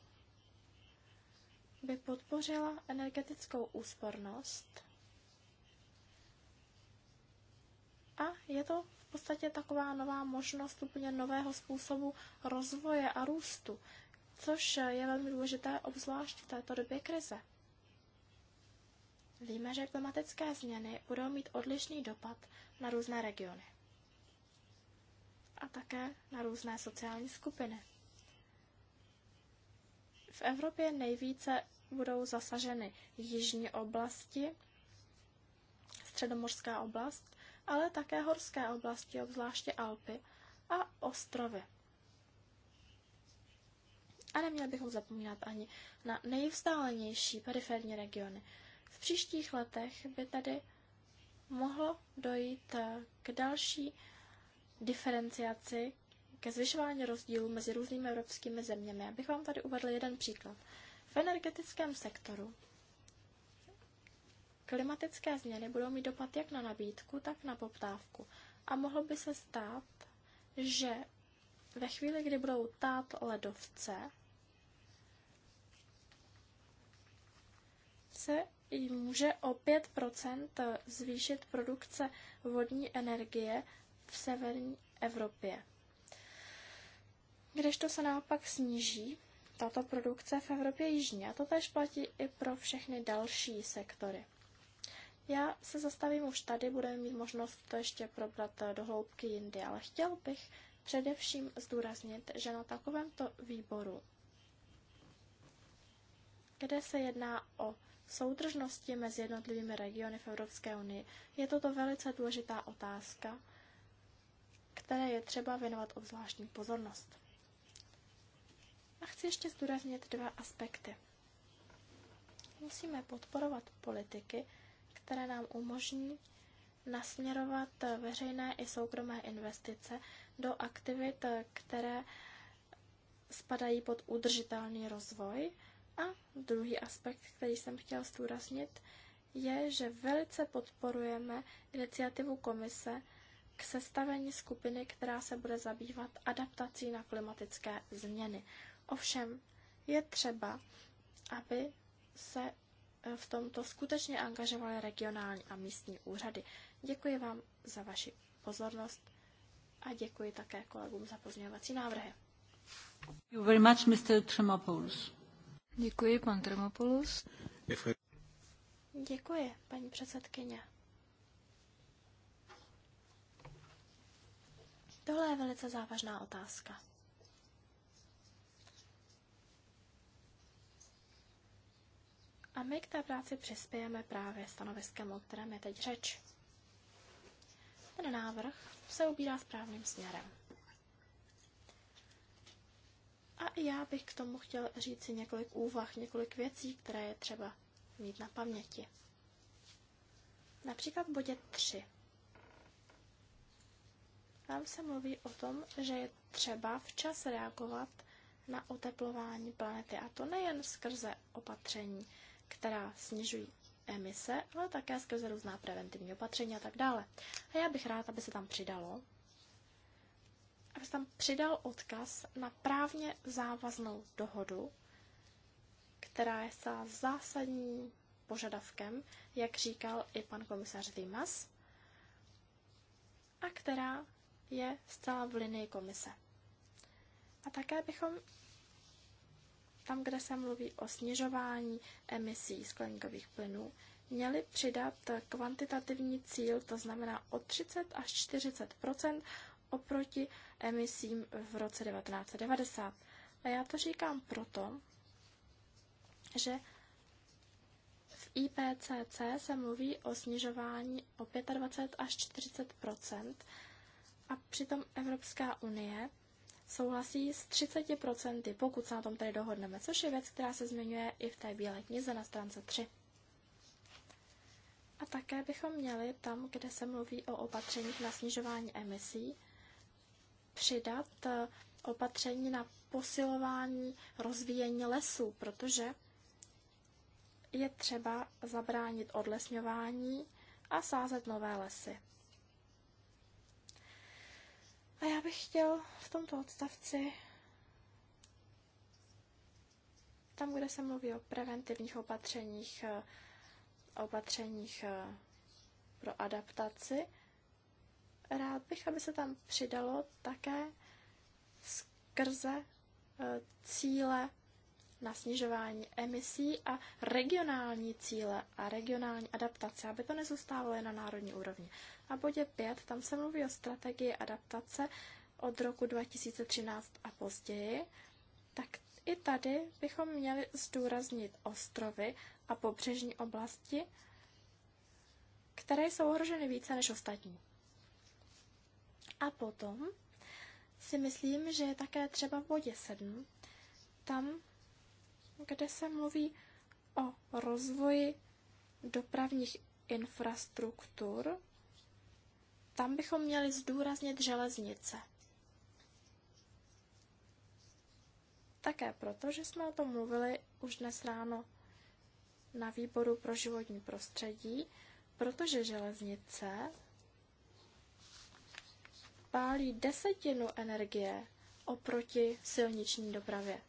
by podpořila energetickou úspornost. A je to v podstatě taková nová možnost úplně nového způsobu rozvoje a růstu, což je velmi důležité, obzvlášť v této době krize. Víme, že klimatické změny budou mít odlišný dopad na různé regiony a také na různé sociální skupiny. V Evropě nejvíce budou zasaženy jižní oblasti, středomořská oblast, ale také horské oblasti, obzvláště Alpy a ostrovy. A neměli bychom zapomínat ani na nejvzdálenější periferní regiony. V příštích letech by tedy mohlo dojít k další diferenciaci, ke zvyšování rozdílů mezi různými evropskými zeměmi. Abych vám tady uvedl jeden příklad. V energetickém sektoru klimatické změny budou mít dopad jak na nabídku, tak na poptávku. A mohlo by se stát, že ve chvíli, kdy budou tát ledovce, se může o 5% zvýšit produkce vodní energie v severní Evropě kdežto se naopak sníží tato produkce v Evropě jižní a to tež platí i pro všechny další sektory. Já se zastavím už tady, budeme mít možnost to ještě probrat eh, do hloubky jindy, ale chtěl bych především zdůraznit, že na takovémto výboru, kde se jedná o soudržnosti mezi jednotlivými regiony v Evropské unii, je toto velice důležitá otázka, které je třeba věnovat obzvláštní pozornost chci ještě zdůraznit dva aspekty. Musíme podporovat politiky, které nám umožní nasměrovat veřejné i soukromé investice do aktivit, které spadají pod udržitelný rozvoj. A druhý aspekt, který jsem chtěla zdůraznit, je, že velice podporujeme iniciativu komise k sestavení skupiny, která se bude zabývat adaptací na klimatické změny. Ovšem, je třeba, aby se eh, v tomto skutečně angažovaly regionální a místní úřady. Děkuji vám za vaši pozornost a děkuji také kolegům za pozměňovací návrhy. You very much, Mr. Tremopoulos. Děkuji, pan Tremopoulos. Děkuji, paní předsedkyně. Tohle je velice závažná otázka. A my k té práci přispějeme právě stanoviskem, o kterém je teď řeč. Ten návrh se ubírá správným směrem. A já bych k tomu chtěl říct několik úvah, několik věcí, které je třeba mít na paměti. Například v bodě 3. Tam se mluví o tom, že je třeba včas reagovat na oteplování planety, a to nejen skrze opatření, která snižují emise, ale také skrze různá preventivní opatření a tak dále. A já bych rád, aby se tam přidalo, aby se tam přidal odkaz na právně závaznou dohodu, která je zcela zásadní požadavkem, jak říkal i pan komisař Dimas, a která je zcela v linii komise. A také bychom tam, kde se mluví o snižování emisí skleníkových plynů, měli přidat kvantitativní cíl, to znamená o 30 až 40 oproti emisím v roce 1990. A já to říkám proto, že v IPCC se mluví o snižování o 25 až 40 a přitom Evropská unie souhlasí s 30%, pokud se na tom tady dohodneme, což je věc, která se zmiňuje i v té bílé knize na stránce 3. A také bychom měli tam, kde se mluví o opatřeních na snižování emisí, přidat eh, opatření na posilování rozvíjení lesů, protože je třeba zabránit odlesňování a sázet nové lesy. A já bych chtěl v tomto odstavci, tam, kde se mluví o preventivních opatřeních, eh, opatřeních eh, pro adaptaci, rád bych, aby se tam přidalo také skrze eh, cíle na snižování emisí a regionální cíle a regionální adaptace, aby to nezůstávalo jen na národní úrovni. A bodě 5, tam se mluví o strategii adaptace od roku 2013 a později, tak i tady bychom měli zdůraznit ostrovy a pobřežní oblasti, které jsou ohroženy více než ostatní. A potom si myslím, že je také třeba v bodě 7, tam kde se mluví o rozvoji dopravních infrastruktur, tam bychom měli zdůraznit železnice. Také proto, že jsme o tom mluvili už dnes ráno na výboru pro životní prostředí, protože železnice pálí desetinu energie oproti silniční dopravě.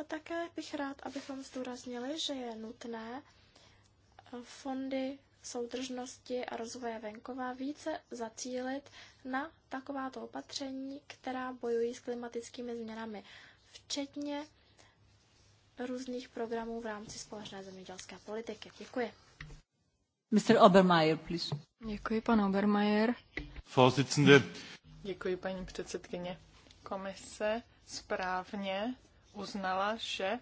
A také bych rád, abychom zdůraznili, že je nutné eh, fondy soudržnosti a rozvoje venkova více zacílit na takováto opatření, která bojují s klimatickými změnami, včetně různých programů v rámci společné zemědělské politiky. Děkuji. Mr. Obermeier, please. Děkuji, pan Obermeier. Děkuji, paní předsedkyně. Komise správně uznala, že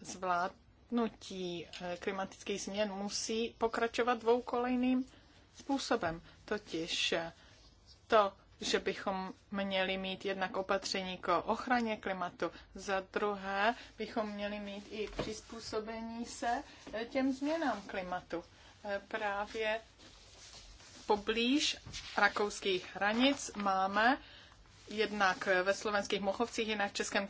zvládnutí eh, klimatických změn musí pokračovat dvoukolejným způsobem. Totiž eh, to, že bychom měli mít jednak opatření k ochraně klimatu, za druhé bychom měli mít i přizpůsobení se eh, těm změnám klimatu. Právě poblíž rakouských hranic máme jednak ve slovenských Mochovcích, jinak v Českém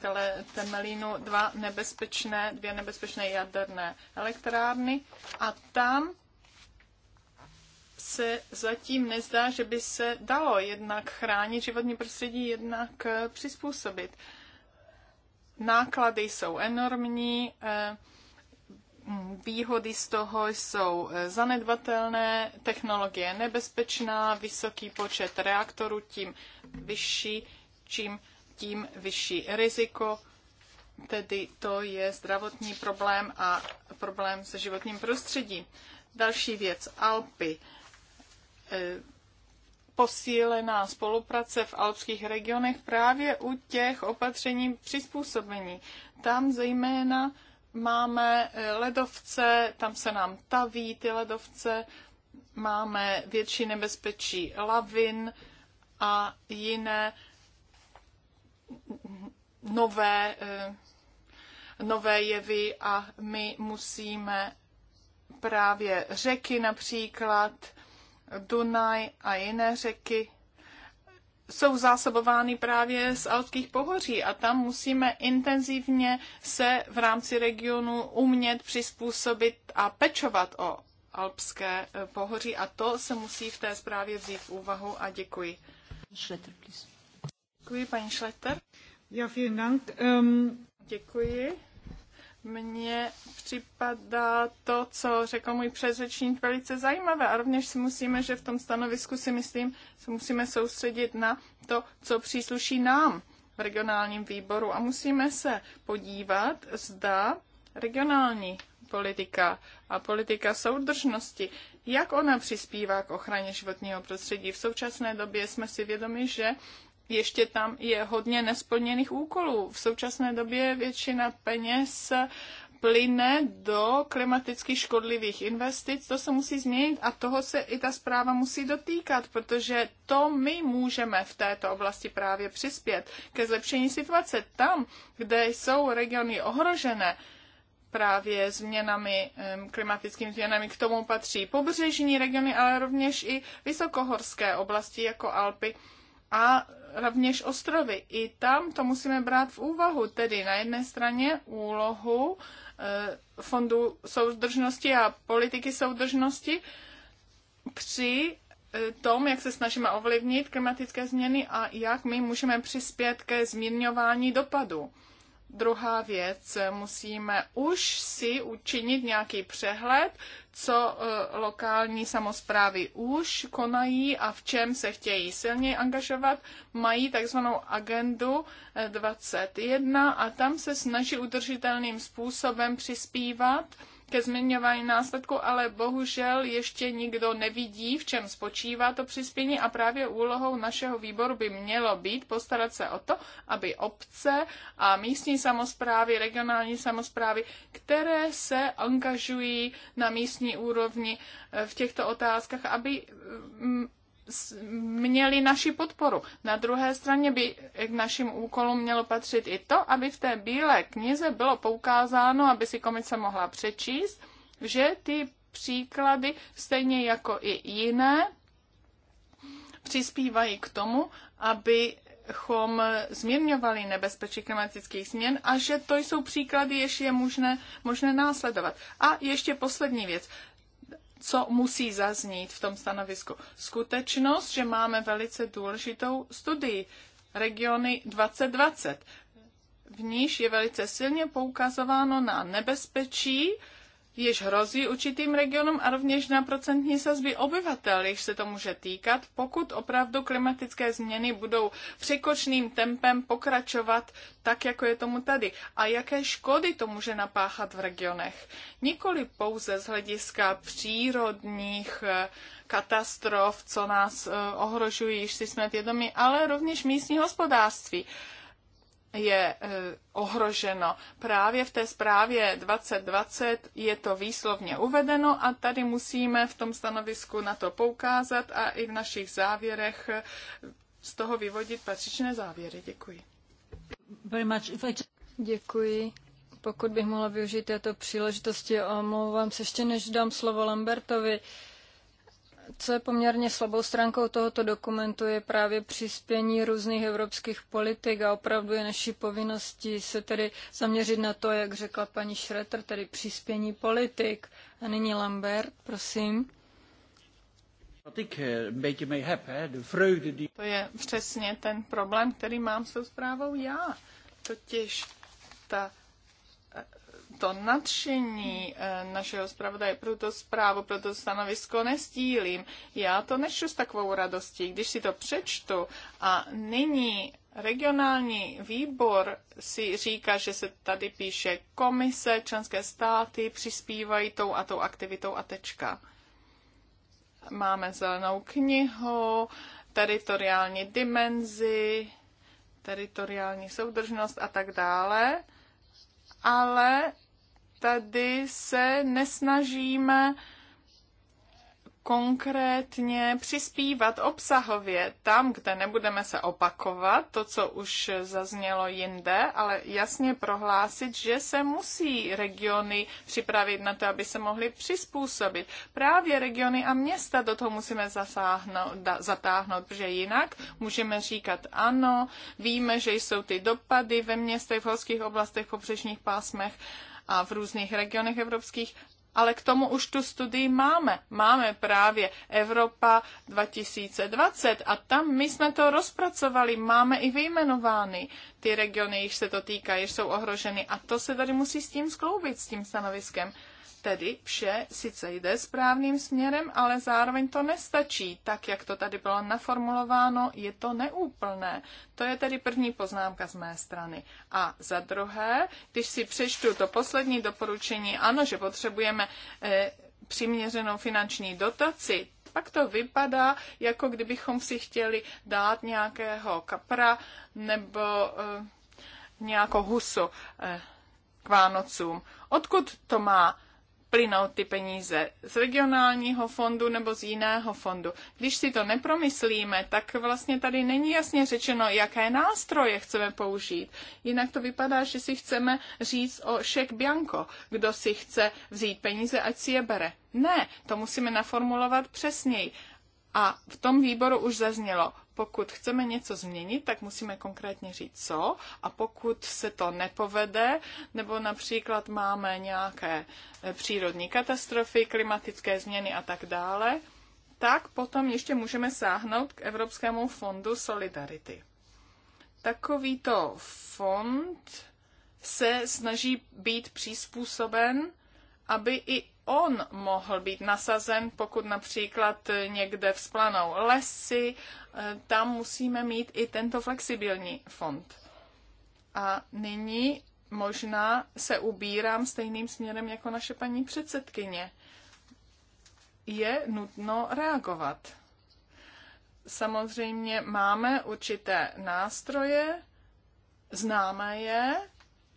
Temelínu dva nebezpečné, dvě nebezpečné jaderné elektrárny a tam se zatím nezdá, že by se dalo jednak chránit životní prostředí, jednak eh, přizpůsobit. Náklady jsou enormní, eh, Výhody z toho jsou eh, zanedbatelné, technologie nebezpečná, vysoký počet reaktorů, tím vyšší, čím tím vyšší riziko, tedy to je zdravotní problém a problém se životním prostředím. Další věc, Alpy. Eh, posílená spolupráce v alpských regionech právě u těch opatření přizpůsobení. Tam zejména máme eh, ledovce, tam se nám taví ty ledovce, máme větší nebezpečí lavin a jiné nové, eh, nové jevy a my musíme právě řeky například, Dunaj a jiné řeky jsou zásobovány právě z alpských pohoří a tam musíme intenzivně se v rámci regionu umět přizpůsobit a pečovat o alpské eh, pohoří a to se musí v té zprávě vzít v úvahu a děkuji. Schletter, please. Děkuji, paní Schletter. Ja, vielen Dank. Um... Děkuji. Mně připadá to, co řekl můj předřečník, velice zajímavé a rovněž si musíme, že v tom stanovisku si myslím, se musíme soustředit na to, co přísluší nám v regionálním výboru a musíme se podívat, zda regionální politika a politika soudržnosti, jak ona přispívá k ochraně životního prostředí. V současné době jsme si vědomi, že ještě tam je hodně nesplněných úkolů. V současné době většina peněz plyne do klimaticky škodlivých investic, to se musí změnit a toho se i ta zpráva musí dotýkat, protože to my můžeme v této oblasti právě přispět ke zlepšení situace tam, kde jsou regiony ohrožené právě změnami, klimatickými změnami. K tomu patří pobřežní regiony, ale rovněž i vysokohorské oblasti jako Alpy a rovněž ostrovy. I tam to musíme brát v úvahu, tedy na jedné straně úlohu eh, fondu soudržnosti a politiky soudržnosti při eh, tom, jak se snažíme ovlivnit klimatické změny a jak my můžeme přispět ke zmírňování dopadu. Druhá věc, musíme už si učinit nějaký přehled, co e, lokální samozprávy už konají a v čem se chtějí silněji angažovat. Mají takzvanou agendu 21 e, a tam se snaží udržitelným způsobem přispívat ke zmiňování následku, ale bohužel ještě nikdo nevidí, v čem spočívá to přispění a právě úlohou našeho výboru by mělo být postarat se o to, aby obce a místní samozprávy, regionální samozprávy, které se angažují na místní úrovni eh, v těchto otázkách, aby mm, měli naši podporu. Na druhé straně by k našim úkolům mělo patřit i to, aby v té bílé knize bylo poukázáno, aby si komise mohla přečíst, že ty příklady, stejně jako i jiné, přispívají k tomu, aby chom zmírňovali nebezpečí klimatických změn a že to jsou příklady, jež je možné, možné následovat. A ještě poslední věc co musí zaznít v tom stanovisku. Skutečnost, že máme velice důležitou studii regiony 2020, v níž je velice silně poukazováno na nebezpečí Jež hrozí určitým regionům a rovněž na procentní sazby obyvatel, jež se to může týkat, pokud opravdu klimatické změny budou překočným tempem pokračovat tak, jako je tomu tady. A jaké škody to může napáchat v regionech? Nikoli pouze z hlediska přírodních eh, katastrof, co nás eh, ohrožují, již si jsme vědomi, ale rovněž místní hospodářství je e, ohroženo. Právě v té zprávě 2020 je to výslovně uvedeno a tady musíme v tom stanovisku na to poukázat a i v našich závěrech e, z toho vyvodit patřičné závěry. Děkuji. Děkuji. Pokud bych mohla využít této příležitosti, omlouvám se ještě než dám slovo Lambertovi. Uh, co je poměrně slabou stránkou tohoto dokumentu, je právě přispění různých evropských politik a opravdu je naší povinností se tedy zaměřit na to, jak řekla paní Schroeter, tedy přispění politik. A nyní Lambert, prosím. To je přesně ten problém, který mám se zprávou já. Totiž ta to nadšení eh, našeho zpravodaje pro to zprávu, pro to stanovisko nestílím. Já to nečtu s takovou radostí, když si to přečtu a nyní regionální výbor si říká, že se tady píše komise, členské státy přispívají tou a tou aktivitou a tečka. Máme zelenou knihu, teritoriální dimenzi, teritoriální soudržnost a tak dále ale tady se nesnažíme konkrétně přispívat obsahově tam, kde nebudeme se opakovat, to, co už zaznělo jinde, ale jasně prohlásit, že se musí regiony připravit na to, aby se mohly přizpůsobit. Právě regiony a města do toho musíme zasáhnout, da, zatáhnout, protože jinak můžeme říkat ano, víme, že jsou ty dopady ve městech, v horských oblastech, v pobřežních pásmech, a v různých regionech evropských, ale k tomu už tu studii máme. Máme právě Evropa 2020 a tam my jsme to rozpracovali, máme i vyjmenovány ty regiony, jich se to týká, jež jsou ohroženy a to se tady musí s tím skloubit, s tím stanoviskem. Tedy vše sice jde správným směrem, ale zároveň to nestačí. Tak, jak to tady bylo naformulováno, je to neúplné. To je tedy první poznámka z mé strany. A za druhé, když si přečtu to poslední doporučení, ano, že potřebujeme e, přiměřenou finanční dotaci, pak to vypadá, jako kdybychom si chtěli dát nějakého kapra nebo e, nějakou husu. E, Vánocům. Odkud to má plynout ty peníze z regionálního fondu nebo z jiného fondu. Když si to nepromyslíme, tak vlastně tady není jasně řečeno, jaké nástroje chceme použít. Jinak to vypadá, že si chceme říct o šek bianco, kdo si chce vzít peníze, ať si je bere. Ne, to musíme naformulovat přesněji. A v tom výboru už zaznělo, pokud chceme něco změnit, tak musíme konkrétně říct co a pokud se to nepovede, nebo například máme nějaké eh, přírodní katastrofy, klimatické změny a tak dále, tak potom ještě můžeme sáhnout k Evropskému fondu Solidarity. Takovýto fond se snaží být přizpůsoben, aby i on mohl být nasazen, pokud například někde vzplanou lesy, eh, tam musíme mít i tento flexibilní fond. A nyní možná se ubírám stejným směrem jako naše paní předsedkyně. Je nutno reagovat. Samozřejmě máme určité nástroje, známe je,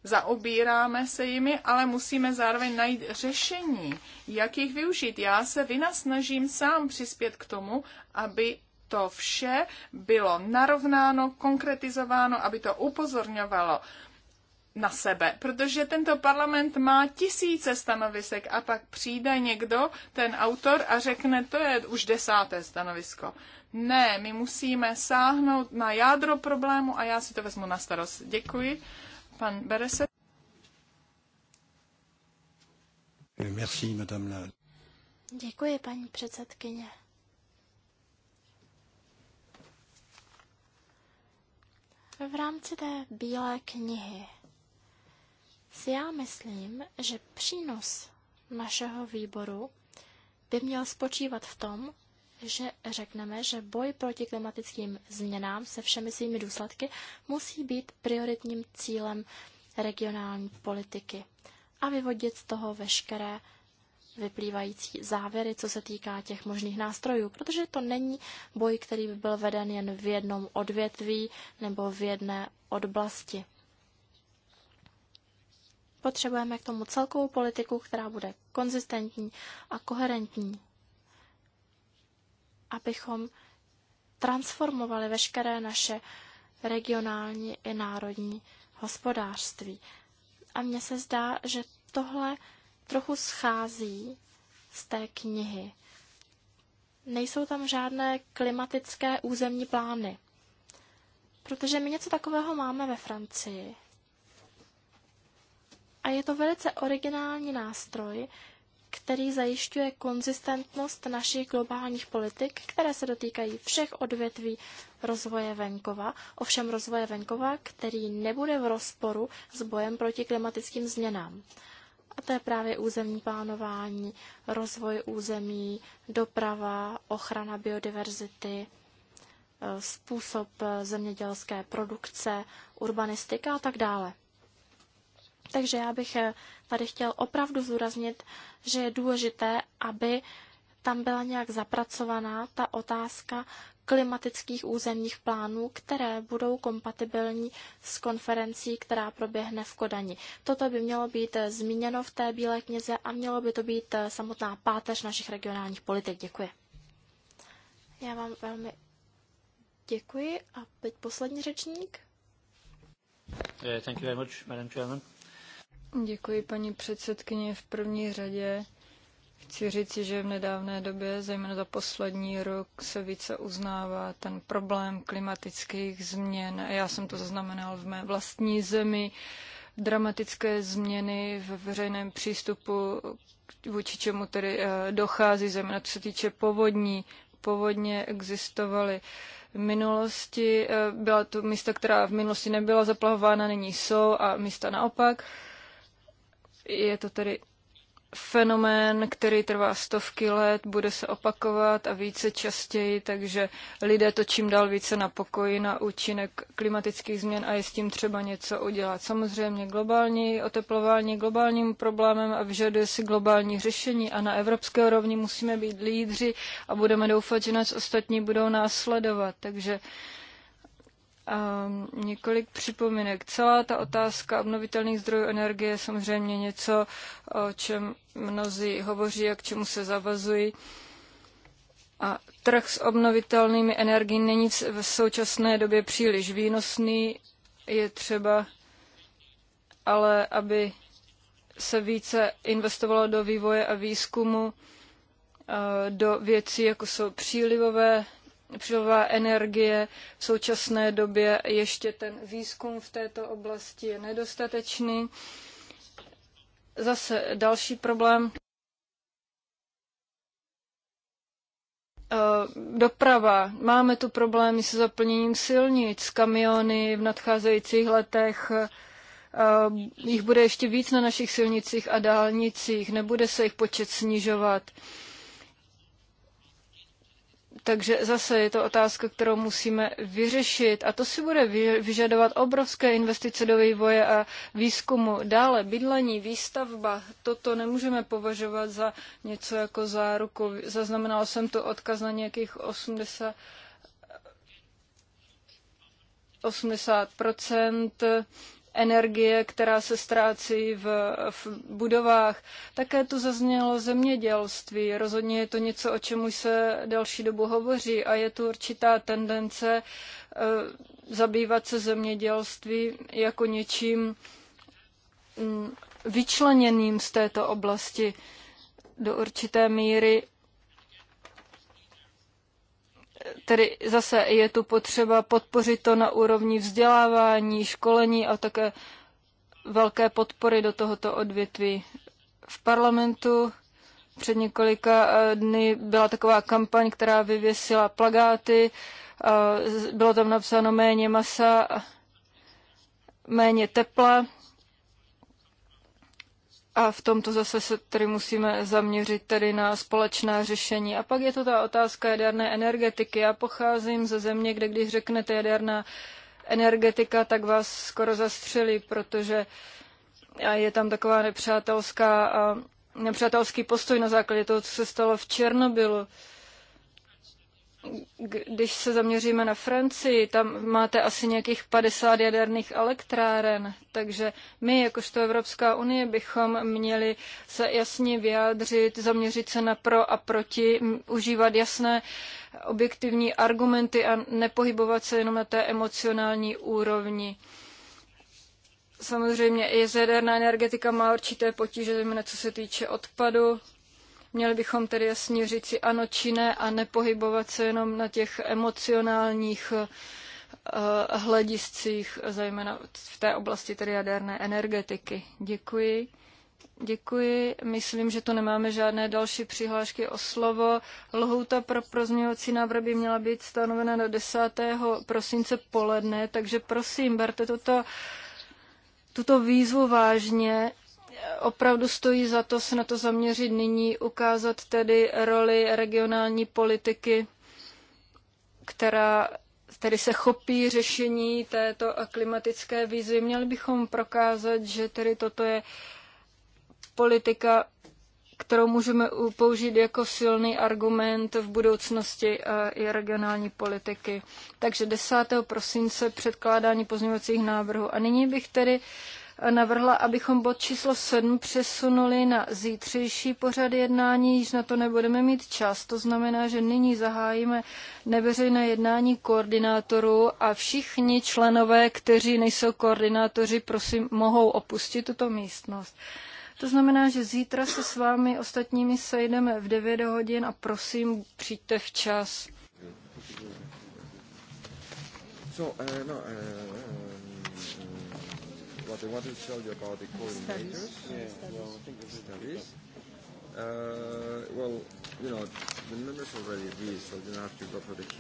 zaobíráme se jimi, ale musíme zároveň najít řešení, jak jich využít. Já se vynasnažím sám přispět k tomu, aby to vše bylo narovnáno, konkretizováno, aby to upozorňovalo na sebe, protože tento parlament má tisíce stanovisek a pak přijde někdo, ten autor, a řekne, to je už desáté stanovisko. Ne, my musíme sáhnout na jádro problému a já si to vezmu na starost. Děkuji. Pan Berese. Merci, madame la... Děkuji, paní předsedkyně. V rámci té bílé knihy si já myslím, že přínos našeho výboru by měl spočívat v tom, že řekneme, že boj proti klimatickým změnám se všemi svými důsledky musí být prioritním cílem regionální politiky a vyvodit z toho veškeré vyplývající závěry, co se týká těch možných nástrojů, protože to není boj, který by byl veden jen v jednom odvětví nebo v jedné oblasti. Potřebujeme k tomu celkovou politiku, která bude konzistentní a koherentní abychom transformovali veškeré naše regionální i národní hospodářství. A mně se zdá, že tohle trochu schází z té knihy. Nejsou tam žádné klimatické územní plány. Protože my něco takového máme ve Francii. A je to velice originální nástroj, který zajišťuje konzistentnost našich globálních politik, které se dotýkají všech odvětví rozvoje venkova, ovšem rozvoje venkova, který nebude v rozporu s bojem proti klimatickým změnám. A to je právě územní plánování, rozvoj území, doprava, ochrana biodiverzity, e, způsob e, zemědělské produkce, urbanistika a tak dále. Takže já bych eh, tady chtěl opravdu zúraznit, že je důležité, aby tam byla nějak zapracovaná ta otázka klimatických územních plánů, které budou kompatibilní s konferencí, která proběhne v Kodani. Toto by mělo být eh, zmíněno v té Bílé knize a mělo by to být eh, samotná páteř našich regionálních politik. Děkuji. Já vám velmi děkuji a teď poslední řečník. Thank you very much, Madam Chairman. Děkuji, paní předsedkyně. V první řadě chci říci, že v nedávné době, zejména za poslední rok, se více uznává ten problém klimatických změn. Já jsem to zaznamenal v mé vlastní zemi. Dramatické změny v veřejném přístupu, vůči čemu tedy eh, dochází, zejména co se týče povodní. Povodně existovaly v minulosti, eh, byla to místa, která v minulosti nebyla zaplavována, nyní jsou a místa naopak. Je to tedy fenomén, který trvá stovky let, bude se opakovat a více častěji, takže lidé to čím dál více pokoji na účinek klimatických změn a je s tím třeba něco udělat. Samozřejmě globální oteplování globálním problémem a vyžaduje si globální řešení a na evropské rovni musíme být lídři a budeme doufat, že nás ostatní budou následovat. Takže um, několik připomínek. Celá ta otázka obnovitelných zdrojů energie je samozřejmě něco, o čem mnozí hovoří a k čemu se zavazují. A trh s obnovitelnými energií není v současné době příliš výnosný. Je třeba ale, aby se více investovalo do vývoje a výzkumu, do věcí, jako jsou přílivové přílová energie. V současné době ještě ten výzkum v této oblasti je nedostatečný. Zase další problém. Eh, doprava. Máme tu problémy se zaplněním silnic, kamiony v nadcházejících letech. Eh, jich bude ještě víc na našich silnicích a dálnicích, nebude se jich počet snižovat. Takže zase je to otázka, kterou musíme vyřešit a to si bude vyžadovat obrovské investice do vývoje a výzkumu. Dále bydlení, výstavba, toto nemůžeme považovat za něco jako záruku. Zaznamenal jsem tu odkaz na nějakých 80 80 energie, která se ztrácí v, v budovách. Také tu zaznělo zemědělství. Rozhodně je to něco, o čem už se další dobu hovoří a je tu určitá tendence e, zabývat se zemědělství jako něčím mm, vyčleněným z této oblasti do určité míry tedy zase je tu potřeba podpořit to na úrovni vzdělávání, školení a také velké podpory do tohoto odvětví. V parlamentu před několika eh, dny byla taková kampaň, která vyvěsila plagáty, bylo tam napsáno méně masa, méně tepla a v tomto zase se tedy musíme zaměřit tedy na společná řešení. A pak je to ta otázka jaderné energetiky. Já pocházím ze země, kde když řeknete jaderná energetika, tak vás skoro zastřelí, protože je tam taková nepřátelská, nepřátelský postoj na základě toho, co se stalo v Černobylu když se zaměříme na Francii, tam máte asi nějakých 50 jaderných elektráren, takže my, jakožto Evropská unie, bychom měli se jasně vyjádřit, zaměřit se na pro a proti, užívat jasné objektivní argumenty a nepohybovat se jenom na té emocionální úrovni. Samozřejmě i jaderná energetika má určité potíže, zejména co se týče odpadu, Měli bychom tedy jasně říci ano či ne a nepohybovat se jenom na těch emocionálních eh, hlediscích, zejména v té oblasti tedy jaderné energetiky. Děkuji. Děkuji. Myslím, že to nemáme žádné další přihlášky o slovo. Lhouta pro prozměvací návrh by měla být stanovena na 10. prosince poledne, takže prosím, berte toto, tuto výzvu vážně opravdu stojí za to se na to zaměřit nyní, ukázat tedy roli regionální politiky, která tedy se chopí řešení této klimatické výzvy. Měli bychom prokázat, že tedy toto je politika, kterou můžeme použít jako silný argument v budoucnosti i regionální politiky. Takže 10. prosince předkládání pozměňovacích návrhů. A nyní bych tedy navrhla, abychom bod číslo 7 přesunuli na zítřejší pořad jednání, již na to nebudeme mít čas. To znamená, že nyní zahájíme neveřejné jednání koordinátorů a všichni členové, kteří nejsou koordinátoři, prosím, mohou opustit tuto místnost. To znamená, že zítra se s vámi ostatními sejdeme v 9 hodin a prosím, přijďte včas. So, uh, no, uh, what I wanted to tell you about the coordinators. Yeah, well, I think this is studies. Uh, well, you know, the members already agree, so you don't have to go for the hearing.